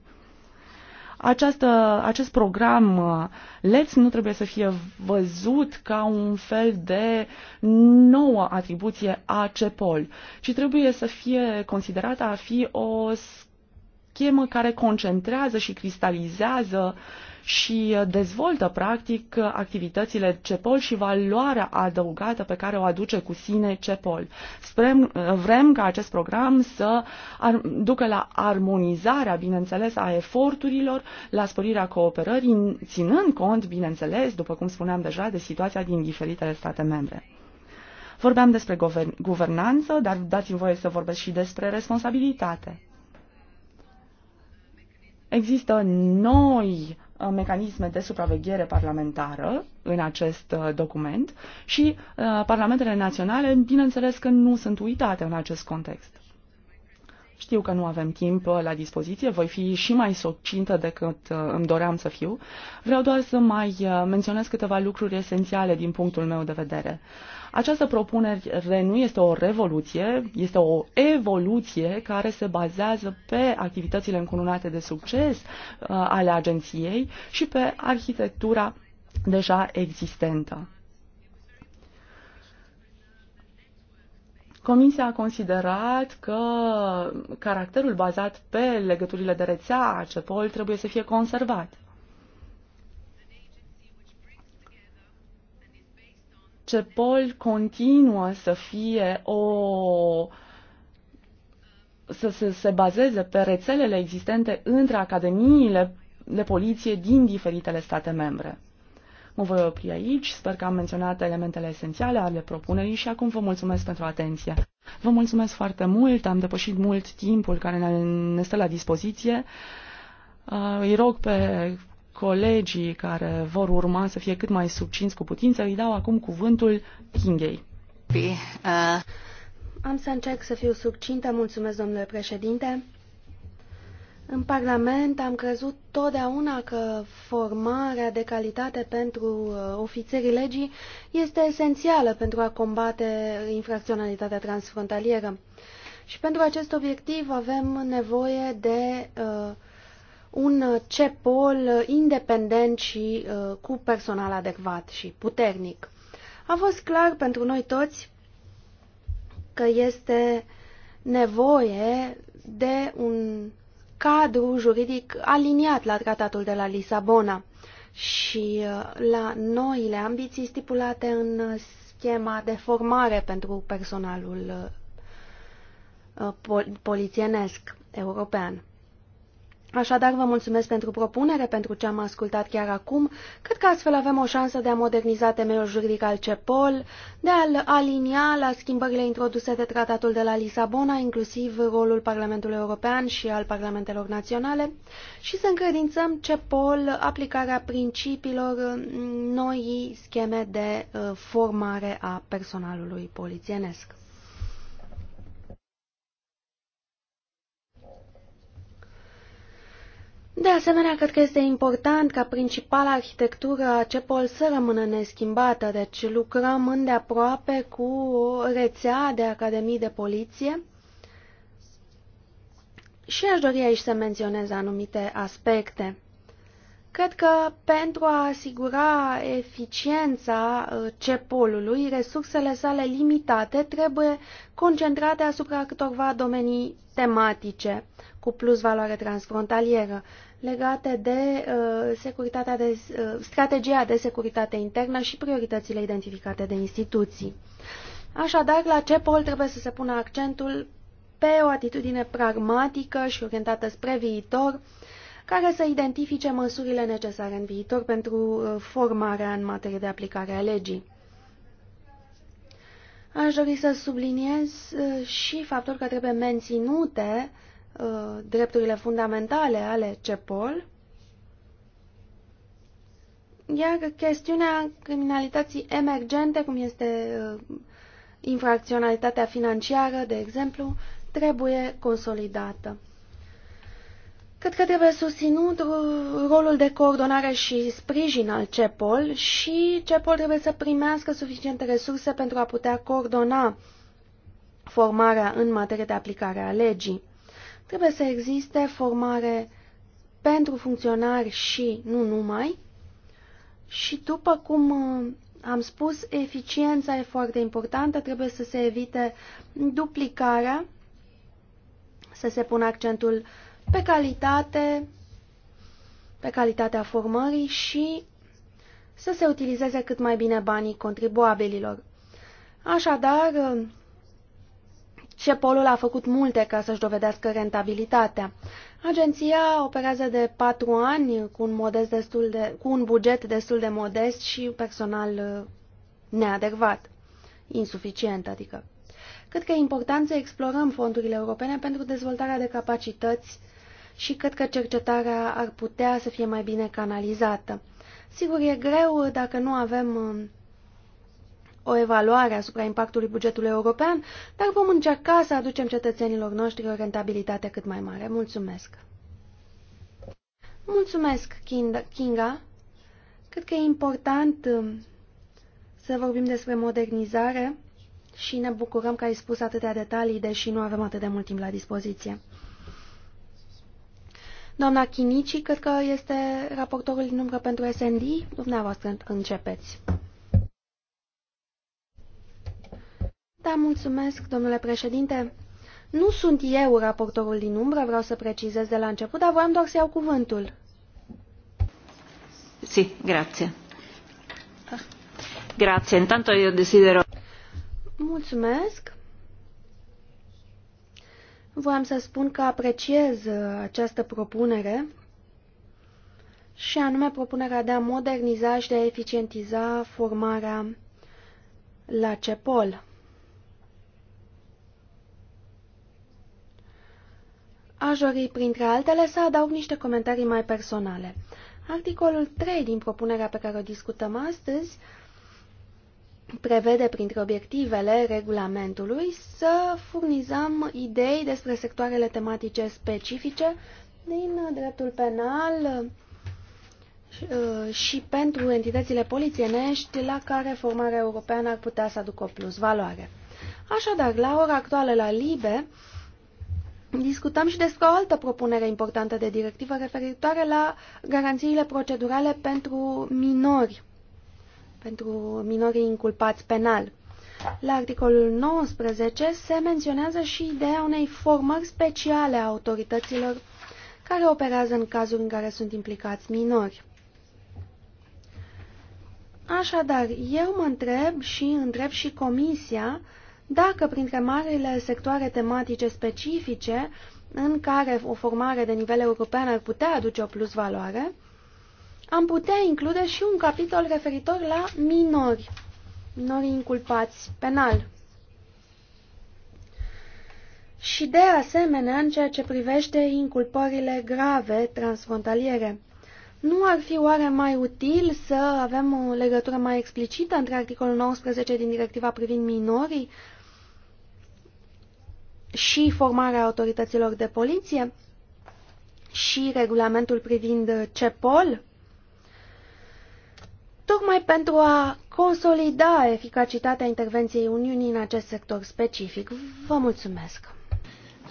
Această, acest program uh, LETS nu trebuie să fie văzut ca un fel de nouă atribuție a CEPOL, ci trebuie să fie considerată a fi o schemă care concentrează și cristalizează și uh, dezvoltă practic uh, activitățile CEPOL și valoarea adăugată pe care o aduce cu sine CEPOL. Sprem, uh, vrem ca acest program să ar, ducă la armonizarea, bineînțeles, a eforturilor, la sporirea cooperării, ținând cont, bineînțeles, după cum spuneam deja, de situația din diferitele state membre. Vorbeam despre guvernanță, dar dați-mi voie să vorbesc și despre responsabilitate. Există noi Uh, mecanisme de supraveghere parlamentară în acest uh, document și uh, parlamentele naționale, bineînțeles că nu sunt uitate în acest context. Știu că nu avem timp la dispoziție, voi fi și mai socintă decât îmi doream să fiu. Vreau doar să mai menționez câteva lucruri esențiale din punctul meu de vedere. Această propunere nu este o revoluție, este o evoluție care se bazează pe activitățile încununate de succes uh, ale agenției și pe arhitectura deja existentă. Comisia a considerat că caracterul bazat pe legăturile de rețea a CEPOL trebuie să fie conservat. CEPOL continuă să fie o să, se, se bazeze pe rețelele existente între academiile de poliție din diferitele state membre. Mă voi opri aici, sper că am menționat elementele esențiale ale propunerii și acum vă mulțumesc pentru atenție. Vă mulțumesc foarte mult, am depășit mult timpul care ne stă la dispoziție. Uh, îi rog pe colegii care vor urma să fie cât mai subcinți cu putință, îi dau acum cuvântul Kingei. Uh.
Am să încerc să fiu subcintă, mulțumesc domnule președinte. În Parlament am crezut totdeauna că formarea de calitate pentru uh, ofițerii legii este esențială pentru a combate infracționalitatea transfrontalieră. Și pentru acest obiectiv avem nevoie de uh, un uh, CEPOL uh, independent și uh, cu personal adecvat și puternic. A fost clar pentru noi toți că este nevoie de un cadru juridic aliniat la tratatul de la Lisabona și la noile ambiții stipulate în schema de formare pentru personalul polițienesc european. Așadar, vă mulțumesc pentru propunere, pentru ce am ascultat chiar acum. Cred că astfel avem o șansă de a moderniza temeiul juridic al CEPOL, de a-l alinia la schimbările introduse de tratatul de la Lisabona, inclusiv rolul Parlamentului European și al Parlamentelor Naționale, și să încredințăm CEPOL aplicarea principiilor noii scheme de uh, formare a personalului polițienesc. De asemenea, cred că este important ca principala arhitectură a CEPOL să rămână neschimbată, deci lucrăm îndeaproape cu o rețea de academii de poliție și aș dori aici să menționez anumite aspecte. Cred că pentru a asigura eficiența uh, CEPOL-ului, resursele sale limitate trebuie concentrate asupra câtorva domenii tematice, cu plus valoare transfrontalieră legate de uh, securitatea de, uh, strategia de securitate internă și prioritățile identificate de instituții. Așadar, la CEPOL trebuie să se pună accentul pe o atitudine pragmatică și orientată spre viitor, care să identifice măsurile necesare în viitor pentru uh, formarea în materie de aplicare a legii. Aș dori să subliniez uh, și faptul că trebuie menținute uh, Uh, drepturile fundamentale ale CEPOL, iar chestiunea criminalității emergente, cum este uh, infracționalitatea financiară, de exemplu, trebuie consolidată. Cred că trebuie susținut uh, rolul de coordonare și sprijin al CEPOL și CEPOL trebuie să primească suficiente resurse pentru a putea coordona formarea în materie de aplicare a legii. Trebuie să existe formare pentru funcționari și nu numai. Și după cum uh, am spus, eficiența e foarte importantă, trebuie să se evite duplicarea, să se pună accentul pe calitate, pe calitatea formării și să se utilizeze cât mai bine banii contribuabililor. Așadar, uh, Șepolul a făcut multe ca să-și dovedească rentabilitatea. Agenția operează de patru ani cu un, modest destul de, cu un buget destul de modest și personal uh, neadecvat, insuficient, adică. Cred că e important să explorăm fondurile europene pentru dezvoltarea de capacități și cred că cercetarea ar putea să fie mai bine canalizată. Sigur, e greu dacă nu avem uh, o evaluare asupra impactului bugetului european, dar vom încerca să aducem cetățenilor noștri o rentabilitate cât mai mare. Mulțumesc! Mulțumesc, Kinga! Cred că e important um, să vorbim despre modernizare și ne bucurăm că ai spus atâtea detalii, deși nu avem atât de mult timp la dispoziție. Doamna Chinici, cred că este raportorul din umbră pentru SND. Dumneavoastră începeți. Da, mulțumesc, domnule președinte. Nu sunt eu raportorul din umbră, vreau să precizez de la început, dar voiam doar să iau cuvântul.
Si, grație. Grazie, intanto io desidero...
Mulțumesc. Voiam să spun că apreciez uh, această propunere și anume propunerea de a moderniza și de a eficientiza formarea la CEPOL. Aș dori, printre altele, să adaug niște comentarii mai personale. Articolul 3 din propunerea pe care o discutăm astăzi prevede printre obiectivele regulamentului să furnizăm idei despre sectoarele tematice specifice din dreptul penal uh, și pentru entitățile polițienești la care formarea europeană ar putea să aducă o plus valoare. Așadar, la ora actuală la LIBE, Discutăm și despre o altă propunere importantă de directivă referitoare la garanțiile procedurale pentru minori, pentru minorii inculpați penal. La articolul 19 se menționează și ideea unei formări speciale a autorităților care operează în cazuri în care sunt implicați minori. Așadar, eu mă întreb și întreb și Comisia dacă printre marile sectoare tematice specifice în care o formare de nivel european ar putea aduce o plus valoare, am putea include și un capitol referitor la minori, minorii inculpați penal. Și de asemenea, în ceea ce privește inculpările grave transfrontaliere, nu ar fi oare mai util să avem o legătură mai explicită între articolul 19 din directiva privind minorii și formarea autorităților de poliție și regulamentul privind CEPOL, tocmai pentru a consolida eficacitatea intervenției Uniunii în acest sector specific. Vă mulțumesc!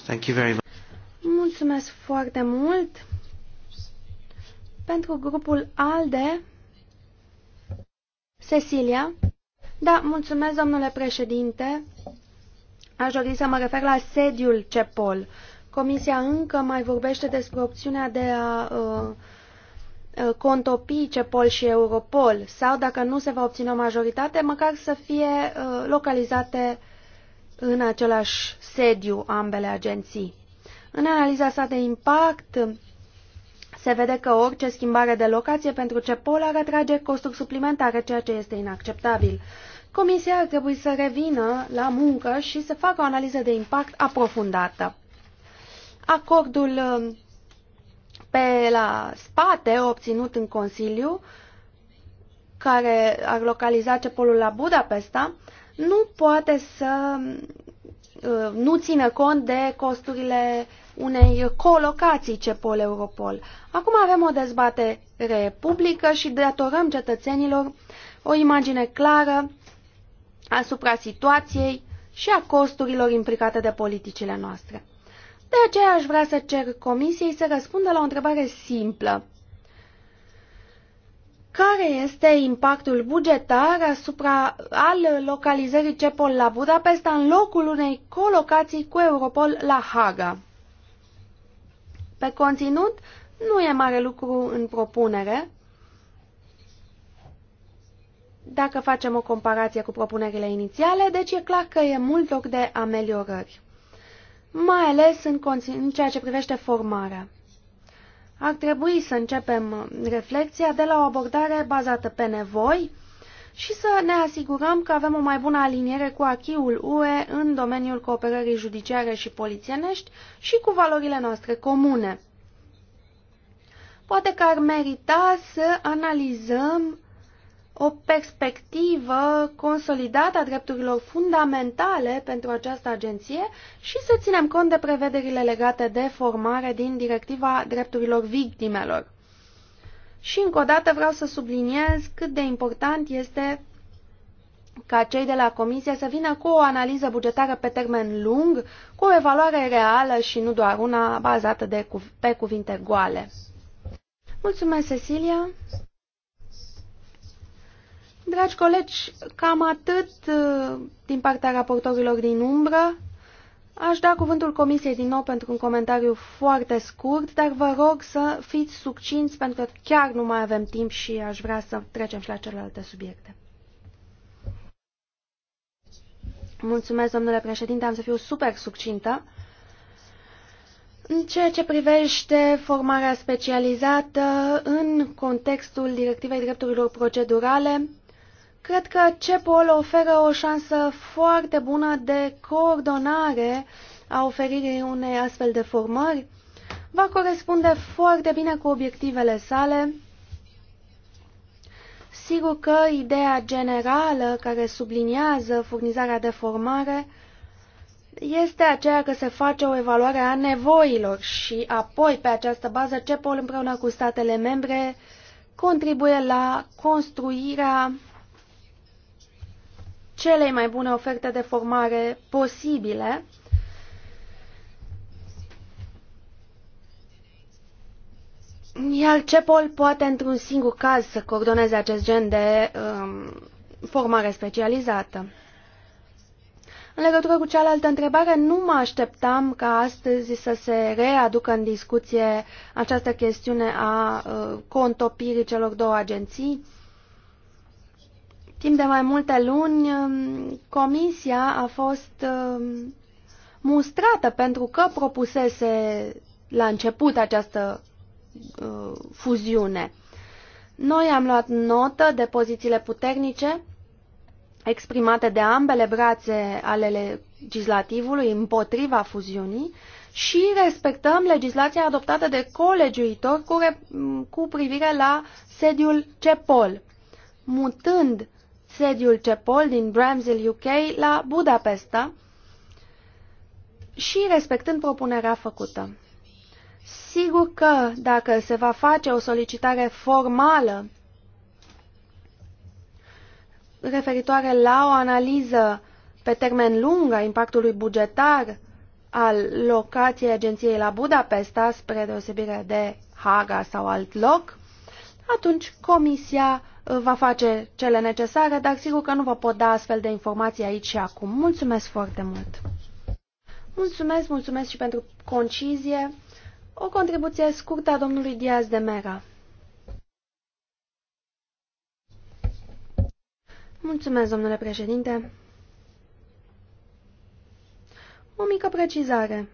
Thank you very much. Mulțumesc foarte mult pentru grupul ALDE. Cecilia? Da, mulțumesc, domnule președinte. Aș dori să mă refer la sediul CEPOL. Comisia încă mai vorbește despre opțiunea de a uh, uh contopii CEPOL și Europol sau, dacă nu se va obține o majoritate, măcar să fie uh, localizate în același sediu ambele agenții. În analiza sa de impact se vede că orice schimbare de locație pentru CEPOL ar atrage costuri suplimentare, ceea ce este inacceptabil. Uh, Comisia ar trebui să revină la muncă și să facă o analiză de impact aprofundată. Acordul um, pe la spate obținut în Consiliu, care ar localiza cepolul la Budapesta, nu poate să um, nu țină cont de costurile unei colocații CEPOL Europol. Acum avem o dezbatere publică și datorăm cetățenilor o imagine clară asupra situației și a costurilor implicate de politicile noastre. De aceea aș vrea să cer comisiei să răspundă la o întrebare simplă. Care este impactul bugetar asupra al localizării CEPOL la Budapesta în locul unei colocații cu Europol la Haga? Pe conținut, nu e mare lucru în propunere, dacă facem o comparație cu propunerile inițiale, deci e clar că e mult loc de ameliorări, mai ales în, în ceea ce privește formarea. Ar trebui să începem reflexia de la o abordare bazată pe nevoi și să ne asigurăm că avem o mai bună aliniere cu achiul UE în domeniul cooperării judiciare și polițienești și cu valorile noastre comune. Poate că ar merita să analizăm o perspectivă consolidată a drepturilor fundamentale pentru această agenție și să ținem cont de prevederile legate de formare din Directiva Drepturilor Victimelor. Și încă o dată vreau să subliniez cât de important este ca cei de la Comisie să vină cu o analiză bugetară pe termen lung, cu o evaluare reală și nu doar una bazată de, pe cuvinte goale. Mulțumesc, Cecilia! Dragi colegi, cam atât uh, din partea raportorilor din umbră. Aș da cuvântul comisiei din nou pentru un comentariu foarte scurt, dar vă rog să fiți succinți pentru că chiar nu mai avem timp și aș vrea să trecem și la celelalte subiecte. Mulțumesc, domnule președinte, am să fiu super succintă. În ceea ce privește formarea specializată în contextul Directivei Drepturilor Procedurale, Cred că CEPOL oferă o șansă foarte bună de coordonare a oferirii unei astfel de formări. Va corespunde foarte bine cu obiectivele sale. Sigur că ideea generală care subliniază furnizarea de formare este aceea că se face o evaluare a nevoilor și apoi pe această bază CEPOL împreună cu statele membre contribuie la construirea cele mai bune oferte de formare posibile. Iar CEPOL poate într-un singur caz să coordoneze acest gen de um, formare specializată. În legătură cu cealaltă întrebare, nu mă așteptam ca astăzi să se readucă în discuție această chestiune a uh, contopirii celor două agenții. Timp de mai multe luni, um, comisia a fost um, mustrată pentru că propusese la început această uh, fuziune. Noi am luat notă de pozițiile puternice exprimate de ambele brațe ale legislativului împotriva fuziunii și respectăm legislația adoptată de colegiuitor cu, cu privire la sediul CEPOL, mutând sediul CEPOL din Bramshill, UK, la Budapesta și respectând propunerea făcută. Sigur că, dacă se va face o solicitare formală referitoare la o analiză pe termen lung a impactului bugetar al locației agenției la Budapesta, spre deosebire de Haga sau alt loc, atunci Comisia va face cele necesare, dar sigur că nu vă pot da astfel de informații aici și acum. Mulțumesc foarte mult! Mulțumesc, mulțumesc și pentru concizie. O contribuție scurtă a domnului Diaz de Mera. Mulțumesc, domnule președinte. O mică precizare.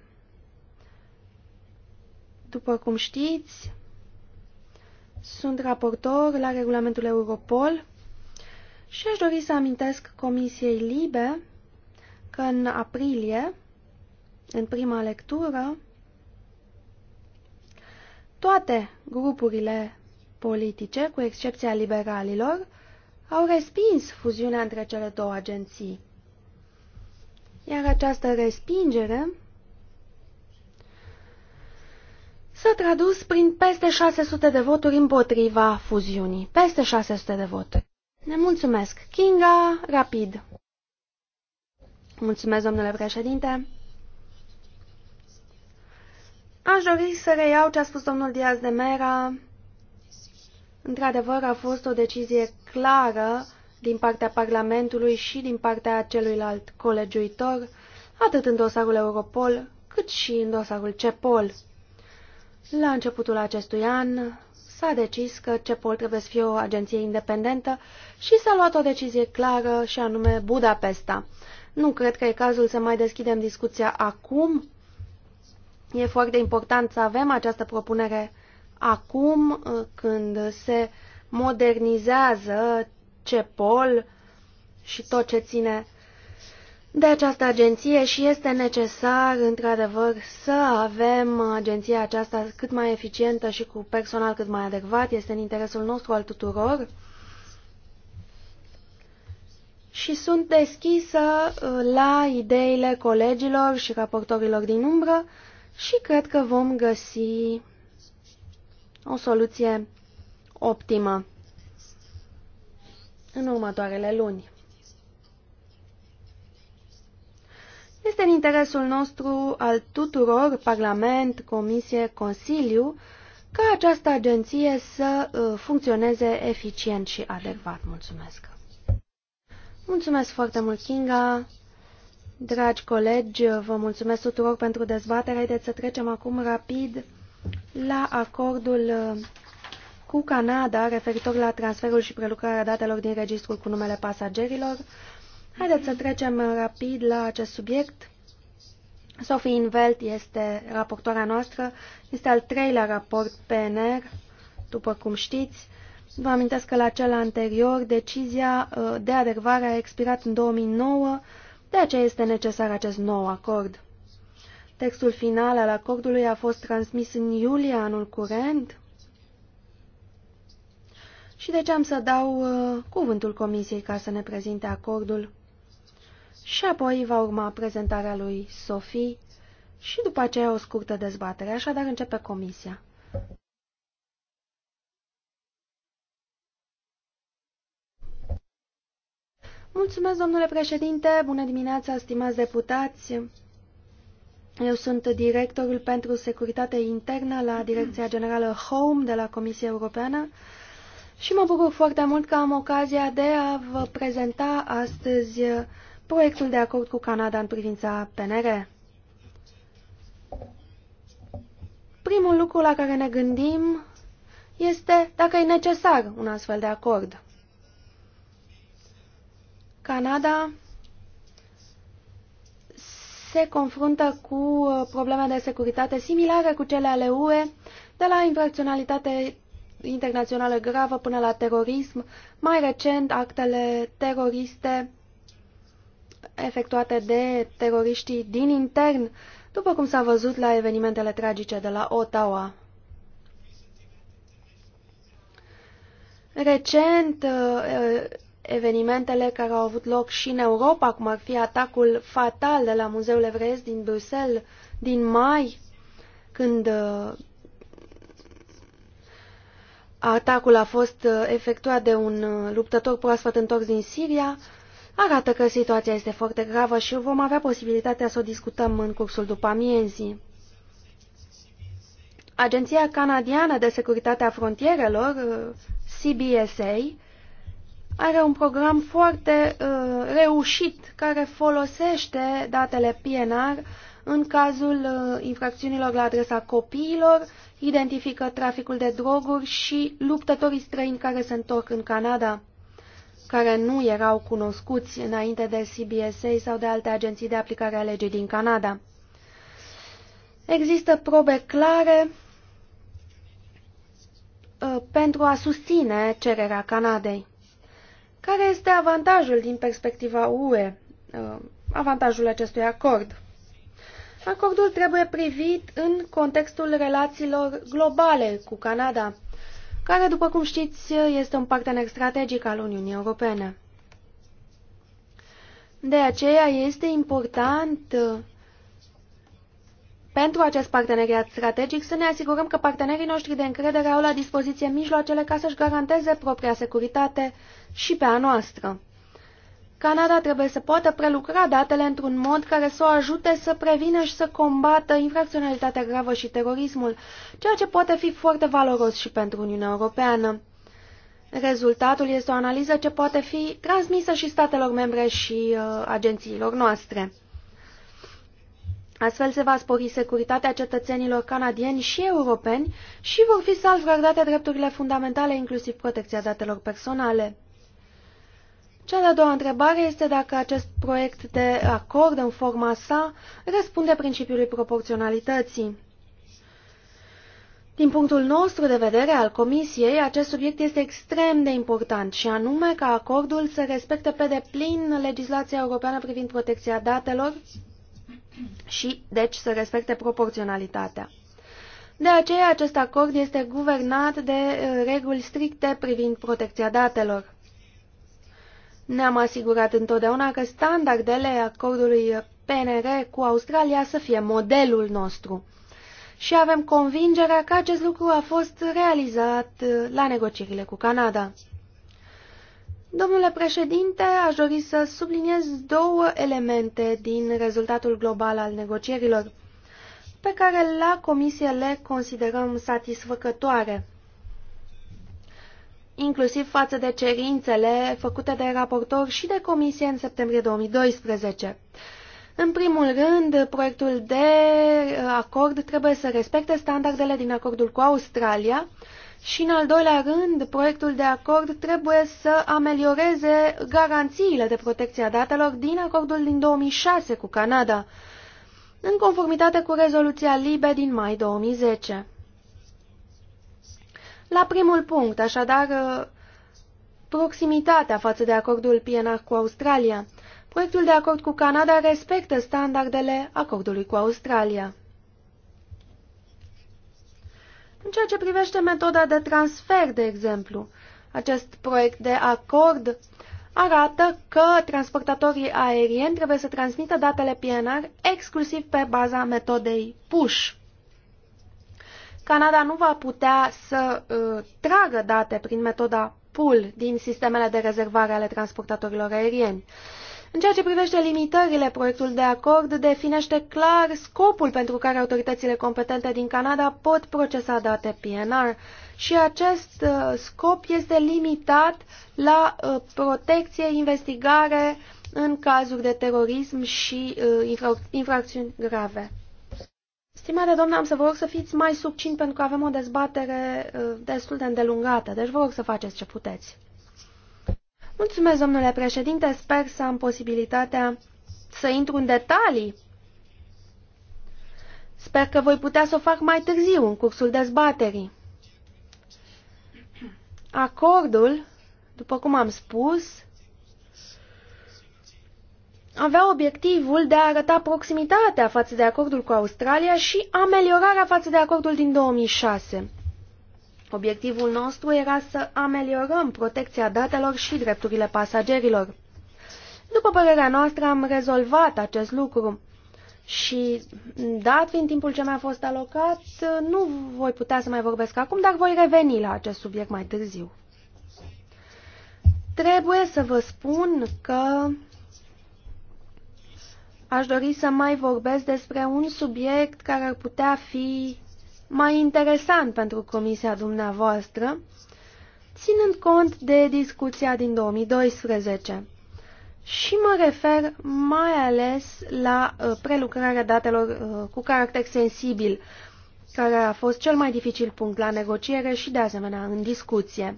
După cum știți, sunt raportor la regulamentul Europol și aș dori să amintesc Comisiei Libe că în aprilie, în prima lectură, toate grupurile politice, cu excepția liberalilor, au respins fuziunea între cele două agenții. Iar această respingere s-a tradus prin peste 600 de voturi împotriva fuziunii. Peste 600 de voturi. Ne mulțumesc. Kinga, rapid. Mulțumesc, domnule președinte. Aș dori să reiau ce a spus domnul Diaz de Mera. Într-adevăr, a fost o decizie clară din partea Parlamentului și din partea celuilalt colegiuitor, atât în dosarul Europol, cât și în dosarul CEPOL. La începutul acestui an s-a decis că CEPOL trebuie să fie o agenție independentă și s-a luat o decizie clară și anume Budapesta. Nu cred că e cazul să mai deschidem discuția acum. E foarte important să avem această propunere acum când se modernizează CEPOL și tot ce ține de această agenție și este necesar, într-adevăr, să avem agenția aceasta cât mai eficientă și cu personal cât mai adecvat. Este în interesul nostru al tuturor. Și sunt deschisă uh, la ideile colegilor și raportorilor din umbră și cred că vom găsi o soluție optimă în următoarele luni. Este în interesul nostru al tuturor, Parlament, Comisie, Consiliu, ca această agenție să uh, funcționeze eficient și adecvat. Mulțumesc! Mulțumesc foarte mult, Kinga! Dragi colegi, vă mulțumesc tuturor pentru dezbatere. Haideți să trecem acum rapid la acordul uh, cu Canada referitor la transferul și prelucrarea datelor din registrul cu numele pasagerilor. Haideți să trecem uh, rapid la acest subiect. Sophie Invelt este raportoarea noastră, este al treilea raport PNR, după cum știți. Vă amintesc că la cel anterior decizia uh, de adervare a expirat în 2009, de aceea este necesar acest nou acord. Textul final al acordului a fost transmis în iulie anul curent și de ce am să dau uh, cuvântul Comisiei ca să ne prezinte acordul și apoi va urma prezentarea lui Sophie și după aceea o scurtă dezbatere, așadar începe comisia. Mulțumesc, domnule președinte, bună dimineața, stimați deputați. Eu sunt directorul pentru securitate internă la Direcția Generală Home de la Comisia Europeană și mă bucur foarte mult că am ocazia de a vă prezenta astăzi proiectul de acord cu Canada în privința PNR. Primul lucru la care ne gândim este dacă e necesar un astfel de acord. Canada se confruntă cu uh, probleme de securitate similare cu cele ale UE, de la infracționalitate internațională gravă până la terorism, mai recent actele teroriste efectuate de teroriștii din intern, după cum s-a văzut la evenimentele tragice de la Ottawa. Recent, uh, evenimentele care au avut loc și în Europa, cum ar fi atacul fatal de la Muzeul Evreiesc din Bruxelles din mai, când uh, atacul a fost uh, efectuat de un luptător proaspăt întors din Siria, arată că situația este foarte gravă și vom avea posibilitatea să o discutăm în cursul după amiezii. Agenția Canadiană de Securitate a Frontierelor, uh, CBSA, are un program foarte uh, reușit care folosește datele PNR în cazul uh, infracțiunilor la adresa copiilor, identifică traficul de droguri și luptătorii străini care se întorc în Canada care nu erau cunoscuți înainte de CBSA sau de alte agenții de aplicare a legii din Canada. Există probe clare ă, pentru a susține cererea Canadei. Care este avantajul din perspectiva UE, ă, avantajul acestui acord? Acordul trebuie privit în contextul relațiilor globale cu Canada care, după cum știți, este un partener strategic al Uniunii Europene. De aceea este important pentru acest parteneriat strategic să ne asigurăm că partenerii noștri de încredere au la dispoziție mijloacele ca să-și garanteze propria securitate și pe a noastră. Canada trebuie să poată prelucra datele într-un mod care să o ajute să prevină și să combată infracționalitatea gravă și terorismul, ceea ce poate fi foarte valoros și pentru Uniunea Europeană. Rezultatul este o analiză ce poate fi transmisă și statelor membre și uh, agențiilor noastre. Astfel se va spori securitatea cetățenilor canadieni și europeni și vor fi salvgardate drepturile fundamentale, inclusiv protecția datelor personale. Cea de-a doua întrebare este dacă acest proiect de acord în forma sa răspunde principiului proporționalității. Din punctul nostru de vedere al Comisiei, acest subiect este extrem de important și anume ca acordul să respecte pe deplin legislația europeană privind protecția datelor și, deci, să respecte proporționalitatea. De aceea, acest acord este guvernat de uh, reguli stricte privind protecția datelor. Ne-am asigurat întotdeauna că standardele acordului PNR cu Australia să fie modelul nostru. Și avem convingerea că acest lucru a fost realizat uh, la negocierile cu Canada. Domnule președinte, aș dori să subliniez două elemente din rezultatul global al negocierilor, pe care la comisie le considerăm satisfăcătoare inclusiv față de cerințele făcute de raportor și de comisie în septembrie 2012. În primul rând, proiectul de uh, acord trebuie să respecte standardele din acordul cu Australia și, în al doilea rând, proiectul de acord trebuie să amelioreze garanțiile de protecție a datelor din acordul din 2006 cu Canada, în conformitate cu rezoluția LIBE din mai 2010. La primul punct, așadar, uh, proximitatea față de acordul PNR cu Australia. Proiectul de acord cu Canada respectă standardele acordului cu Australia. În ceea ce privește metoda de transfer, de exemplu, acest proiect de acord arată că transportatorii aerieni trebuie să transmită datele PNR exclusiv pe baza metodei PUSH. Canada nu va putea să uh, tragă date prin metoda pool din sistemele de rezervare ale transportatorilor aerieni. În ceea ce privește limitările, proiectul de acord definește clar scopul pentru care autoritățile competente din Canada pot procesa date PNR și acest uh, scop este limitat la uh, protecție, investigare în cazuri de terorism și uh, infra infracțiuni grave. Stimate doamne, am să vă rog să fiți mai subțin pentru că avem o dezbatere uh, destul de îndelungată, deci vă rog să faceți ce puteți. Mulțumesc, domnule președinte, sper să am posibilitatea să intru în detalii. Sper că voi putea să o fac mai târziu, în cursul dezbaterii. Acordul, după cum am spus, avea obiectivul de a arăta proximitatea față de acordul cu Australia și ameliorarea față de acordul din 2006. Obiectivul nostru era să ameliorăm protecția datelor și drepturile pasagerilor. După părerea noastră, am rezolvat acest lucru. Și, dat fiind timpul ce mi-a fost alocat, nu voi putea să mai vorbesc acum, dar voi reveni la acest subiect mai târziu. Trebuie să vă spun că Aș dori să mai vorbesc despre un subiect care ar putea fi mai interesant pentru comisia dumneavoastră, ținând cont de discuția din 2012. Și mă refer mai ales la uh, prelucrarea datelor uh, cu caracter sensibil, care a fost cel mai dificil punct la negociere și de asemenea în discuție.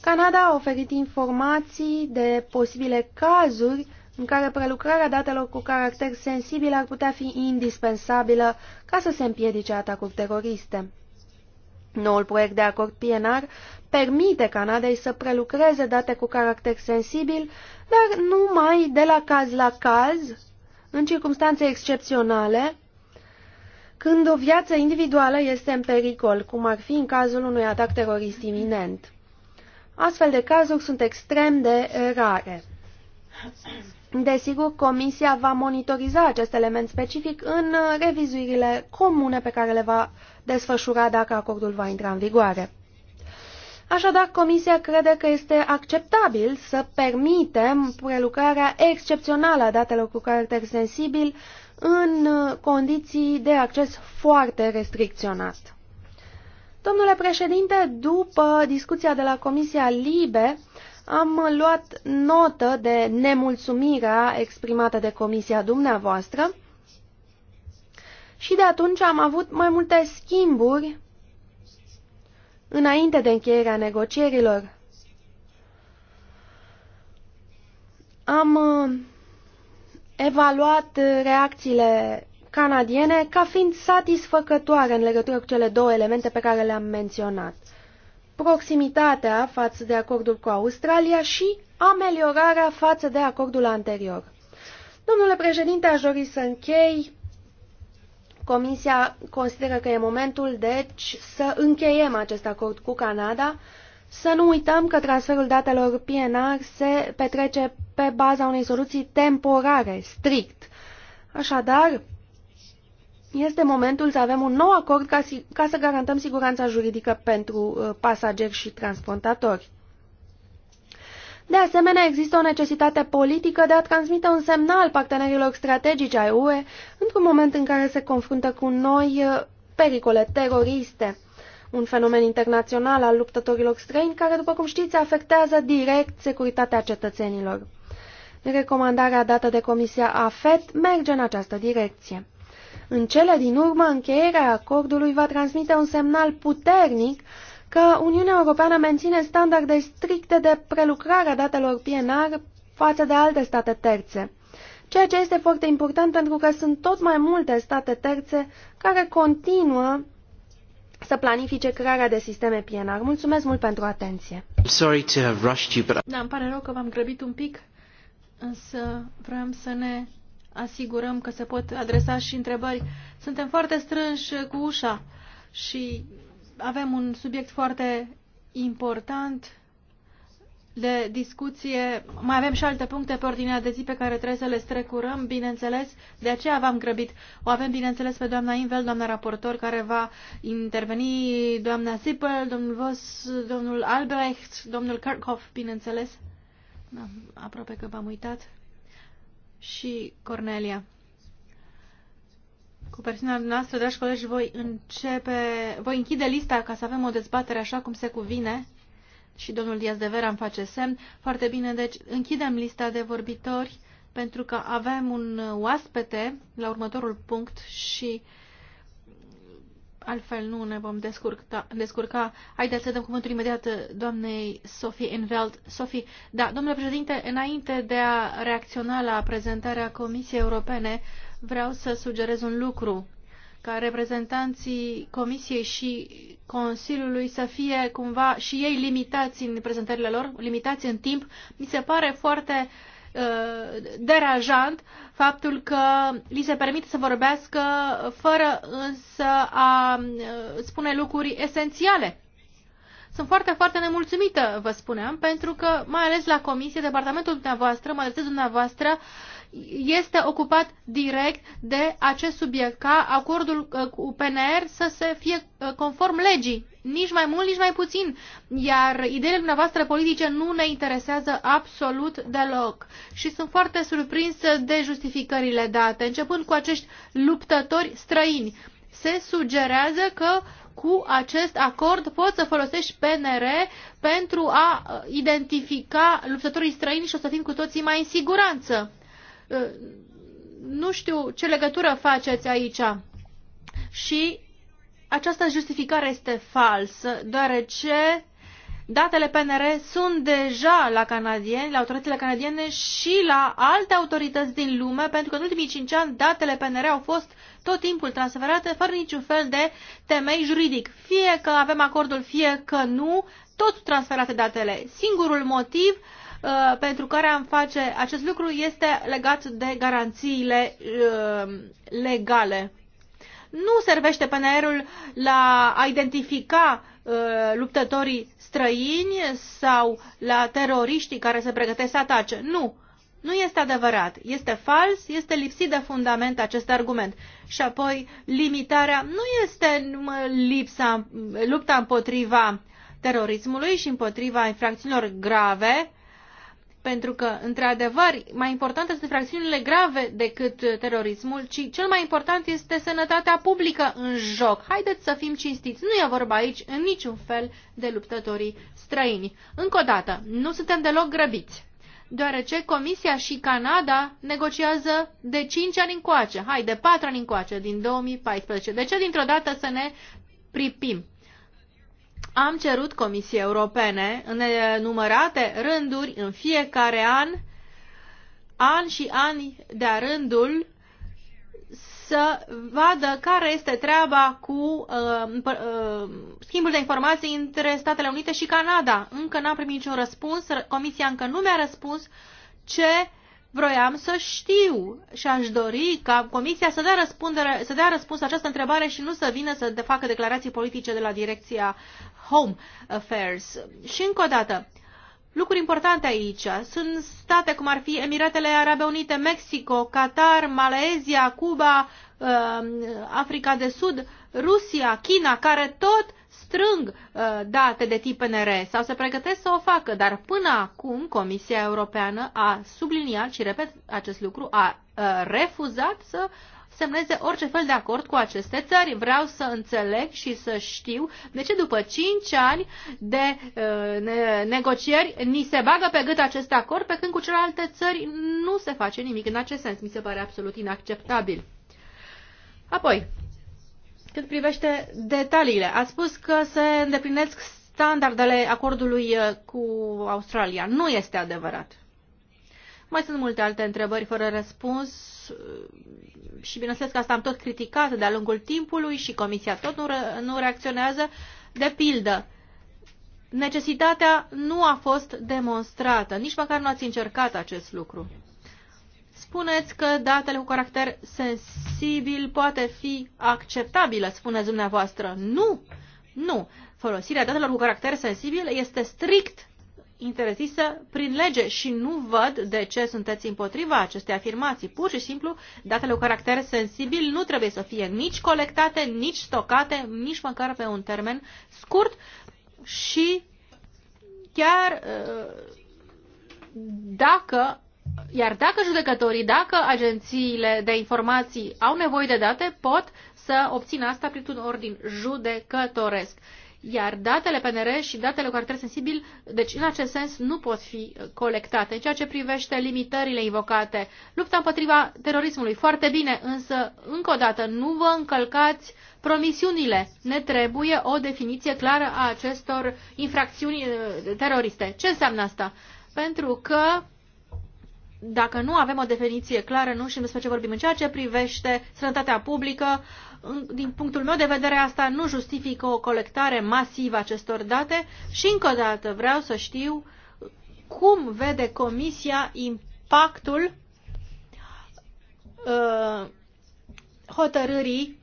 Canada a oferit informații de posibile cazuri în care prelucrarea datelor cu caracter sensibil ar putea fi indispensabilă ca să se împiedice atacuri teroriste. Noul proiect de acord PNR permite Canadei să prelucreze date cu caracter sensibil, dar numai de la caz la caz, în circunstanțe excepționale, când o viață individuală este în pericol, cum ar fi în cazul unui atac terorist iminent. Astfel de cazuri sunt extrem de rare. Desigur, Comisia va monitoriza acest element specific în uh, revizuirile comune pe care le va desfășura dacă acordul va intra în vigoare. Așadar, Comisia crede că este acceptabil să permitem prelucrarea excepțională a datelor cu caracter sensibil în uh, condiții de acces foarte restricționat. Domnule președinte, după discuția de la Comisia Libe, am luat notă de nemulțumirea exprimată de comisia dumneavoastră și de atunci am avut mai multe schimburi înainte de încheierea negocierilor. Am uh, evaluat reacțiile canadiene ca fiind satisfăcătoare în legătură cu cele două elemente pe care le-am menționat proximitatea față de acordul cu Australia și ameliorarea față de acordul anterior. Domnule președinte, aș dori să închei. Comisia consideră că e momentul, deci, să încheiem acest acord cu Canada. Să nu uităm că transferul datelor PNR se petrece pe baza unei soluții temporare, strict. Așadar, este momentul să avem un nou acord ca, ca să garantăm siguranța juridică pentru uh, pasageri și transportatori. De asemenea, există o necesitate politică de a transmite un semnal partenerilor strategici ai UE într-un moment în care se confruntă cu noi uh, pericole teroriste, un fenomen internațional al luptătorilor străini care, după cum știți, afectează direct securitatea cetățenilor. Recomandarea dată de Comisia AFET merge în această direcție. În cele din urmă, încheierea acordului va transmite un semnal puternic că Uniunea Europeană menține standarde stricte de prelucrare a datelor PNR față de alte state terțe, ceea ce este foarte important pentru că sunt tot mai multe state terțe care continuă să planifice crearea de sisteme PNR. Mulțumesc mult pentru atenție.
Sorry to have rushed you, but...
Da, îmi pare rău că v-am
grăbit un pic,
însă vreau să ne asigurăm că se
pot adresa și întrebări. Suntem foarte strânși cu ușa și avem un subiect foarte important de discuție. Mai avem și alte puncte pe ordinea de zi pe care trebuie să le strecurăm, bineînțeles. De aceea v-am grăbit. O avem, bineînțeles, pe doamna Invel, doamna raportor, care va interveni, doamna Sipel, domnul Vos, domnul Albrecht, domnul Kirchhoff, bineînțeles. Da, aproape că v-am uitat și Cornelia. Cu persoana noastră, dragi colegi, voi începe, voi închide lista ca să avem o dezbatere așa cum se cuvine și domnul Diaz de Vera îmi face semn. Foarte bine, deci închidem lista de vorbitori pentru că avem un oaspete la următorul punct și uh, altfel nu ne vom descurca. descurca. Haideți să dăm cuvântul imediat doamnei Sophie Enveld. Sophie, da, domnule președinte, înainte de a reacționa la prezentarea Comisiei Europene, vreau să sugerez un lucru ca reprezentanții Comisiei și Consiliului să fie cumva și ei limitați în prezentările lor, limitați în timp. Mi se pare foarte uh, Uh, deranjant faptul că li se permite să vorbească fără însă a uh, spune lucruri esențiale. Sunt foarte, foarte nemulțumită, vă spuneam, pentru că, mai ales la comisie, departamentul dumneavoastră, mai ales dumneavoastră, este ocupat direct de acest subiect, ca acordul uh, cu PNR să se fie conform legii nici mai mult, nici mai puțin. Iar ideile dumneavoastră politice nu ne interesează absolut deloc. Și sunt foarte surprinsă de justificările date, începând cu acești luptători străini. Se sugerează că cu acest acord poți să folosești PNR pentru a uh, identifica luptătorii străini și o să fim cu toții mai în siguranță. Uh, nu știu ce legătură faceți aici. Și această justificare este falsă, deoarece datele PNR sunt deja la canadieni, la autoritățile canadiene și la alte autorități din lume, pentru că în ultimii 5 ani datele PNR au fost tot timpul transferate fără niciun fel de temei juridic. Fie că avem acordul, fie că nu, tot transferate datele. Singurul motiv uh, pentru care am face acest lucru este legat de garanțiile uh, legale. Nu servește PNR-ul la a identifica uh, luptătorii străini sau la teroriștii care se pregătesc să atace. Nu. Nu este adevărat. Este fals, este lipsit de fundament acest argument. Și apoi, limitarea nu este lipsa, lupta împotriva terorismului și împotriva infracțiunilor grave, pentru că, într-adevăr, mai importante sunt infracțiunile grave decât terorismul, ci cel mai important este sănătatea publică în joc. Haideți să fim cinstiți, nu e vorba aici în niciun fel de luptătorii străini. Încă o dată, nu suntem deloc grăbiți, deoarece Comisia și Canada negociază de 5 ani încoace, hai, de 4 ani încoace, din 2014. De ce dintr-o dată să ne pripim? am cerut Comisiei Europene în numărate rânduri în fiecare an, an și ani de-a rândul, să vadă care este treaba cu uh, uh, schimbul de informații între Statele Unite și Canada. Încă n-am primit niciun răspuns, Comisia încă nu mi-a răspuns ce vroiam să știu și aș dori ca Comisia să dea, să dea răspuns la această întrebare și nu să vină să facă declarații politice de la direcția Home Affairs. Și încă o dată, lucruri importante aici. Sunt state cum ar fi Emiratele Arabe Unite, Mexico, Qatar, Malaezia, Cuba, um, Africa de Sud, Rusia, China, care tot strâng uh, date de tip NR sau se pregătesc să o facă, dar până acum Comisia Europeană a subliniat și, repet, acest lucru a uh, refuzat să semneze orice fel de acord cu aceste țări. Vreau să înțeleg și să știu de ce după 5 ani de uh, negocieri ni se bagă pe gât acest acord, pe când cu celelalte țări nu se face nimic în acest sens. Mi se pare absolut inacceptabil. Apoi, cât privește detaliile, a spus că se îndeplinesc standardele acordului uh, cu Australia. Nu este adevărat. Mai sunt multe alte întrebări fără răspuns uh, și bineînțeles că asta am tot criticat de-a lungul timpului și Comisia tot nu, re- nu reacționează. De pildă, necesitatea nu a fost demonstrată, nici măcar nu ați încercat acest lucru. Spuneți că datele cu caracter sensibil poate fi acceptabilă, spuneți dumneavoastră. Nu! Nu! Folosirea datelor cu caracter sensibil este strict interzisă prin lege și nu văd de ce sunteți împotriva acestei afirmații. Pur și simplu, datele cu caracter sensibil nu trebuie să fie nici colectate, nici stocate, nici măcar pe un termen scurt și chiar uh, dacă iar dacă judecătorii, dacă agențiile de informații au nevoie de date, pot să obțină asta printr-un ordin judecătoresc iar datele PNR și datele cu caracter sensibil, deci în acest sens, nu pot fi uh, colectate. În ceea ce privește limitările invocate, lupta împotriva terorismului, foarte bine, însă, încă o dată, nu vă încălcați promisiunile. Ne trebuie o definiție clară a acestor infracțiuni uh, teroriste. Ce înseamnă asta? Pentru că dacă nu avem o definiție clară, nu știm despre ce vorbim în ceea ce privește sănătatea publică, uh, din punctul meu de vedere, asta nu justifică o colectare masivă a acestor date și, încă o dată, vreau să știu cum vede Comisia impactul uh, hotărârii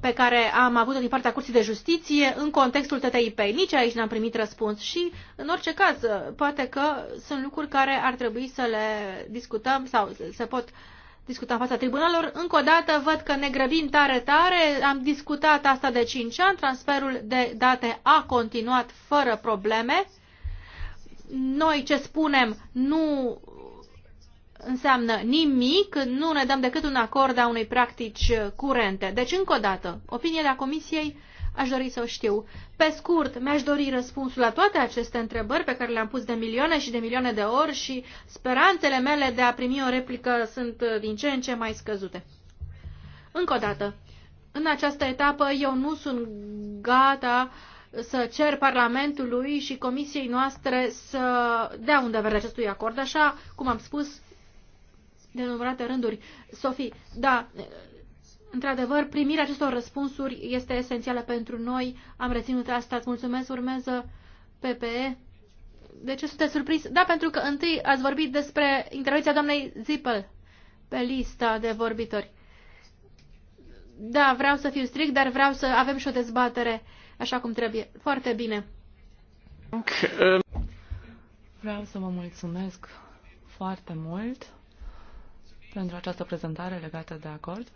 pe care am avut-o din partea Curții de Justiție în contextul TTIP. Nici aici n-am primit răspuns și, în orice caz, poate că sunt lucruri care ar trebui să le discutăm sau se pot discuta în fața tribunalelor. Încă o dată văd că ne grăbim tare, tare. Am discutat asta de 5 ani. Transferul de date a continuat fără probleme. Noi ce spunem nu înseamnă nimic, nu ne dăm decât un acord a unei practici curente. Deci, încă o dată, opinia Comisiei Aș dori să o știu. Pe scurt, mi-aș dori răspunsul la toate aceste întrebări pe care le-am pus de milioane și de milioane de ori și speranțele mele de a primi o replică sunt uh, din ce în ce mai scăzute. Încă o dată, în această etapă eu nu sunt gata să cer Parlamentului și Comisiei noastre să dea un verde acestui acord, așa cum am spus de numărate rânduri. Sofie, da, Într-adevăr, primirea acestor răspunsuri este esențială pentru noi. Am reținut asta. Îți mulțumesc. Urmează PPE. De ce sunteți surprins? Da, pentru că întâi ați vorbit despre intervenția doamnei Zippel pe lista de vorbitori. Da, vreau să fiu strict, dar vreau să avem și o dezbatere așa cum trebuie. Foarte bine.
Vreau să vă mulțumesc foarte mult pentru această prezentare legată de acord.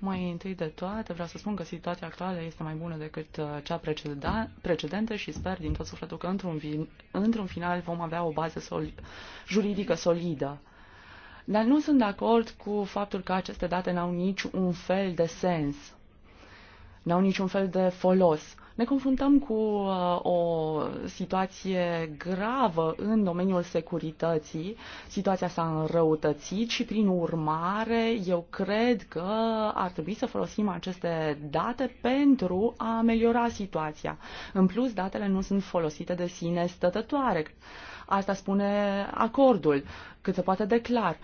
Mai întâi de toate, vreau să spun că situația actuală este mai bună decât uh, cea precedentă și sper din tot sufletul că într-un, într-un final vom avea o bază soli, juridică solidă. Dar nu sunt de acord cu faptul că aceste date n-au niciun fel de sens, n-au niciun fel de folos. Uh, ne confruntăm cu uh, o situație gravă în domeniul securității. Situația s-a înrăutățit și, prin urmare, eu cred că ar trebui să folosim aceste date pentru a ameliora situația. În plus, datele nu sunt folosite de sine stătătoare. Asta spune acordul, cât se poate de clar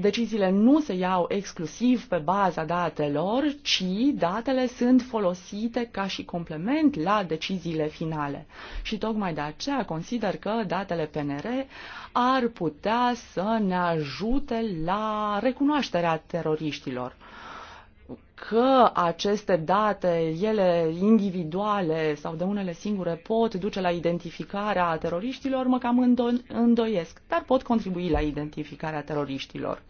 deciziile nu se iau exclusiv pe baza datelor, ci datele sunt folosite ca și complement la deciziile finale. Și tocmai de aceea consider că datele PNR ar putea să ne ajute la recunoașterea teroriștilor că aceste date, ele individuale sau de unele singure, pot duce la identificarea teroriștilor, mă cam îndo- îndoiesc, dar pot contribui la identificarea teroriștilor.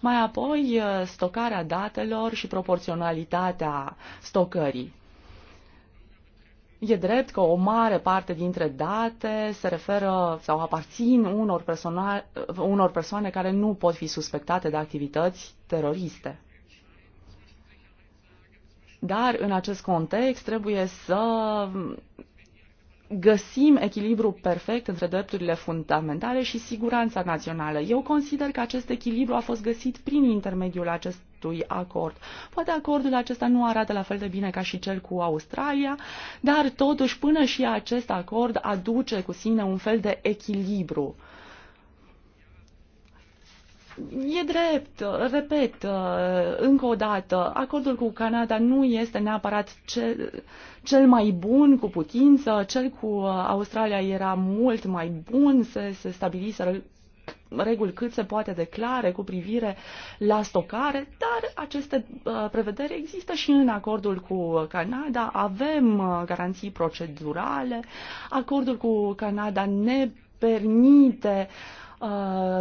Mai apoi, uh, stocarea datelor și proporționalitatea stocării. E drept că o mare parte dintre date se referă sau aparțin unor, unor persoane care nu pot fi suspectate de activități teroriste. Dar în acest context trebuie să găsim echilibru perfect între drepturile fundamentale și siguranța națională. Eu consider că acest echilibru a fost găsit prin intermediul acestui acord. Poate acordul acesta nu arată la fel de bine ca și cel cu Australia, dar totuși până și acest acord aduce cu sine un fel de echilibru. E drept, repet, încă o dată, acordul cu Canada nu este neapărat cel, cel mai bun cu putință, cel cu uh, Australia era mult mai bun, se, se stabilise reguli cât se poate declare cu privire la stocare, dar aceste uh, prevederi există și în acordul cu Canada. Avem uh, garanții procedurale. Acordul cu Canada ne permite uh, Uh,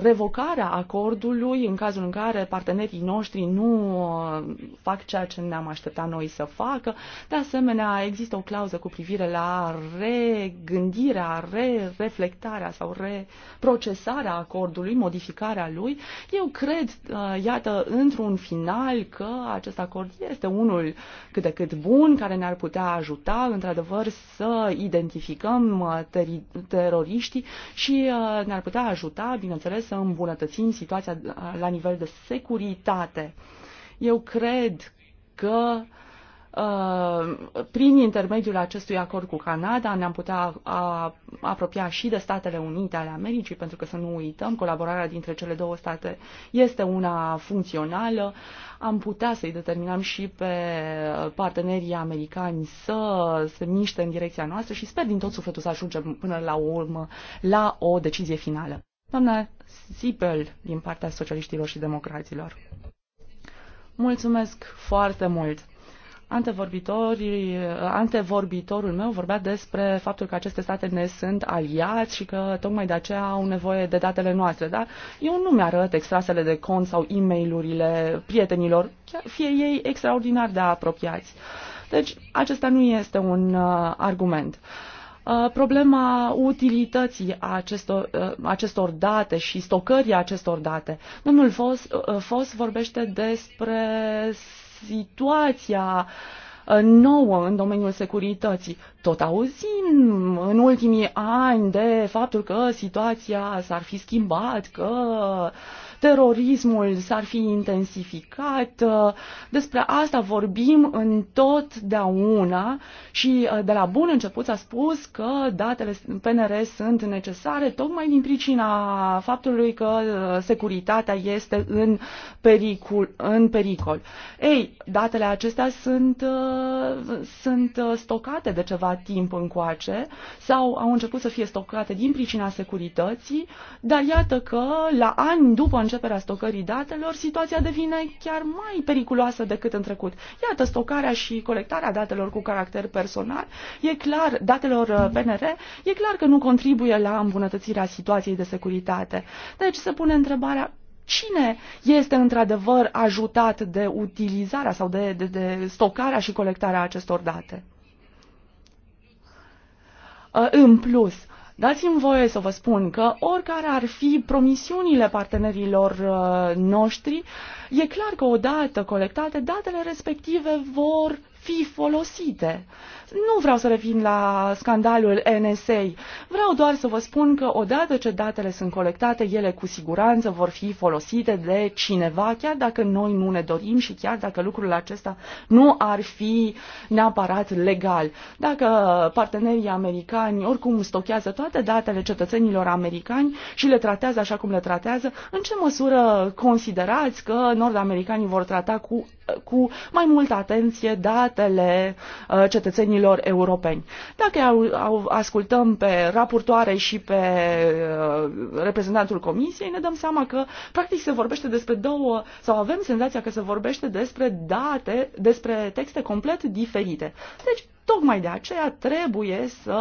revocarea acordului în cazul în care partenerii noștri nu uh, fac ceea ce ne-am așteptat noi să facă. De asemenea, există o clauză cu privire la regândirea, re-reflectarea sau reprocesarea acordului, modificarea lui. Eu cred, uh, iată, într-un final că acest acord este unul cât de cât bun, care ne-ar putea ajuta, într-adevăr, să identificăm ter- teroriștii și ne-ar putea ajuta bineînțeles, să îmbunătățim situația la nivel de securitate. Eu cred că uh, prin intermediul acestui acord cu Canada ne-am putea apropia și de Statele Unite ale Americii, pentru că să nu uităm, colaborarea dintre cele două state este una funcțională. Am putea să-i determinăm și pe partenerii americani să se miște în direcția noastră și sper din tot sufletul să ajungem până la urmă la o decizie finală. Doamna Sipel, din partea socialiștilor și democraților. Mulțumesc foarte mult! antevorbitorul meu vorbea despre faptul că aceste state ne sunt aliați și că tocmai de aceea au nevoie de datele noastre, dar eu nu mi-arăt extrasele de cont sau e mail prietenilor, fie ei extraordinar de apropiați. Deci acesta nu este un uh, argument. Uh, Uh, problema utilității acestor, uh, acestor date și stocării acestor date. Domnul Fos, Fos uh, vorbește despre situația nouă în domeniul securității. Tot auzim în ultimii ani de faptul că situația s-ar fi schimbat, că uh, terorismul s-ar fi intensificat. Uh, despre asta vorbim în totdeauna și uh, de la bun început s-a spus că datele PNR sunt necesare tocmai din pricina faptului că uh, securitatea este în pericol. În pericol. Ei, datele acestea sunt, sunt stocate de ceva timp încoace sau au început să fie stocate din pricina securității, dar iată că la ani după începerea stocării datelor, situația devine chiar mai periculoasă decât în trecut. Iată, stocarea și colectarea datelor cu caracter personal, e clar, datelor uh, PNR, e clar că nu contribuie la îmbunătățirea situației de securitate. Deci se pune întrebarea cine este într-adevăr ajutat de utilizarea sau de, de, de stocarea și colectarea acestor date. Uh, în plus, Dați-mi voie să vă spun că oricare ar fi promisiunile partenerilor uh, noștri, e clar că odată colectate, datele respective vor fi folosite. Nu vreau să revin la scandalul NSA. Vreau doar să vă spun că odată ce datele sunt colectate, ele cu siguranță vor fi folosite de cineva, chiar dacă noi nu ne dorim și chiar dacă lucrul acesta nu ar fi neapărat legal. Dacă partenerii americani oricum stochează toate datele cetățenilor americani și le tratează așa cum le tratează, în ce măsură considerați că nord-americanii vor trata cu, cu mai multă atenție datele uh, cetățenilor cetățenilor europeni. Dacă ascultăm pe raportoare și pe uh, reprezentantul Comisiei, ne dăm seama că practic se vorbește despre două, sau avem senzația că se vorbește despre date, despre texte complet diferite. Deci, Tocmai de aceea trebuie să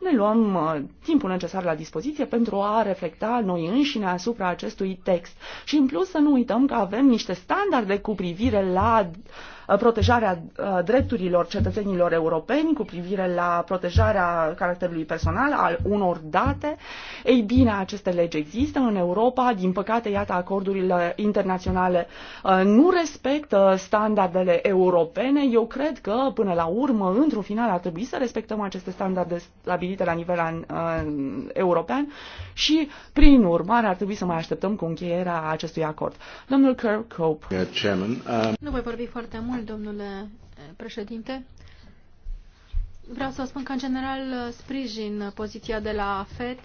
ne luăm uh, timpul necesar la dispoziție pentru a reflecta noi înșine asupra acestui text. Și în plus să nu uităm că avem niște standarde cu privire la uh, Uh, protejarea uh, drepturilor cetățenilor europeni cu privire la protejarea caracterului personal al unor date. Ei bine, aceste legi există în Europa. Din păcate, iată, acordurile internaționale uh, nu respectă standardele europene. Eu cred că, până la urmă, într-un final, ar trebui să respectăm aceste standarde stabilite la nivel an, an, european și, prin urmare, ar trebui să mai așteptăm cu încheierea acestui acord. Domnul Kirkhope.
Nu voi vorbi foarte mult mult, domnule eh, președinte. Vreau să spun că, în general, sprijin poziția de la FED.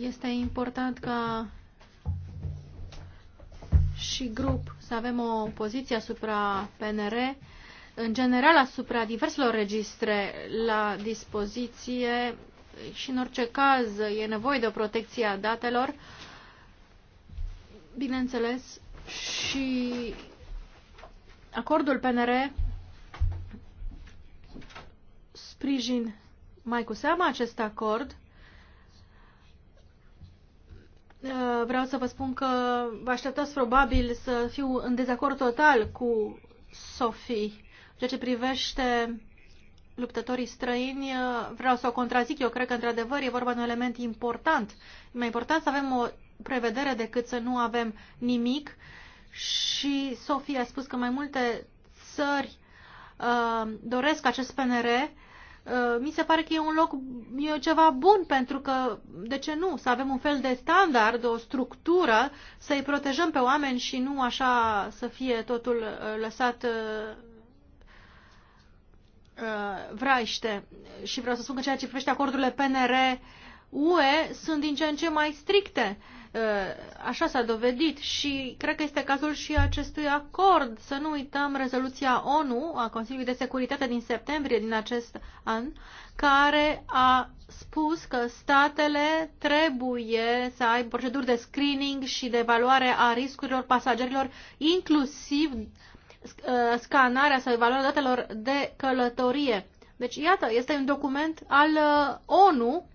Este important ca și grup să avem o poziție asupra PNR, în general asupra diverselor registre la dispoziție și, în orice caz, e nevoie de o protecție a datelor, bineînțeles, și Acordul PNR sprijin mai cu seamă acest acord. Uh, vreau să vă spun că vă așteptați probabil să fiu în dezacord total cu Sophie. Ceea ce privește luptătorii străini, uh, vreau să o contrazic. Eu cred că, într-adevăr, e vorba de un element important. E mai important să avem o prevedere decât să nu avem nimic. Uh, și Sofia a spus că mai multe țări uh, doresc acest PNR, uh, mi se pare că e un loc, e ceva bun pentru că, de ce nu, să avem un fel de standard, o structură, să-i protejăm pe oameni și nu așa să fie totul uh, lăsat uh, uh vraiște. Și vreau să spun că ceea ce privește acordurile PNR, UE sunt din ce în ce mai stricte. Uh, așa s-a dovedit și cred că este cazul și acestui acord. Să nu uităm rezoluția ONU a Consiliului de Securitate din septembrie din acest an, care a spus că statele trebuie să aibă proceduri de screening și de evaluare a riscurilor pasagerilor, inclusiv uh, scanarea sau evaluarea datelor de călătorie. Deci, iată, este un document al uh, ONU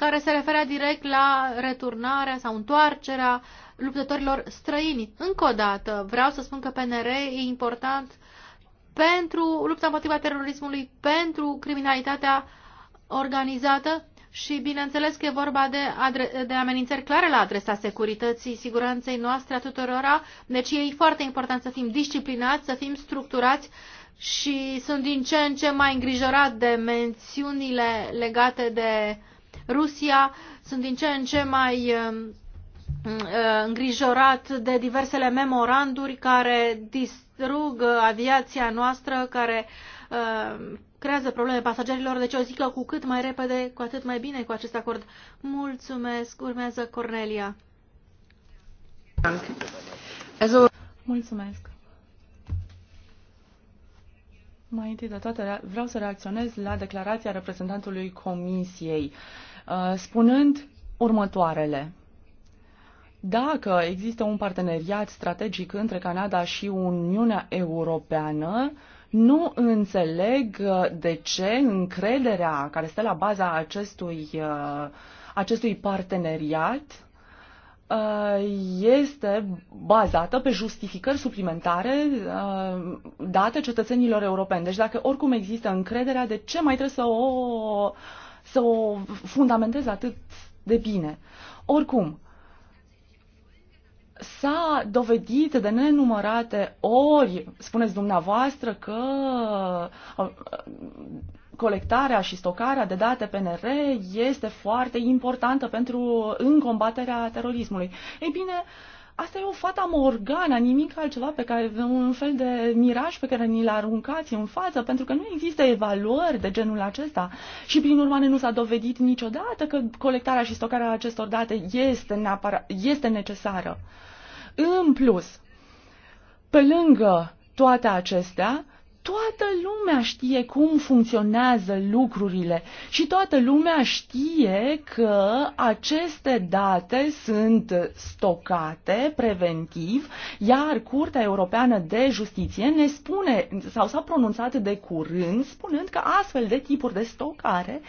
care se referea direct la returnarea sau întoarcerea luptătorilor străini. Încă o dată, vreau să spun că PNR e important pentru lupta împotriva terorismului, pentru criminalitatea organizată și bineînțeles că e vorba de, de amenințări clare la adresa securității, siguranței noastre a tuturora, deci e foarte important să fim disciplinați, să fim structurați și sunt din ce în ce mai îngrijorat de mențiunile legate de Rusia. Sunt din ce în ce mai um, uh, îngrijorat de diversele memoranduri care distrug aviația noastră, care uh, creează probleme pasagerilor, deci o zic că cu cât mai repede, cu atât mai bine cu acest acord. Mulțumesc. Urmează Cornelia.
Mulțumesc. Mai întâi de toate, vreau să reacționez la declarația reprezentantului Comisiei. Uh, Uh, spunând următoarele. Dacă există un parteneriat strategic între Canada și Uniunea Europeană, nu înțeleg uh, de ce încrederea care stă la baza acestui, uh, acestui parteneriat este bazată pe justificări suplimentare date cetățenilor europeni. Deci dacă oricum există încrederea, de ce mai trebuie să o să o fundamentez atât de bine. Oricum, s-a dovedit de nenumărate ori, spuneți dumneavoastră, că uh, colectarea și stocarea de date PNR este foarte importantă pentru în combaterea terorismului. Ei bine, uh, Asta e o fata morgana, nimic altceva pe care un fel de miraj pe care ni-l aruncați în față, pentru că nu există evaluări de genul acesta și prin urmare nu s-a dovedit niciodată că colectarea și stocarea acestor date este, este necesară. În plus, pe lângă toate acestea, toată lumea știe cum funcționează lucrurile și toată lumea știe că aceste date sunt stocate preventiv, iar Curtea Europeană de Justiție ne spune, sau s-a pronunțat de curând, spunând că astfel de tipuri de stocare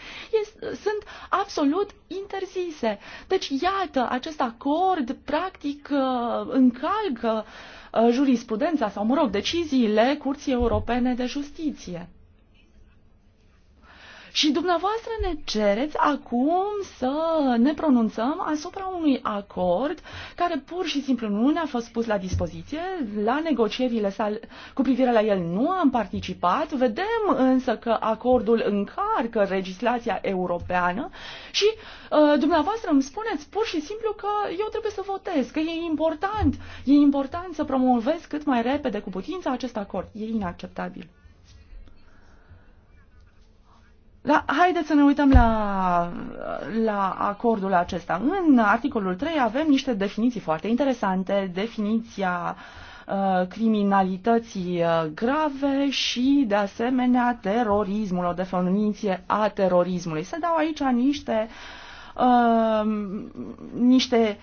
este, sunt absolut interzise. Deci, iată, acest acord practic uh, încalcă uh, Uh, jurisprudența sau, mă rog, deciziile Curții Europene de Justiție. Și dumneavoastră ne cereți acum să ne pronunțăm asupra unui acord care pur și simplu nu ne-a fost pus la dispoziție, la negocierile sale, cu privire la el nu am participat, vedem însă că acordul încarcă legislația europeană și uh, dumneavoastră îmi spuneți pur și simplu că eu trebuie să votez, că e important, e important să promovez cât mai repede cu putință acest acord. E inacceptabil. Da, haideți să ne uităm la, la acordul acesta. În articolul 3 avem niște definiții foarte interesante. Definiția uh, criminalității uh, grave și, de asemenea, terorismul, o definiție a terorismului. Se dau aici niște, uh, niște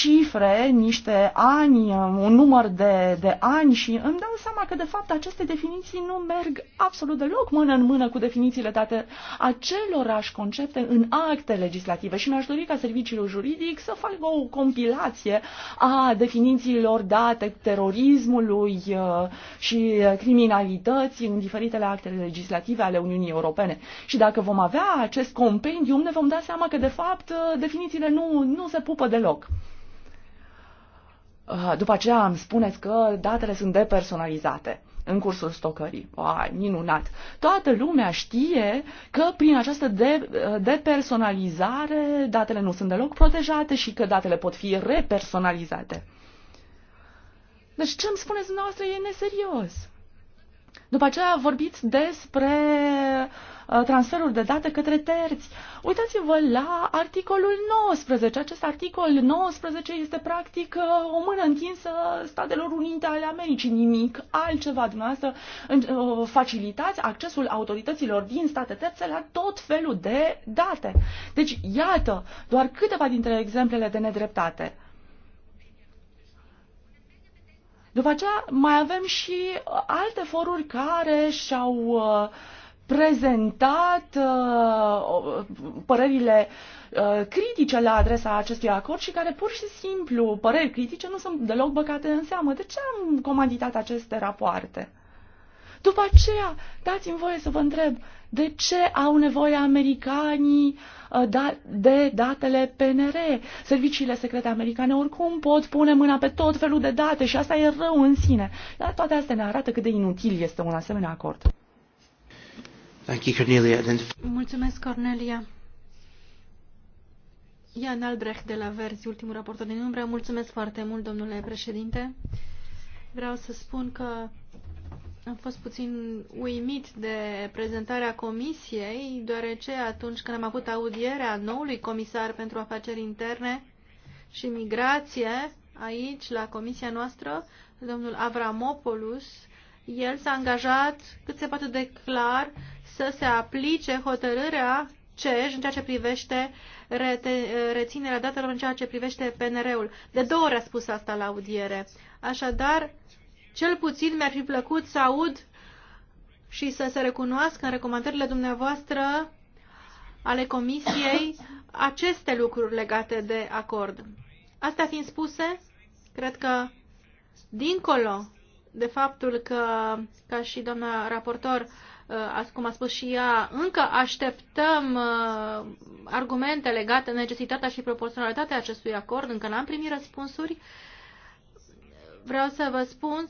cifre, niște ani, un număr de, de ani și îmi dau seama că, de fapt, aceste definiții nu merg absolut deloc mână în mână cu definițiile date acelorași concepte în acte legislative și mi-aș dori ca serviciul juridic să facă o compilație a definițiilor date terorismului uh, și criminalității în diferitele acte legislative ale Uniunii Europene. Și dacă vom avea acest compendium, ne vom da seama că, de fapt, uh, definițiile nu, nu se pupă deloc. Uh, după aceea îmi spuneți că datele sunt depersonalizate în cursul stocării. Oa, minunat! Toată lumea știe că prin această de, uh, depersonalizare datele nu sunt deloc protejate și că datele pot fi repersonalizate. Deci ce îmi spuneți dumneavoastră e neserios. După aceea vorbiți despre uh, Uh, transferul de date către terți. Uitați-vă la articolul 19. Acest articol 19 este practic uh, o mână întinsă Statelor Unite ale Americii, nimic altceva. Dumneavoastră uh, facilitați accesul autorităților din state terțe la tot felul de date. Deci, iată doar câteva dintre exemplele de nedreptate. După aceea mai avem și alte foruri care și-au uh, prezentat uh, părerile uh, critice la adresa acestui acord și care pur și simplu, păreri critice, nu sunt deloc băcate în seamă. De ce am comanditat aceste rapoarte? După aceea, dați-mi voie să vă întreb, de ce au nevoie americanii uh, da, de datele PNR? Serviciile secrete americane oricum pot pune mâna pe tot felul de date și asta e rău în sine. Dar toate astea ne arată cât de inutil este un asemenea acord.
Thank you, Cornelia. Mulțumesc, Cornelia. Ian Albrecht de la Verzi, ultimul raportor din umbră. Mulțumesc foarte mult, domnule președinte. Vreau să spun că am fost puțin uimit de prezentarea comisiei, deoarece atunci când am avut audierea noului comisar pentru afaceri interne și migrație, aici, la comisia noastră, domnul Avramopoulos, el s-a angajat cât se poate de clar să se aplice hotărârea CEJ în ceea ce privește reținerea datelor, în ceea ce privește PNR-ul. De două ori a spus asta la audiere. Așadar, cel puțin mi-ar fi plăcut să aud și să se recunoască în recomandările dumneavoastră ale Comisiei aceste lucruri legate de acord. Astea fiind spuse, cred că dincolo de faptul că, ca și doamna raportor, Uh, cum a spus și ea, încă așteptăm uh, argumente legate de necesitatea și proporționalitatea acestui acord, încă n-am primit răspunsuri. Vreau să vă spun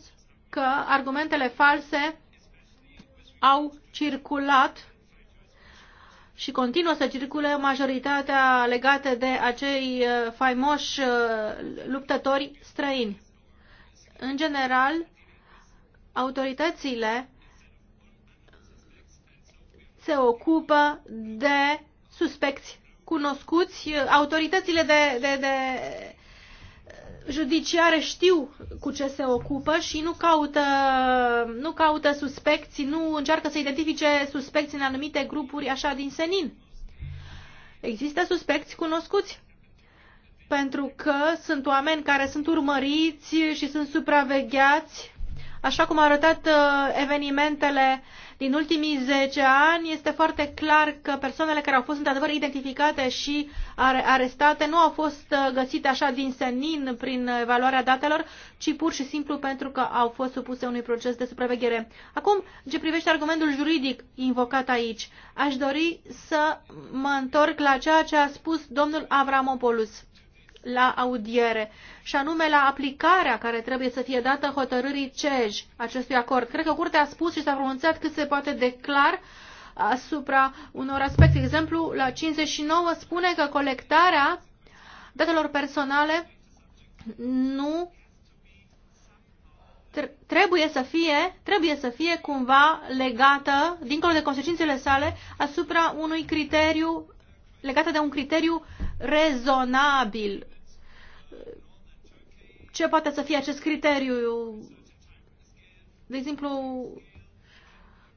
că argumentele false au circulat și continuă să circule majoritatea legate de acei uh, faimoși luptători străini. În general, autoritățile se ocupă de suspecți cunoscuți. Autoritățile de, de, de eh, judiciare știu cu ce se ocupă și nu caută, nu caută suspecți, nu încearcă să identifice suspecți în anumite grupuri așa din senin. Există suspecți cunoscuți pentru că sunt oameni care sunt urmăriți și sunt supravegheați, așa cum au arătat eh, evenimentele uh, din ultimii 10 ani, este foarte clar că persoanele care au fost într-adevăr identificate și arestate nu au fost uh, găsite așa din senin prin evaluarea datelor, ci pur și simplu pentru că au fost supuse unui proces de supraveghere. Acum, ce privește argumentul juridic invocat aici, aș dori să mă întorc la ceea ce a spus domnul Avramopoulos la audiere, și anume la aplicarea care trebuie să fie dată hotărârii CEJ acestui acord. Cred că Curtea a spus și s-a pronunțat cât se poate de clar asupra unor aspecte. exemplu, la 59 spune că colectarea datelor personale nu trebuie să fie, trebuie să fie cumva legată, dincolo de consecințele sale, asupra unui criteriu, legată de un criteriu rezonabil ce poate să fie acest criteriu? De exemplu,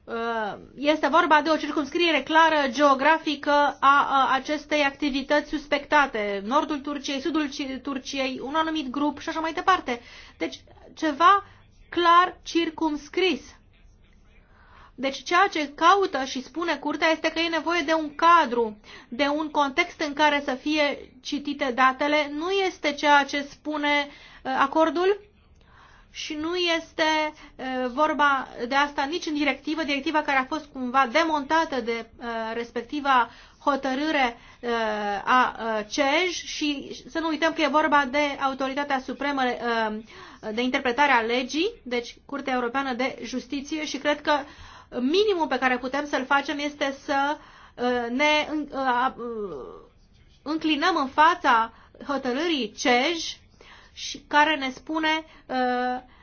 uh, este vorba de o circumscriere clară geografică a acestei activități suspectate, nordul Turciei, sudul Turciei, un anumit grup și așa mai departe. Deci ceva clar circumscris. Deci ceea ce caută și spune curtea este că e nevoie de un cadru, de un context în care să fie citite datele, nu este ceea ce spune uh, Uh, acordul și nu este uh, vorba de asta nici în directivă, directiva care a fost cumva demontată de uh, respectiva hotărâre a CEJ și să nu uităm că e vorba de Autoritatea Supremă de Interpretare a Legii, deci Curtea Europeană de Justiție și cred că minimul pe care putem să-l facem este să ne înclinăm în fața hotărârii CEJ și care ne spune uh,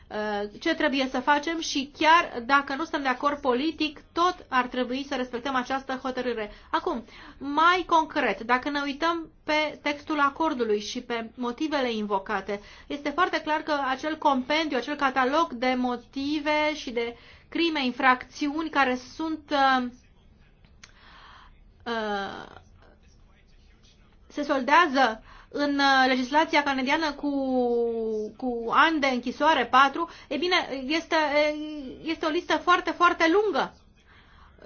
uh, ce trebuie să facem și chiar dacă nu suntem de acord politic, tot ar trebui să respectăm această hotărâre. Acum, mai concret, dacă ne uităm pe textul acordului și pe motivele invocate, este foarte clar că acel compendiu, acel catalog de motive și de crime, infracțiuni care sunt uh, uh, se soldează uh, în uh, legislația canadiană cu, cu ani de închisoare, patru, e bine, este, este o listă foarte, foarte lungă.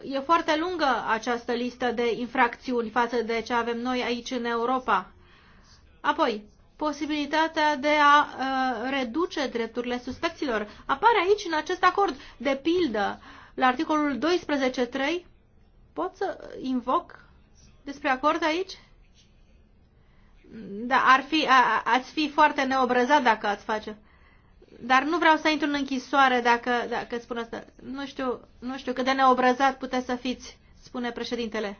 E foarte lungă această listă de infracțiuni față de ce avem noi aici în Europa. Apoi, posibilitatea de a uh, reduce drepturile suspecților apare aici în acest acord. De pildă, la articolul 12.3 pot să invoc despre acord aici? Da, ar fi, a, ați fi foarte neobrăzat dacă ați face. Dar nu vreau să intru în închisoare dacă, dacă spun asta. Nu știu, nu știu cât de neobrăzat puteți să fiți, spune președintele.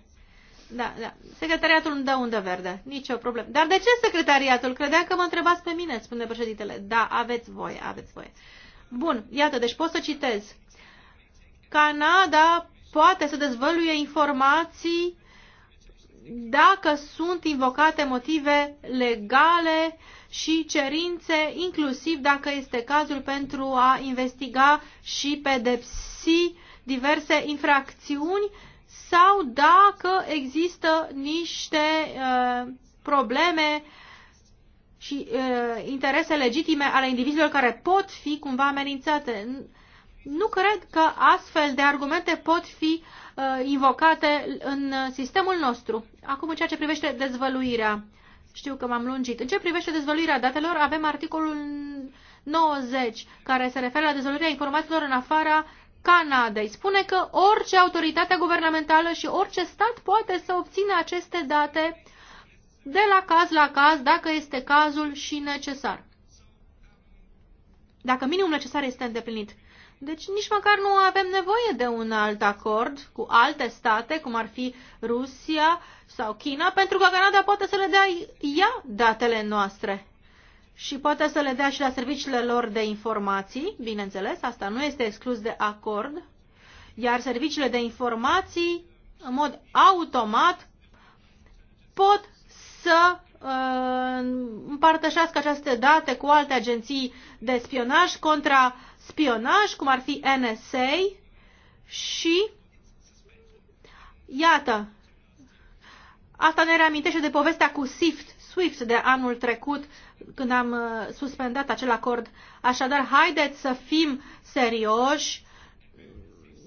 Da, da. Secretariatul îmi dă undă verde. Nici o problemă. Dar de ce secretariatul? Credea că mă întrebați pe mine, spune președintele. Da, aveți voie, aveți voie. Bun, iată, deci pot să citez. Canada poate să dezvăluie informații dacă sunt invocate motive legale și cerințe, inclusiv dacă este cazul pentru a investiga și pedepsi diverse infracțiuni sau dacă există niște uh, probleme și uh, interese legitime ale indivizilor care pot fi cumva amenințate. Nu cred că astfel de argumente pot fi uh, Uh, invocate în sistemul nostru. Acum, în ceea ce privește dezvăluirea, știu că m-am lungit. În ce privește dezvăluirea datelor, avem articolul 90, care se referă la dezvăluirea informațiilor în afara Canadei. Spune că orice autoritate guvernamentală și orice stat poate să obțină aceste date de la caz la caz, dacă este cazul și necesar. Dacă minimul necesar este îndeplinit. Deci nici măcar nu avem nevoie de un alt acord cu alte state, cum ar fi Rusia sau China, pentru că Canada poate să le dea ea datele noastre și poate să le dea și la serviciile lor de informații, bineînțeles, asta nu este exclus de acord, iar serviciile de informații, în mod automat, pot să uh, împărtășească aceste date cu alte agenții de spionaj contra uh, spionaj, cum ar fi NSA și iată, asta ne reamintește de povestea cu SIFT, SWIFT de anul trecut, când am uh, suspendat acel acord. Așadar, haideți să fim serioși.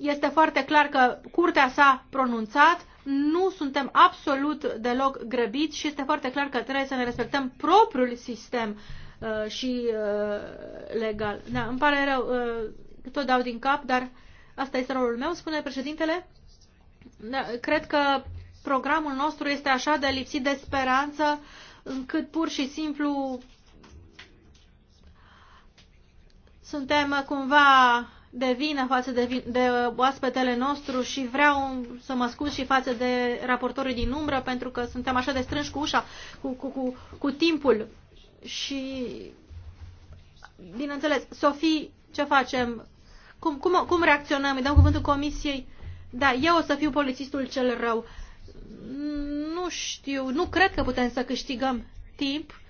Este foarte clar că curtea s-a pronunțat, nu suntem absolut deloc grăbiți și este foarte clar că trebuie să ne respectăm propriul sistem Uh, și uh, legal. Da, îmi pare rău, că uh, tot dau din cap, dar asta este rolul meu, spune președintele. Da, cred că programul nostru este așa de lipsit de speranță încât pur și simplu suntem cumva de vină față de, de oaspetele nostru și vreau să mă scuz și față de raportorii din umbră pentru că suntem așa de strânși cu ușa, cu, cu, cu, cu timpul și, bineînțeles, Sofie, ce facem? Cum, cum, cum reacționăm? Îi dăm cuvântul comisiei? Da, eu o să fiu polițistul cel rău. Nu știu, nu cred că putem să câștigăm timp,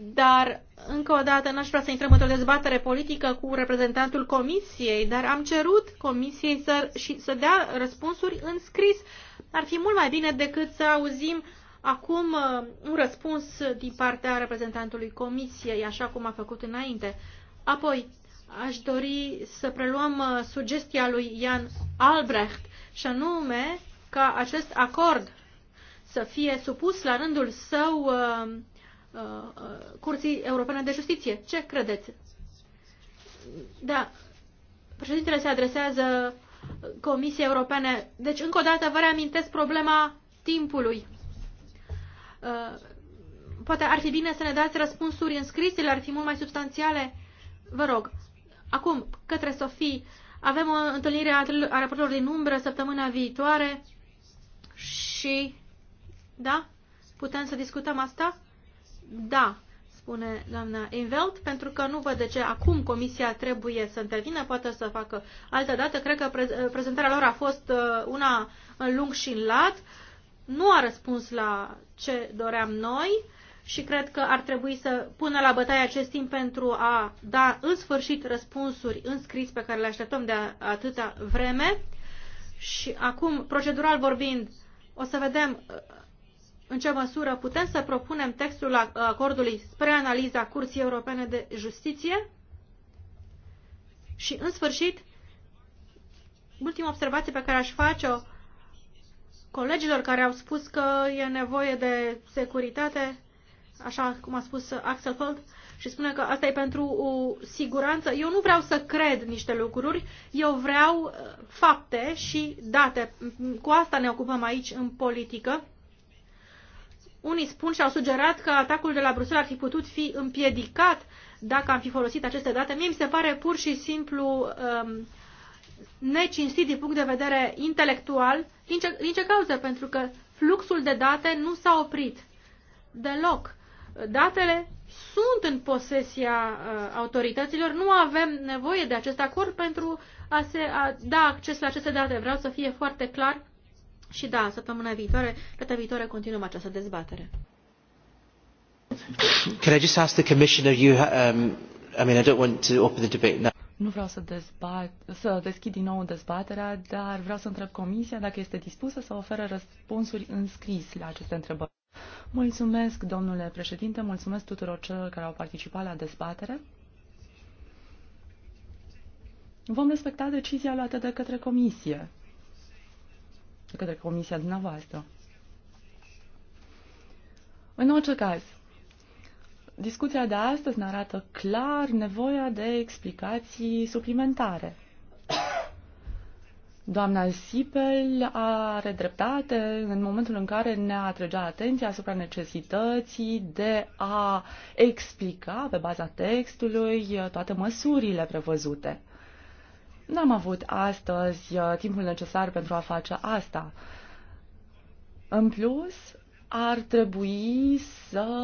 dar, încă o dată, n-aș vrea să intrăm într-o dezbatere politică cu reprezentantul comisiei, dar am cerut comisiei să, și, să dea răspunsuri în scris. Ar fi mult mai bine decât să auzim uh, Acum uh, un răspuns din partea reprezentantului Comisiei, așa cum a făcut înainte. Apoi, aș dori să preluăm uh, sugestia lui Jan Albrecht, și anume ca acest acord să fie supus la rândul său uh, uh, uh, Curții Europene de Justiție. Ce credeți? Da, președintele se adresează Comisiei Europene. Deci, încă o dată, vă reamintesc problema timpului. Uh, poate ar fi bine să ne dați răspunsuri în scris, ele ar fi mult mai substanțiale. Vă rog, acum, către Sofie, avem o întâlnire a raportelor din umbră săptămâna viitoare și... Da? Putem să discutăm asta? Da, spune doamna Invelt, pentru că nu văd de ce acum comisia trebuie să intervină, poate să facă altă dată. Cred că prezentarea lor a fost uh, una în lung și în lat. Nu a răspuns la ce doream noi și cred că ar trebui să pună la bătaie acest timp pentru a da în sfârșit răspunsuri înscris pe care le așteptăm de atâta vreme. Și acum, procedural vorbind, o să vedem uh, în ce măsură putem să propunem textul uh, acordului spre analiza Curții Europene de Justiție. Și, în sfârșit, ultima observație pe care aș face-o colegilor care au spus că e nevoie de securitate, așa cum a spus Axel Fold, și spune că asta e pentru o siguranță. Eu nu vreau să cred niște lucruri, eu vreau uh, fapte și date. Cu asta ne ocupăm aici în politică. Unii spun și au sugerat că atacul de la Bruxelles ar fi putut fi împiedicat dacă am fi folosit aceste date. Mie mi se pare pur și simplu um, necinstit din punct de vedere intelectual, din ce, din ce cauză? Pentru că fluxul de date nu s-a oprit deloc. Datele sunt în posesia uh, autorităților, nu avem nevoie de acest acord pentru a se a da acces la aceste date. Vreau să fie foarte clar și da, săptămâna viitoare, data viitoare continuăm această dezbatere. Can I just ask the Commissioner, you, um, I mean, I don't want to open the debate now. Nu vreau să, dezbat, să
deschid din nou dezbaterea, dar vreau să întreb Comisia dacă este dispusă să ofere răspunsuri în scris la aceste întrebări. Mulțumesc, domnule președinte, mulțumesc tuturor celor care au participat la dezbatere. Vom respecta decizia luată de către Comisie, de către Comisia dumneavoastră. În orice caz, Discuția de astăzi ne arată clar nevoia de explicații suplimentare. Doamna Sipel are dreptate în momentul în care ne atrăgea atenția asupra necesității de a explica pe baza textului toate măsurile prevăzute. N-am avut astăzi uh, timpul necesar pentru a face asta. În plus, ar trebui să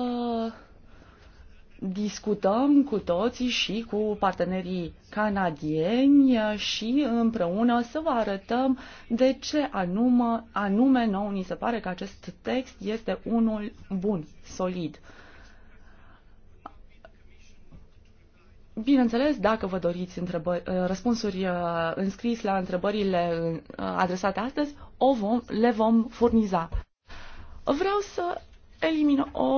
discutăm cu toții și cu partenerii canadieni și împreună să vă arătăm de ce anume, anume nou ni se pare că acest text este unul bun, solid. Bineînțeles, dacă vă doriți răspunsuri uh, înscris la întrebările uh, adresate astăzi, o vom, le vom furniza. Vreau să elimin o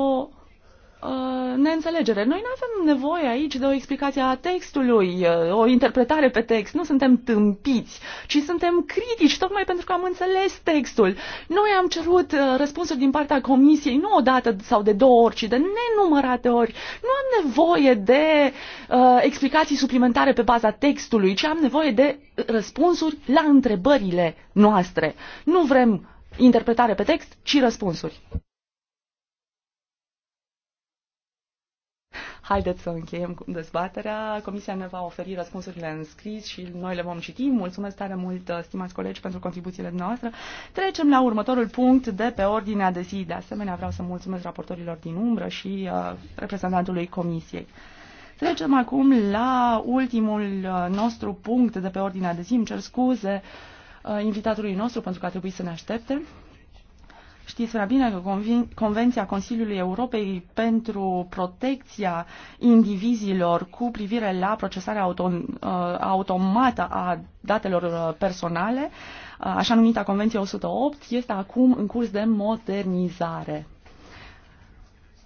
Uh, neînțelegere. Noi nu avem nevoie aici de o explicație a textului, uh, o interpretare pe text. Nu suntem tâmpiți, ci suntem critici, tocmai pentru că am înțeles textul. Noi am cerut uh, răspunsuri din partea comisiei, nu o dată sau de două ori, ci de nenumărate ori. Nu am nevoie de uh, explicații suplimentare pe baza textului, ci am nevoie de răspunsuri la întrebările noastre. Nu vrem interpretare pe text, ci răspunsuri. Haideți să încheiem dezbaterea. Comisia ne va oferi răspunsurile în scris și noi le vom citi. Mulțumesc tare mult, uh, stimați colegi, pentru contribuțiile noastre. Trecem la următorul punct de pe ordinea de zi. De asemenea, vreau să mulțumesc raportorilor din umbră și uh, reprezentantului Comisiei. Trecem acum la ultimul uh, nostru punct de pe ordinea de zi. Îmi cer scuze uh, invitatului nostru pentru că a trebuit să ne aștepte. Știți prea bine că Convenția Consiliului Europei pentru protecția indivizilor cu privire la procesarea autom- uh, automată a datelor uh, personale, uh, așa numita Convenție 108, este acum în curs de modernizare.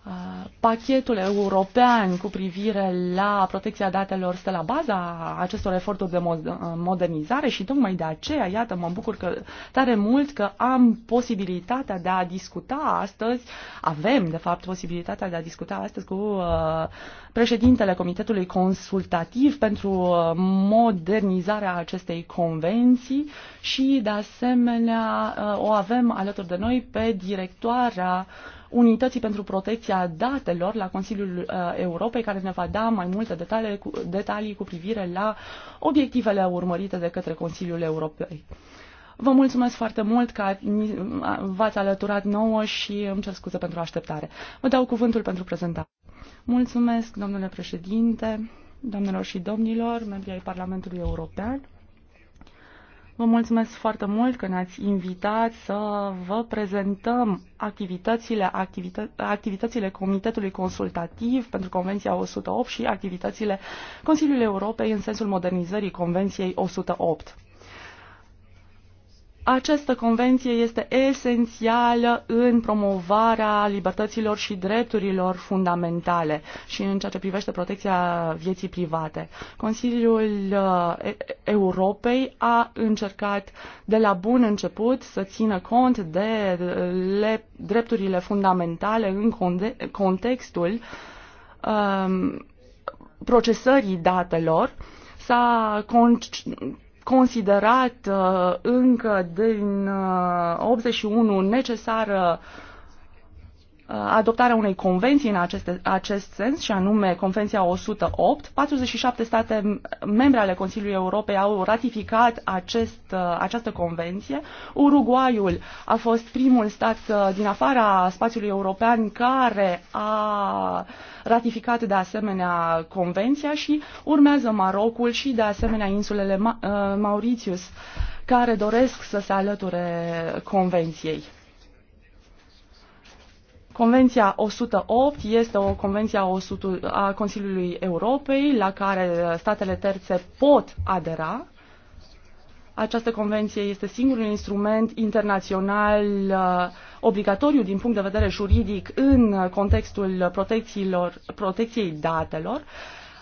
Uh, pachetul european cu privire la protecția datelor stă la baza acestor eforturi de uh, modernizare și tocmai de aceea, iată, mă bucur că tare mult că am posibilitatea de a discuta astăzi, avem, de fapt, posibilitatea de a discuta astăzi cu uh, președintele Comitetului Consultativ pentru modernizarea acestei convenții și, de asemenea, o avem alături de noi pe directoarea Unității pentru Protecția Datelor la Consiliul uh, Europei, care ne va da mai multe detalii cu, detalii cu privire la obiectivele urmărite de către Consiliul Europei. Vă mulțumesc foarte mult că v-ați alăturat nouă și îmi cer scuze pentru așteptare. Vă dau cuvântul pentru prezentare. Mulțumesc, domnule președinte, doamnelor și domnilor, membri ai Parlamentului European. Vă mulțumesc foarte mult că ne-ați invitat să vă prezentăm activitățile, activită, activitățile Comitetului Consultativ pentru Convenția 108 și activitățile Consiliului Europei în sensul modernizării Convenției 108. Această convenție este esențială în promovarea libertăților și drepturilor fundamentale și în ceea ce privește protecția vieții private. Consiliul uh, Europei a încercat de la bun început să țină cont de uh, drepturile fundamentale în contextul um, procesării datelor s-a con- considerat uh, încă din 81 uh, necesară adoptarea unei convenții în aceste, acest sens, și anume Convenția 108. 47 state membre ale Consiliului Europei au ratificat acest, uh, această convenție. Uruguayul a fost primul stat uh, din afara spațiului european care a ratificat de asemenea convenția și urmează Marocul și de asemenea insulele Ma uh, Mauritius care doresc să se alăture convenției. Convenția 108 este o convenție a, 100, a Consiliului Europei la care statele terțe pot adera. Această convenție este singurul instrument internațional uh, obligatoriu din punct de vedere juridic în contextul protecțiilor, protecției datelor.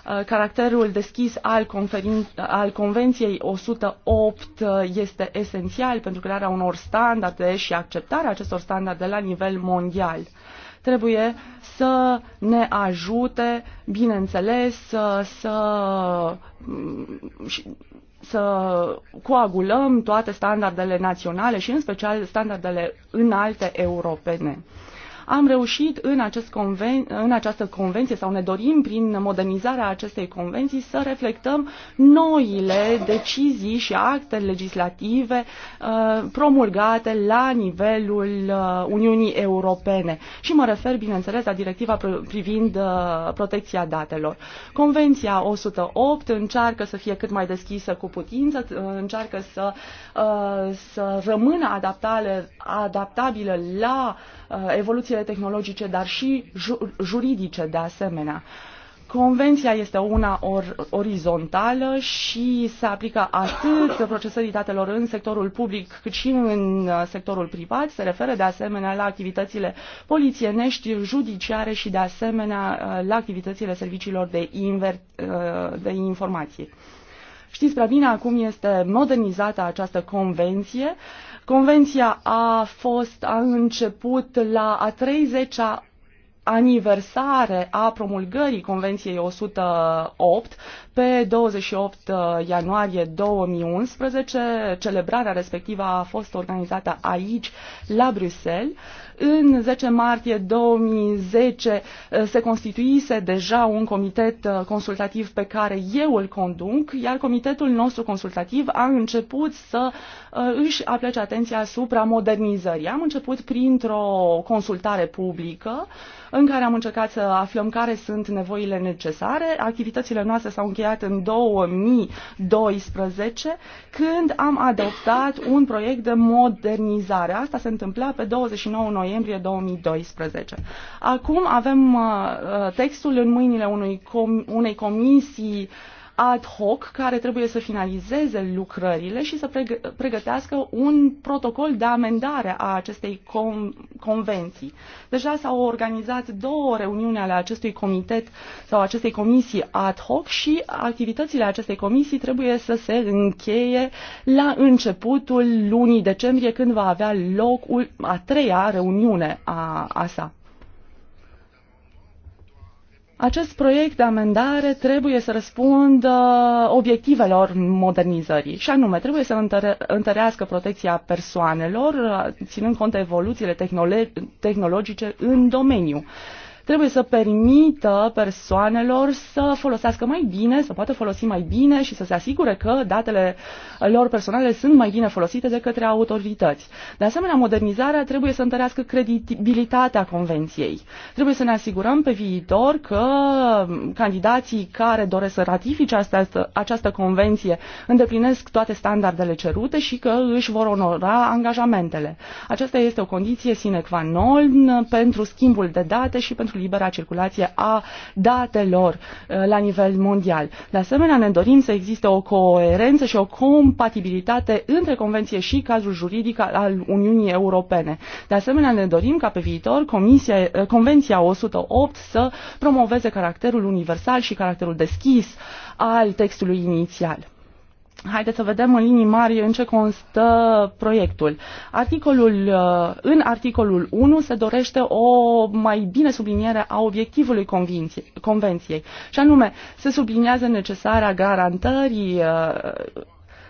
Uh, caracterul deschis al, conferin- al Convenției 108 uh, este esențial pentru crearea unor standarde și acceptarea acestor standarde la nivel mondial. Trebuie să ne ajute, bineînțeles, să, să, să coagulăm toate standardele naționale și în special standardele înalte europene. Am reușit în, acest conven- în această convenție sau ne dorim prin modernizarea acestei convenții să reflectăm noile decizii și acte legislative uh, promulgate la nivelul uh, Uniunii Europene. Și mă refer, bineînțeles, la directiva privind uh, protecția datelor. Convenția 108 încearcă să fie cât mai deschisă cu putință, uh, încearcă să, uh, să rămână adaptale, adaptabilă la uh, Uh, evoluțiile tehnologice, dar și juridice de asemenea. Convenția este una or, orizontală și se aplică atât procesării datelor în sectorul public cât și în uh, sectorul privat. Se referă de asemenea la activitățile polițienești, judiciare și de asemenea uh, la activitățile serviciilor de, inver, de informații. Știți prea bine, acum este modernizată această convenție. Uh, Convenția a fost, a început la a 30-a aniversare a promulgării Convenției 108 pe 28 uh, ianuarie 2011. Celebrarea respectivă a fost organizată aici, la Bruxelles. În 10 martie 2010 eh, se constituise deja un comitet eh, consultativ pe care eu îl conduc, iar comitetul nostru consultativ a început să eh, își aplece atenția asupra modernizării. Am început printr-o consultare publică în care am încercat să aflăm care sunt nevoile necesare. Activitățile noastre s-au încheiat în 2012 când am adoptat un proiect de modernizare. Asta se întâmpla pe 29 noiembrie noiembrie 2012. Acum avem uh, uh, textul în mâinile unui com- unei comisii uh, ad hoc care trebuie să finalizeze lucrările și să pregătească un protocol de amendare a acestei con- convenții. Deja s-au organizat două reuniuni ale acestui comitet sau acestei comisii ad hoc și activitățile acestei comisii trebuie să se încheie la începutul lunii decembrie când va avea loc a treia reuniune a, a sa. Acest proiect de amendare trebuie să răspundă obiectivelor modernizării și anume trebuie să întăre, întărească protecția persoanelor ținând cont de evoluțiile tehnolo- tehnologice în domeniu. Uh, trebuie să permită persoanelor să folosească mai bine, să poată folosi mai bine și să se asigure că datele lor personale sunt mai bine folosite de către autorități. De asemenea, modernizarea trebuie să întărească credibilitatea convenției. Trebuie să ne asigurăm pe viitor că candidații care doresc să ratifice această, această convenție îndeplinesc toate standardele cerute și că își vor onora angajamentele. Aceasta este o condiție sine qua non pentru schimbul de date și pentru pentru libera circulație a datelor uh, la nivel mondial. De asemenea, ne dorim să existe o coerență și o compatibilitate între convenție și cadrul juridic al Uniunii Europene. De asemenea, ne dorim ca pe viitor Comisia, uh, Convenția 108 să promoveze caracterul universal și caracterul deschis al textului inițial. Haideți să vedem în linii mari în ce constă proiectul. Articolul, uh, în articolul 1 se dorește o mai bine subliniere a obiectivului convenției, și anume se subliniază necesarea garantării uh,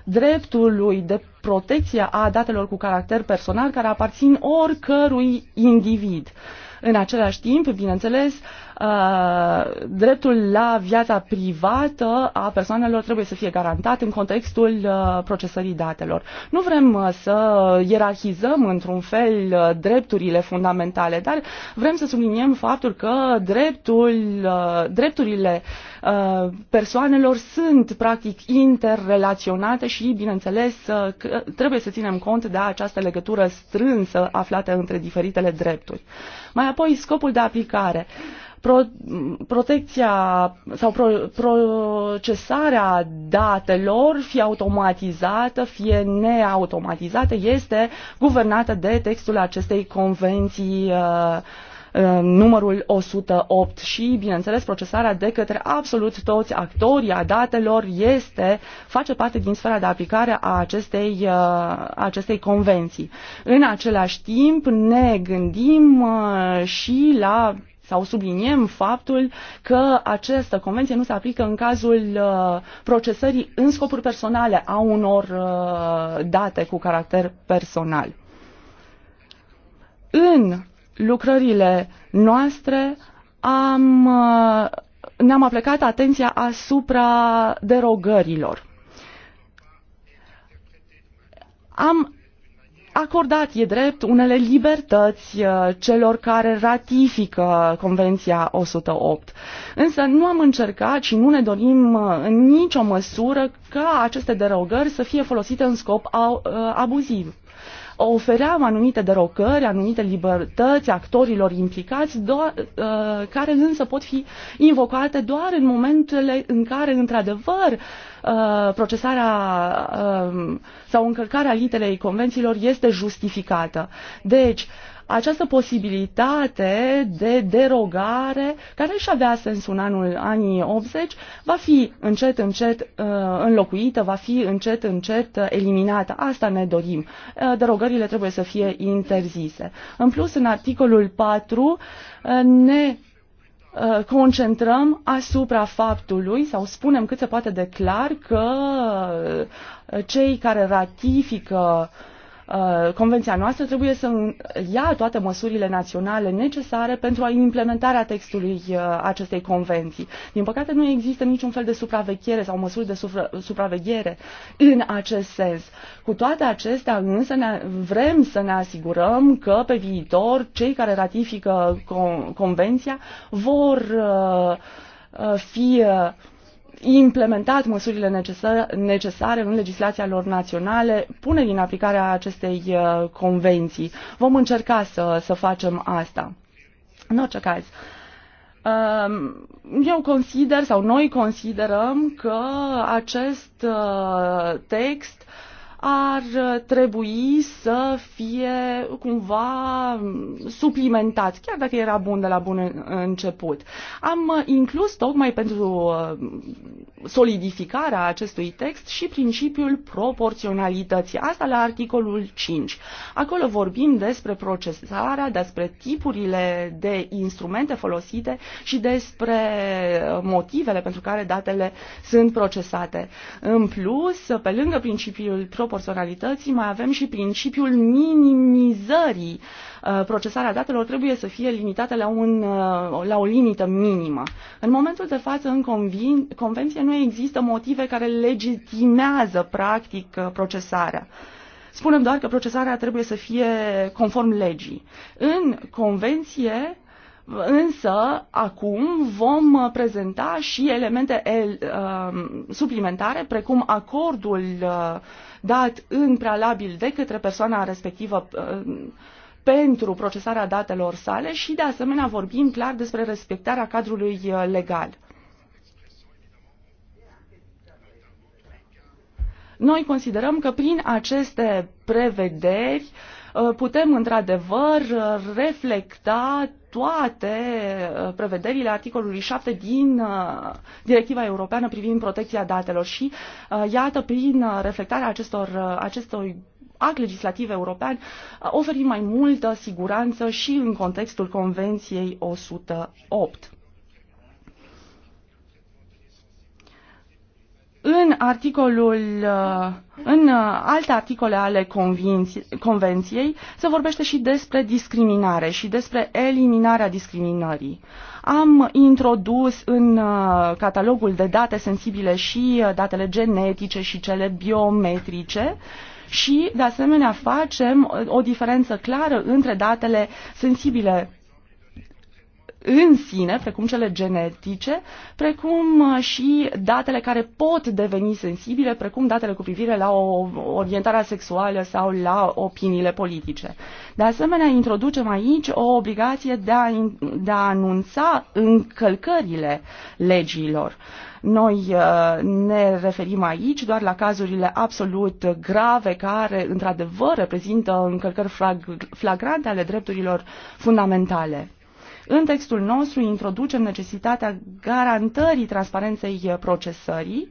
dreptului de protecție a datelor cu caracter personal care aparțin oricărui individ. În același timp, bineînțeles, uh, Uh, dreptul la viața privată a persoanelor trebuie să fie garantat în contextul uh, procesării datelor. Nu vrem uh, să ierarhizăm într-un fel drepturile fundamentale, dar vrem să subliniem faptul că dreptul, drepturile persoanelor sunt practic interrelaționate și, bineînțeles, trebuie să ținem cont de această legătură strânsă aflată între diferitele drepturi. Mai apoi, scopul de aplicare. Uh, Pro, protecția sau pro, procesarea datelor, fie automatizată, fie neautomatizată, este guvernată de textul acestei convenții uh, uh numărul 108 și, bineînțeles, procesarea de către absolut toți actorii a datelor este, face parte din sfera de aplicare a acestei, uh, a acestei convenții. În același timp ne gândim uh, și la sau subliniem faptul că această convenție nu se aplică în cazul uh, procesării în scopuri personale a unor uh, date cu caracter personal. În lucrările noastre am, uh, ne-am aplicat atenția asupra derogărilor. Am acordat, e drept, unele libertăți uh, celor care ratifică Convenția 108. Însă nu am încercat și nu ne dorim uh, în nicio măsură ca aceste derogări să fie folosite în scop uh, abuziv ofeream anumite derocări, anumite libertăți actorilor implicați, do- uh, care însă pot fi invocate doar în momentele în care, într-adevăr, uh, procesarea uh, sau încălcarea literei convențiilor este justificată. Deci, uh, această posibilitate de derogare, care își avea sens în anul anii 80, va fi încet, încet uh, înlocuită, va fi încet, încet uh, eliminată. Asta ne dorim. Uh, derogările trebuie să fie interzise. În plus, în articolul 4 ne concentrăm asupra faptului sau spunem cât se poate de clar că cei care ratifică uh, Uh, convenția noastră trebuie să ia toate măsurile naționale necesare pentru implementarea textului uh, acestei convenții. Din păcate nu există niciun fel de supraveghere sau măsuri de supraveghere în acest sens. Cu toate acestea însă ne, vrem să ne asigurăm că pe viitor cei care ratifică con- convenția vor uh, fi implementat măsurile necesare în legislația lor naționale, pune în aplicare acestei uh, convenții. Vom încerca să, să facem asta. În orice caz, um, eu consider sau noi considerăm că acest uh, text ar trebui să fie cumva suplimentați, chiar dacă era bun de la bun început. Am inclus tocmai pentru uh, solidificarea acestui text și principiul proporționalității. Asta la articolul 5. Acolo vorbim despre procesarea, despre tipurile de instrumente folosite și despre uh, motivele pentru care datele sunt procesate. În plus, pe lângă principiul proporționalității, personalității, mai avem și principiul minimizării. Uh, procesarea datelor trebuie să fie limitată la, un, uh, la o limită minimă. În momentul de față, în convenție, nu există motive care legitimează, practic, uh, procesarea. Spunem doar că procesarea trebuie să fie conform legii. În convenție, Însă, acum vom prezenta și elemente el, uh, suplimentare, precum acordul uh, dat în prealabil de către persoana respectivă uh, pentru procesarea datelor sale și, de asemenea, vorbim clar despre respectarea cadrului uh, legal. Noi considerăm că prin aceste prevederi uh, putem, într-adevăr, reflecta toate uh, prevederile articolului 7 din uh, Directiva Europeană privind protecția datelor și uh, iată prin reflectarea acestor, acestor act legislativ european oferim mai multă siguranță și în contextul Convenției 108. în articolul, uh, în uh, alte articole ale convenției se vorbește și despre discriminare și despre eliminarea discriminării. Am introdus în uh, catalogul de date sensibile și datele genetice și cele biometrice și, de asemenea, facem o diferență clară între datele sensibile în sine, precum cele genetice, precum uh, și datele care pot deveni sensibile, precum datele cu privire la o orientarea sexuală sau la opiniile politice. De asemenea, introducem aici o obligație de a, de a anunța încălcările legilor. Noi uh, ne referim aici doar la cazurile absolut grave care, într-adevăr, reprezintă încălcări flagrante ale drepturilor fundamentale. În textul nostru introducem necesitatea garantării transparenței eh, procesării.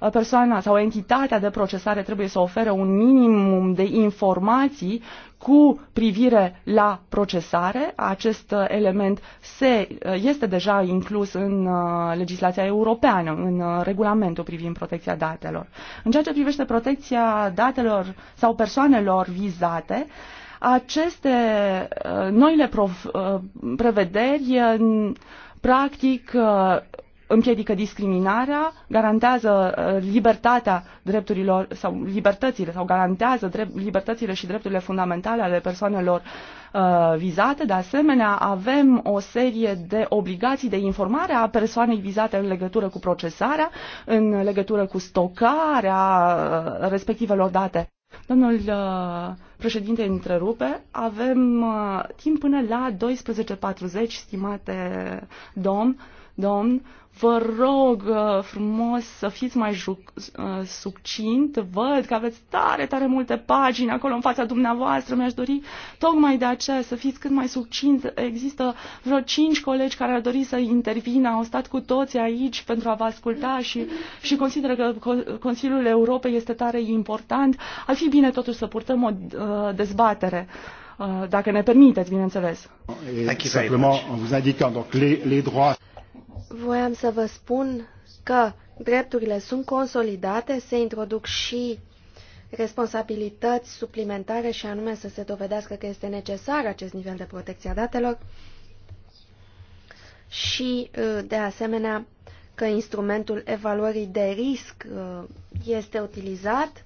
Eh, persoana sau entitatea de procesare trebuie să ofere un minimum de informații cu privire la procesare. Acest eh, element se, este deja inclus în legislația europeană, în regulamentul privind protecția datelor. În ceea ce privește protecția datelor sau persoanelor vizate, aceste uh, noile uh, prevederi uh, practic împiedică discriminarea, garantează libertatea drepturilor sau libertățile sau garantează drept, libertățile și drepturile fundamentale ale persoanelor uh, vizate. De asemenea, avem o serie de obligații de informare a persoanei vizate în legătură cu procesarea, în legătură cu stocarea respectivelor date. Domnul uh, președinte întrerupe, avem uh, timp până la 12.40, stimate domn, domn, Vă rog uh, frumos să fiți mai uh, subcint, Văd că aveți tare, tare multe pagini acolo în fața dumneavoastră. Mi-aș dori tocmai de aceea să fiți cât mai subcint. Există vreo cinci colegi care ar dori să intervină. Au stat cu toții aici pentru a vă asculta și, și consideră că Consiliul Europei este tare important. Ar fi bine totuși să purtăm o uh, dezbatere dacă ne permiteți, bineînțeles.
Simplement, en vous indiquant donc les, les droits. Voiam să vă spun că drepturile sunt consolidate, se introduc și responsabilități suplimentare și anume să se dovedească că este necesar acest nivel de protecție a datelor și, uh, de asemenea, că instrumentul evaluării de risc uh, este utilizat.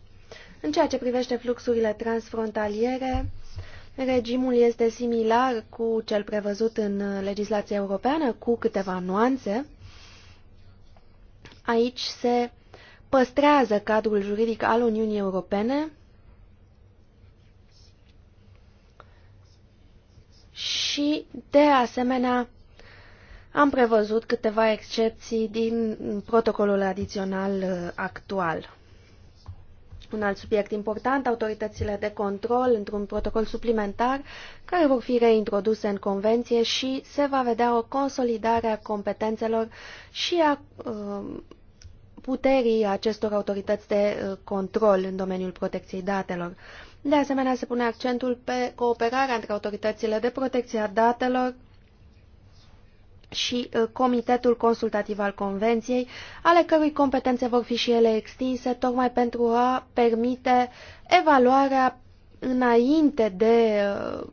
În ceea ce privește fluxurile transfrontaliere, Regimul este similar cu cel prevăzut în legislația europeană, cu câteva nuanțe. Aici se păstrează cadrul juridic al Uniunii Europene și, de asemenea, am prevăzut câteva excepții din protocolul adițional uh, actual. Un alt subiect important, autoritățile de control într-un protocol suplimentar, care vor fi reintroduse în convenție și se va vedea o consolidare a competențelor și a uh, puterii acestor autorități de uh, control în domeniul protecției datelor. De asemenea, se pune accentul pe cooperarea între autoritățile de protecție a datelor și uh, Comitetul Consultativ al Convenției, ale cărui competențe vor fi și ele extinse, tocmai pentru a permite evaluarea înainte de uh,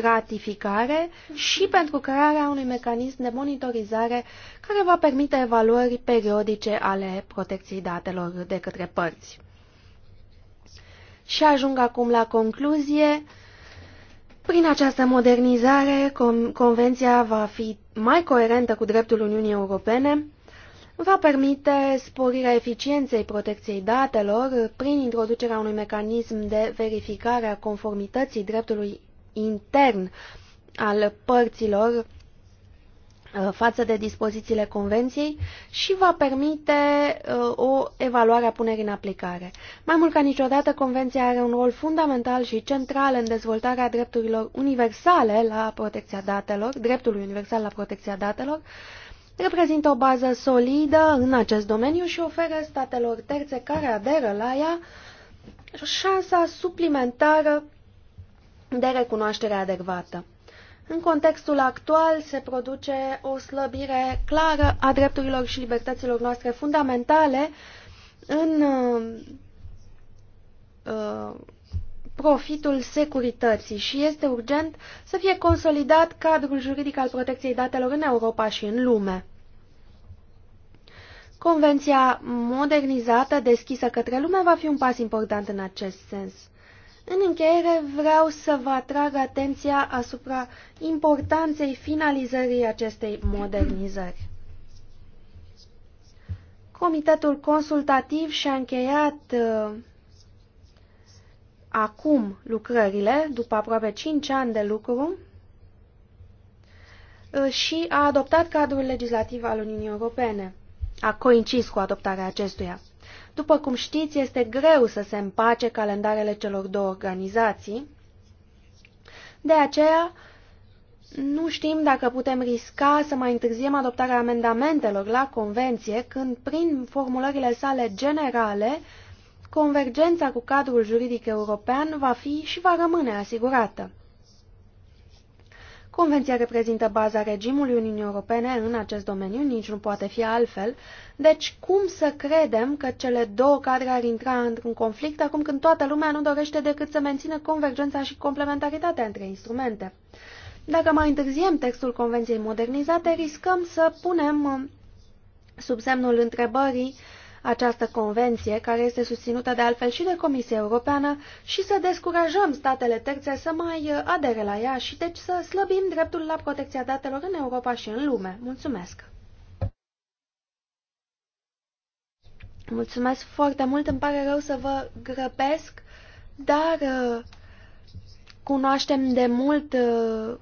ratificare și pentru crearea unui mecanism de monitorizare care va permite evaluări periodice ale protecției datelor de către părți. Și ajung acum la concluzie. Prin această modernizare, convenția va fi mai coerentă cu dreptul Uniunii Europene, va permite sporirea eficienței protecției datelor prin introducerea unui mecanism de verificare a conformității dreptului intern al părților Uh, față de dispozițiile convenției și va permite uh, o evaluare a punerii în aplicare. Mai mult ca niciodată, convenția are un rol fundamental și central în dezvoltarea drepturilor universale la protecția datelor, dreptului universal la protecția datelor, reprezintă o bază solidă în acest domeniu și oferă statelor terțe care aderă la ea șansa suplimentară de recunoaștere adecvată. În contextul actual se produce o slăbire clară a drepturilor și libertăților noastre fundamentale în uh, profitul securității și este urgent să fie consolidat cadrul juridic al protecției datelor în Europa și în lume. Convenția modernizată deschisă către lume va fi un pas important în acest sens. În încheiere, vreau să vă atrag atenția asupra importanței finalizării acestei modernizări. Comitetul consultativ și-a încheiat uh, acum lucrările, după aproape 5 ani de lucru, uh, și a adoptat cadrul legislativ al Uniunii Europene. A coincis cu adoptarea acestuia. După cum știți, este greu să se împace calendarele celor două organizații. De aceea, nu știm dacă putem risca să mai întârziem adoptarea amendamentelor la convenție când, prin formulările sale generale, convergența cu cadrul juridic european va fi și va rămâne asigurată. Convenția reprezintă baza regimului Uniunii Europene în acest domeniu, nici nu poate fi altfel. Deci, cum să credem că cele două cadre ar intra într-un conflict acum când toată lumea nu dorește decât să mențină convergența și complementaritatea între instrumente? Dacă mai întârziem textul Convenției modernizate, riscăm să punem uh, sub semnul întrebării uh, această convenție, care este susținută de altfel și de Comisia Europeană, și să descurajăm statele terțe să mai uh, adere la ea și deci să slăbim dreptul la protecția datelor în Europa și în lume. Mulțumesc! Mulțumesc foarte mult, îmi pare rău să vă grăbesc, dar uh, cunoaștem de mult uh,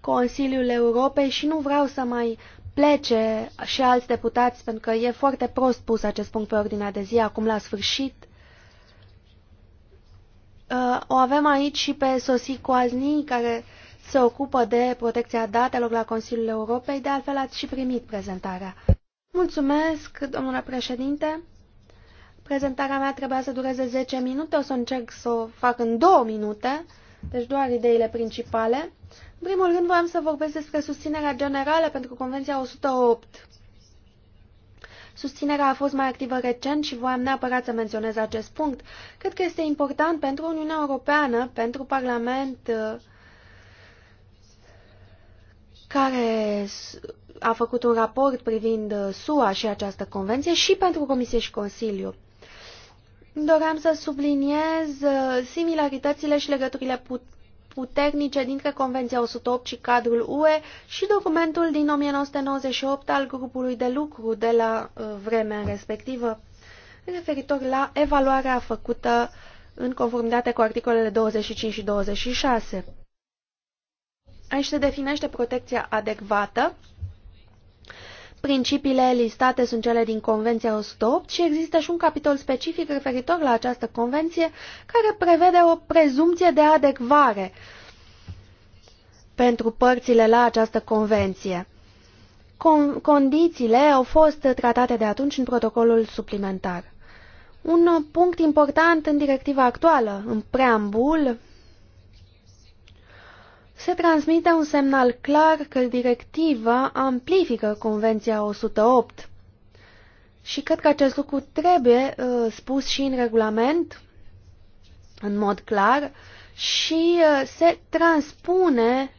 Consiliul Europei și nu vreau să mai plece și alți deputați, pentru că e foarte prost pus acest punct pe ordinea de zi, acum la sfârșit. Uh, o avem aici și pe Sosi Coazni, care se ocupă de protecția datelor la Consiliul Europei, de altfel ați și primit prezentarea. Mulțumesc, domnule președinte. Prezentarea mea trebuia să dureze 10 minute, o să încerc să o fac în 2 minute, deci doar ideile principale. În primul rând, voiam să vorbesc despre susținerea generală pentru Convenția 108. Susținerea a fost mai activă recent și voiam neapărat să menționez acest punct. Cred că este important pentru Uniunea Europeană, pentru Parlament, uh, care a făcut un raport privind uh, SUA și această convenție și pentru Comisie și Consiliu. Doream să subliniez uh, similaritățile și legăturile puternice dintre Convenția 108 și cadrul UE și documentul din 1998 al grupului de lucru de la uh, vremea respectivă, referitor la evaluarea făcută în conformitate cu articolele 25 și 26. Aici se definește protecția adecvată Principiile listate sunt cele din Convenția 108 și există și un capitol specific referitor la această convenție care prevede o prezumție de adecvare pentru părțile la această convenție. Con condițiile au fost tratate de atunci în protocolul suplimentar. Un punct important în directiva actuală, în preambul, se transmite un semnal clar că directiva amplifică Convenția 108. Și cred că acest lucru trebuie uh, spus și în regulament, în mod clar, și uh, se transpune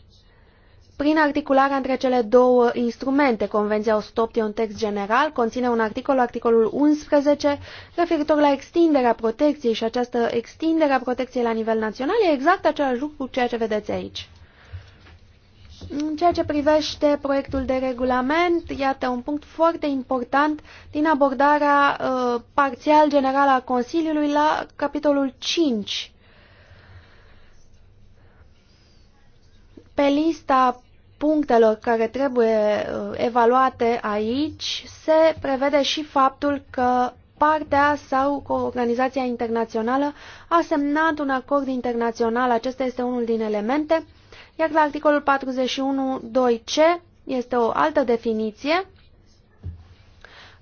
prin articularea între cele două instrumente. Convenția 108 e un text general, conține un articol, articolul 11, referitor la extinderea protecției și această extindere a protecției la nivel național e exact același lucru cu ceea ce vedeți aici. În ceea ce privește proiectul de regulament, iată un punct foarte important din abordarea uh, parțial generală a Consiliului la capitolul 5. Pe lista punctelor care trebuie uh, evaluate aici se prevede și faptul că partea sau cu organizația internațională a semnat un acord internațional, acesta este unul din elemente, iar la articolul 41.2c este o altă definiție.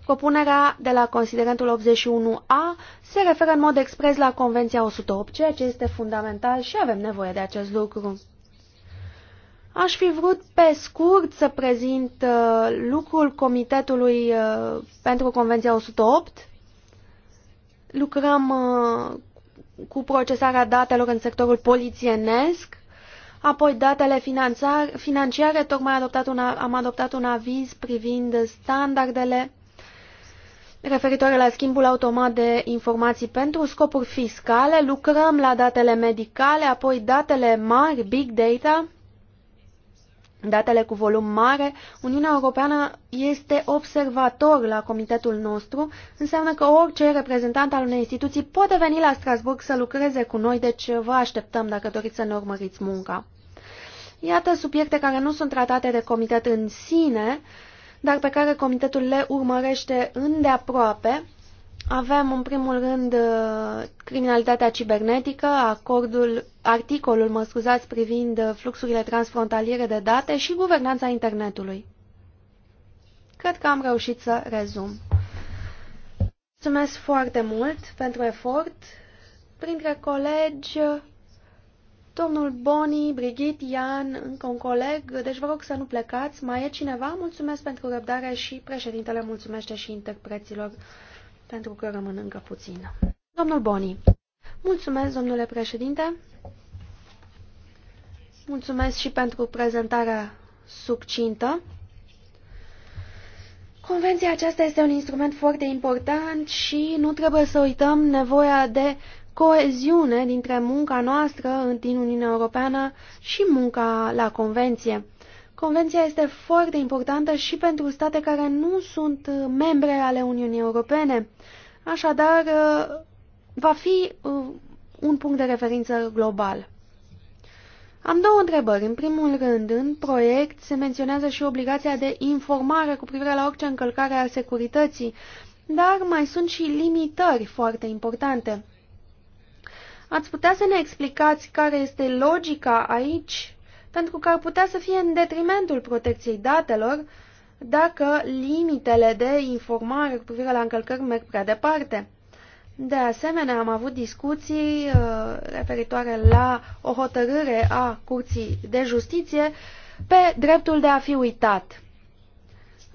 Propunerea de la considerentul 81a se referă în mod expres la Convenția 108, ceea ce este fundamental și avem nevoie de acest lucru. Aș fi vrut pe scurt să prezint uh, lucrul Comitetului uh, pentru Convenția 108. Lucrăm uh, cu procesarea datelor în sectorul polițienesc Apoi datele financiare, tocmai adoptat un, am adoptat un aviz privind standardele referitoare la schimbul automat de informații pentru scopuri fiscale, lucrăm la datele medicale, apoi datele mari, big data, datele cu volum mare, Uniunea Europeană este observator la comitetul nostru, înseamnă că orice reprezentant al unei instituții poate veni la Strasburg să lucreze cu noi, deci vă așteptăm dacă doriți să ne urmăriți munca. Iată subiecte care nu sunt tratate de comitet în sine, dar pe care comitetul le urmărește îndeaproape avem în primul rând uh, criminalitatea cibernetică, acordul, articolul, mă scuzați, privind uh, fluxurile transfrontaliere de date și guvernanța internetului. Cred că am reușit să rezum. Mulțumesc foarte mult pentru efort. Printre colegi, domnul Boni, Brigit, Ian, încă un coleg, deci vă rog să nu plecați. Mai e cineva? Mulțumesc pentru răbdare și președintele mulțumește și interpreților pentru că rămân încă puțin. Domnul Boni. Mulțumesc, domnule președinte. Mulțumesc și pentru prezentarea succintă. Convenția aceasta este un instrument foarte important și nu trebuie să uităm nevoia de coeziune dintre munca noastră din Uniunea Europeană și munca la Convenție. Convenția este foarte importantă și pentru state care nu sunt uh, membre ale Uniunii Europene. Așadar, uh, va fi uh, un punct de referință global. Am două întrebări. În primul rând, în proiect se menționează și obligația de informare cu privire la orice încălcare a securității, dar mai sunt și limitări foarte importante. Ați putea să ne explicați care este logica aici pentru că ar putea să fie în detrimentul protecției datelor dacă limitele de informare cu privire la încălcări merg prea departe. De asemenea, am avut discuții uh, referitoare la o hotărâre a Curții de Justiție pe dreptul de a fi uitat.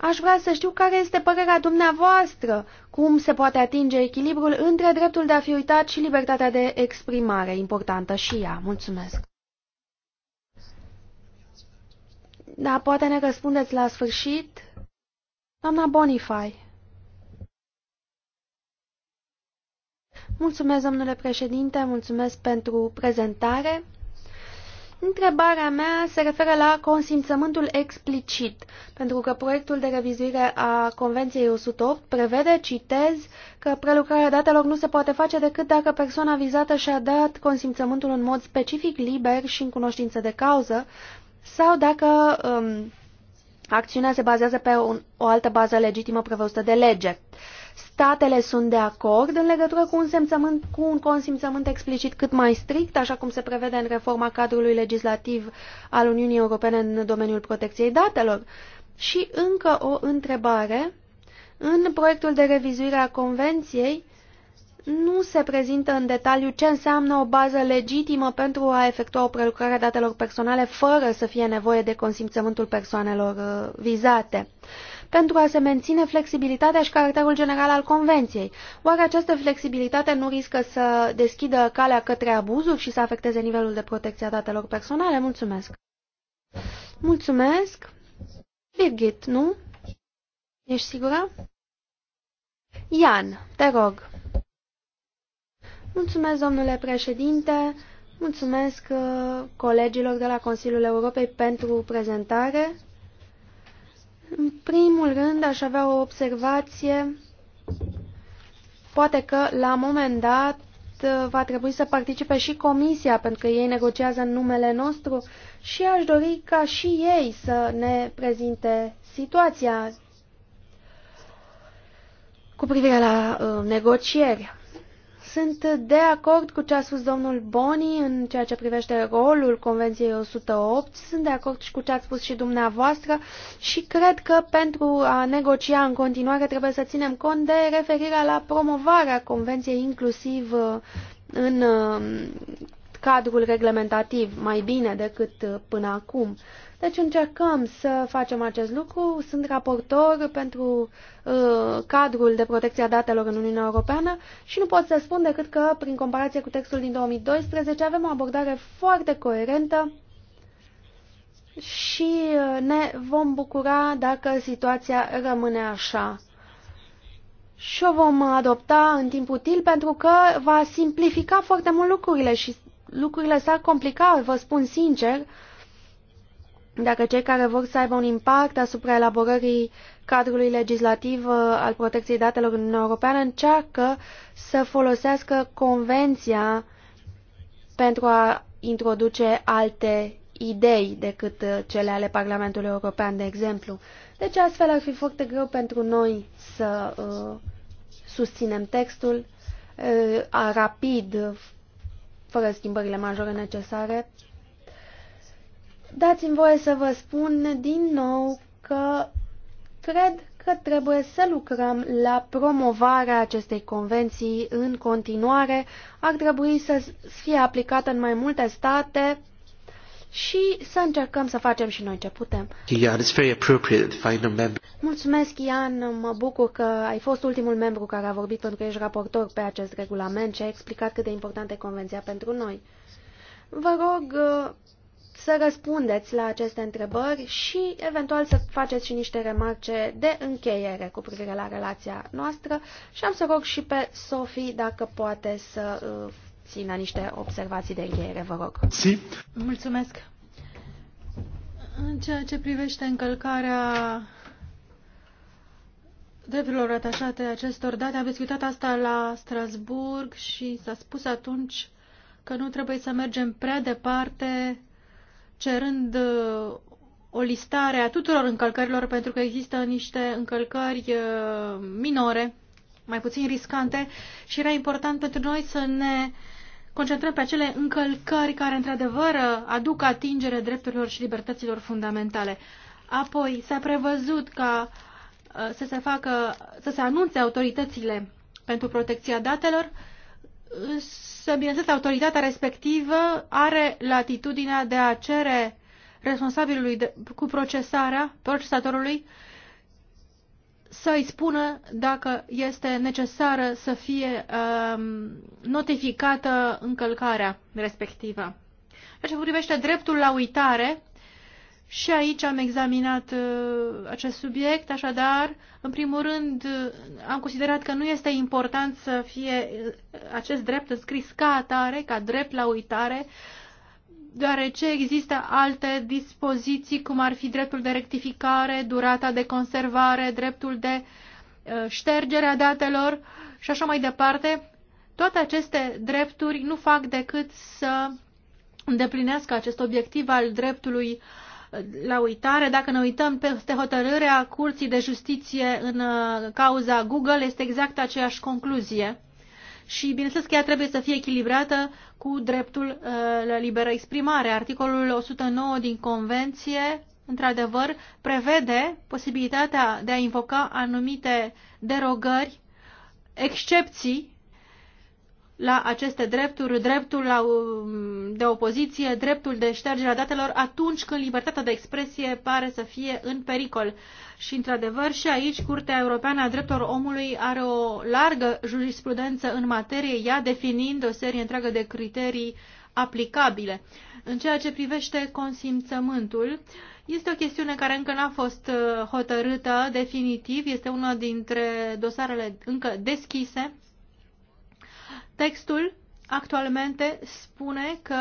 Aș vrea să știu care este părerea dumneavoastră, cum se poate atinge echilibrul între dreptul de a fi uitat și libertatea de exprimare, importantă și ea. Mulțumesc! Da, poate ne răspundeți la sfârșit. Doamna Bonify. Mulțumesc, domnule președinte, mulțumesc pentru prezentare. Întrebarea mea se referă la consimțământul explicit, pentru că proiectul de revizuire a Convenției 108 prevede, citez, că prelucrarea datelor nu se poate face decât dacă persoana vizată și-a dat consimțământul în mod specific, liber și în cunoștință de cauză, sau dacă um, acțiunea se bazează pe un, o altă bază legitimă prevăzută de lege. Statele sunt de acord în legătură cu un, semțământ, cu un consimțământ explicit cât mai strict, așa cum se prevede în reforma cadrului legislativ al Uniunii Europene în domeniul protecției datelor. Și încă o întrebare. În proiectul de revizuire a Convenției nu se prezintă în detaliu ce înseamnă o bază legitimă pentru a efectua o prelucrare a datelor personale fără să fie nevoie de consimțământul persoanelor uh, vizate pentru a se menține flexibilitatea și caracterul general al Convenției. Oare această flexibilitate nu riscă să deschidă calea către abuzuri și să afecteze nivelul de protecție a datelor personale? Mulțumesc! Mulțumesc! Birgit, nu? Ești sigură? Ian, te rog! Mulțumesc, domnule președinte, mulțumesc uh, colegilor de la Consiliul Europei pentru prezentare. În primul rând, aș avea o observație. Poate că, la un moment dat, uh, va trebui să participe și Comisia, pentru că ei negociază în numele nostru și aș dori ca și ei să ne prezinte situația cu privire la uh, negocieri. Sunt de acord cu ce a spus domnul Boni în ceea ce privește rolul Convenției 108, sunt de acord și cu ce ați spus și dumneavoastră și cred că pentru a negocia în continuare trebuie să ținem cont de referirea la promovarea Convenției inclusiv uh, în uh, cadrul reglementativ mai bine decât uh, până acum. Deci încercăm să facem acest lucru. Sunt raportor pentru uh, cadrul de protecție a datelor în Uniunea Europeană și nu pot să spun decât că, prin comparație cu textul din 2012, avem o abordare foarte coerentă și uh, ne vom bucura dacă situația rămâne așa. Și o vom adopta în timp util pentru că va simplifica foarte mult lucrurile și lucrurile s-ar complica, vă spun sincer, dacă cei care vor să aibă un impact asupra elaborării cadrului legislativ uh, al protecției datelor în Uniunea Europeană încearcă să folosească convenția pentru a introduce alte idei decât uh, cele ale Parlamentului European, de exemplu. Deci astfel ar fi foarte greu pentru noi să uh, susținem textul uh, rapid, fără schimbările majore necesare, Dați-mi voie să vă spun din nou că cred că trebuie să lucrăm la promovarea acestei convenții în continuare. Ar trebui să fie aplicată în mai multe state și să încercăm să facem și noi ce putem.
Ian, it's very appropriate, final member.
Mulțumesc, Ian. Mă bucur că ai fost ultimul membru care a vorbit pentru că ești raportor pe acest regulament și ai explicat cât de importantă e convenția pentru noi. Vă rog să răspundeți la aceste întrebări și eventual să faceți și niște remarce de încheiere cu privire la relația noastră și am să rog și pe Sofie dacă poate să uh, țină niște observații de încheiere, vă rog. Si. Mulțumesc.
În ceea ce privește încălcarea drepturilor atașate acestor date, am discutat asta la Strasburg și s-a spus atunci că nu trebuie să mergem prea departe cerând uh, o listare a tuturor încălcărilor, pentru că există niște încălcări uh, minore, mai puțin riscante, și era important pentru noi să ne concentrăm pe acele încălcări care, într-adevăr, aduc atingere drepturilor și libertăților fundamentale. Apoi s-a prevăzut ca uh, să se, facă, să se anunțe autoritățile pentru protecția datelor, Însă, bineînțeles, autoritatea respectivă are latitudinea de a cere responsabilului de, cu procesarea, procesatorului, să-i spună dacă este necesară să fie um, notificată încălcarea respectivă. Deci, ce privește dreptul la uitare, și aici am examinat uh, acest subiect, așadar, în primul rând, uh, am considerat că nu este important să fie uh, acest drept înscris ca atare, ca drept la uitare, deoarece există alte dispoziții, cum ar fi dreptul de rectificare, durata de conservare, dreptul de uh, ștergere a datelor și așa mai departe. Toate aceste drepturi nu fac decât să îndeplinească acest obiectiv al dreptului uh, la uitare. Dacă ne uităm peste hotărârea Curții de Justiție în uh, cauza Google, este exact aceeași concluzie. Și bineînțeles că ea trebuie să fie echilibrată cu dreptul uh, la liberă exprimare. Articolul 109 din Convenție, într-adevăr, prevede posibilitatea de a invoca anumite derogări, excepții la aceste drepturi, dreptul la, um, de opoziție, dreptul de ștergere a datelor, atunci când libertatea de expresie pare să fie în pericol. Și, într-adevăr, și aici Curtea Europeană a Drepturilor Omului are o largă jurisprudență în materie, ea definind o serie întreagă de criterii aplicabile. În ceea ce privește consimțământul, este o chestiune care încă n-a fost uh, hotărâtă definitiv, este una dintre dosarele încă deschise Textul actualmente spune că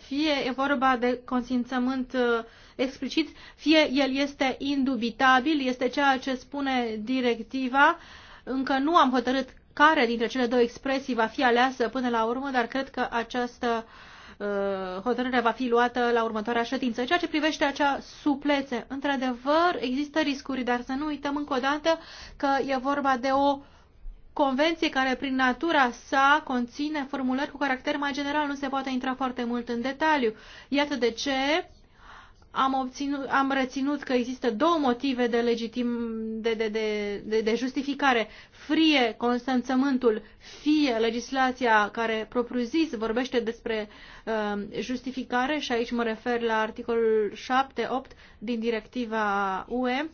fie e vorba de consimțământ uh, explicit, fie el este indubitabil, este ceea ce spune directiva. Încă nu am hotărât care dintre cele două expresii va fi aleasă până la urmă, dar cred că această uh, hotărâre va fi luată la următoarea ședință. Ceea ce privește acea suplețe, într-adevăr există riscuri, dar să nu uităm încă o dată că e vorba de o convenție care prin natura sa conține formulări cu caracter mai general, nu se poate intra foarte mult în detaliu. Iată de ce am, obținut, am reținut că există două motive de, legitim, de, de, de, de, de justificare. Frie consensământul, fie legislația care propriu-zis vorbește despre uh, justificare și aici mă refer la articolul 7-8 din directiva UE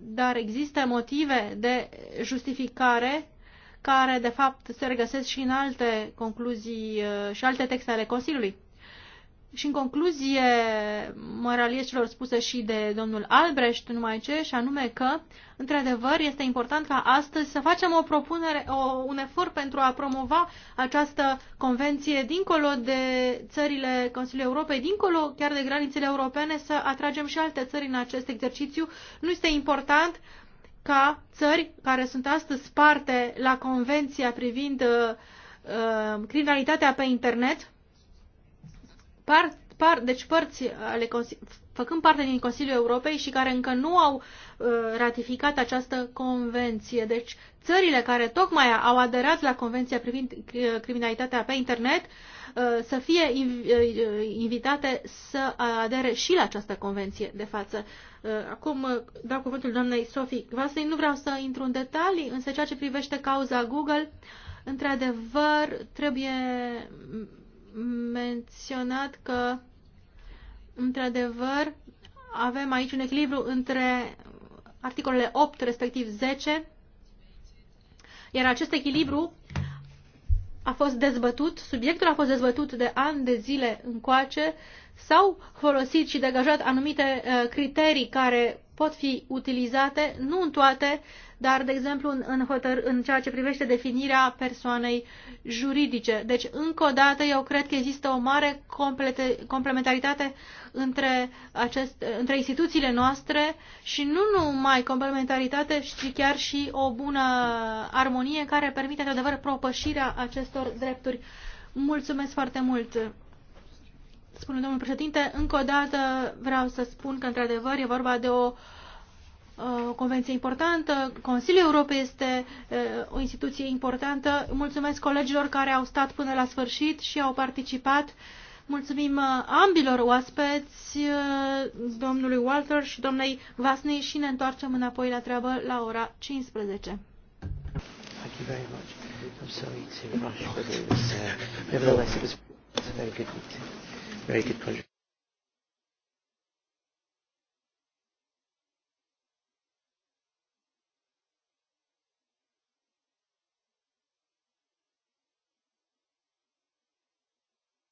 dar există motive de justificare care, de fapt, se regăsesc și în alte concluzii uh, și alte texte ale Consiliului. Și în concluzie, mă celor spuse și de domnul Albrecht, numai ce, și anume că, într-adevăr, este important ca astăzi să facem o propunere, o, un efort pentru a promova această convenție dincolo de țările Consiliului Europei, dincolo chiar de granițele europene, să atragem și alte țări în acest exercițiu. Nu este important ca țări care sunt astăzi parte la convenția privind uh, uh criminalitatea pe internet, par, par, deci părți ale, făcând parte din Consiliul Europei și care încă nu au uh, ratificat această convenție. Deci țările care tocmai au aderat la Convenția privind uh, criminalitatea pe internet uh, să fie uh, invitate să adere și la această convenție de față. Uh, acum uh, dau cuvântul doamnei Sofie Vasei. Nu vreau să intru în detalii, însă ceea ce privește cauza Google, într-adevăr, trebuie menționat că, într-adevăr, avem aici un echilibru între articolele 8, respectiv 10, iar acest echilibru a fost dezbătut, subiectul a fost dezbătut de ani de zile încoace, s-au folosit și degajat anumite uh, criterii care pot fi utilizate, nu în toate, dar, de exemplu, în, în, hotăr, în ceea ce privește definirea persoanei juridice. Deci, încă o dată, eu cred că există o mare complete, complementaritate între, acest, între instituțiile noastre și nu numai complementaritate, ci chiar și o bună armonie care permite, într-adevăr, propășirea acestor drepturi. Mulțumesc foarte mult! Spune domnul președinte, încă o dată vreau să spun că, într-adevăr, e vorba de o Uh, o convenție importantă, Consiliul Europei este uh, o instituție importantă. Mulțumesc colegilor care au stat până la sfârșit și au participat. Mulțumim uh, ambilor oaspeți, domnului Walter și domnei Vasnei și ne întoarcem înapoi la treabă la ora 15.
Thank you very much. I'm sorry to rush, but it was, uh, nevertheless, it was,
it was a very good meeting. Very good project.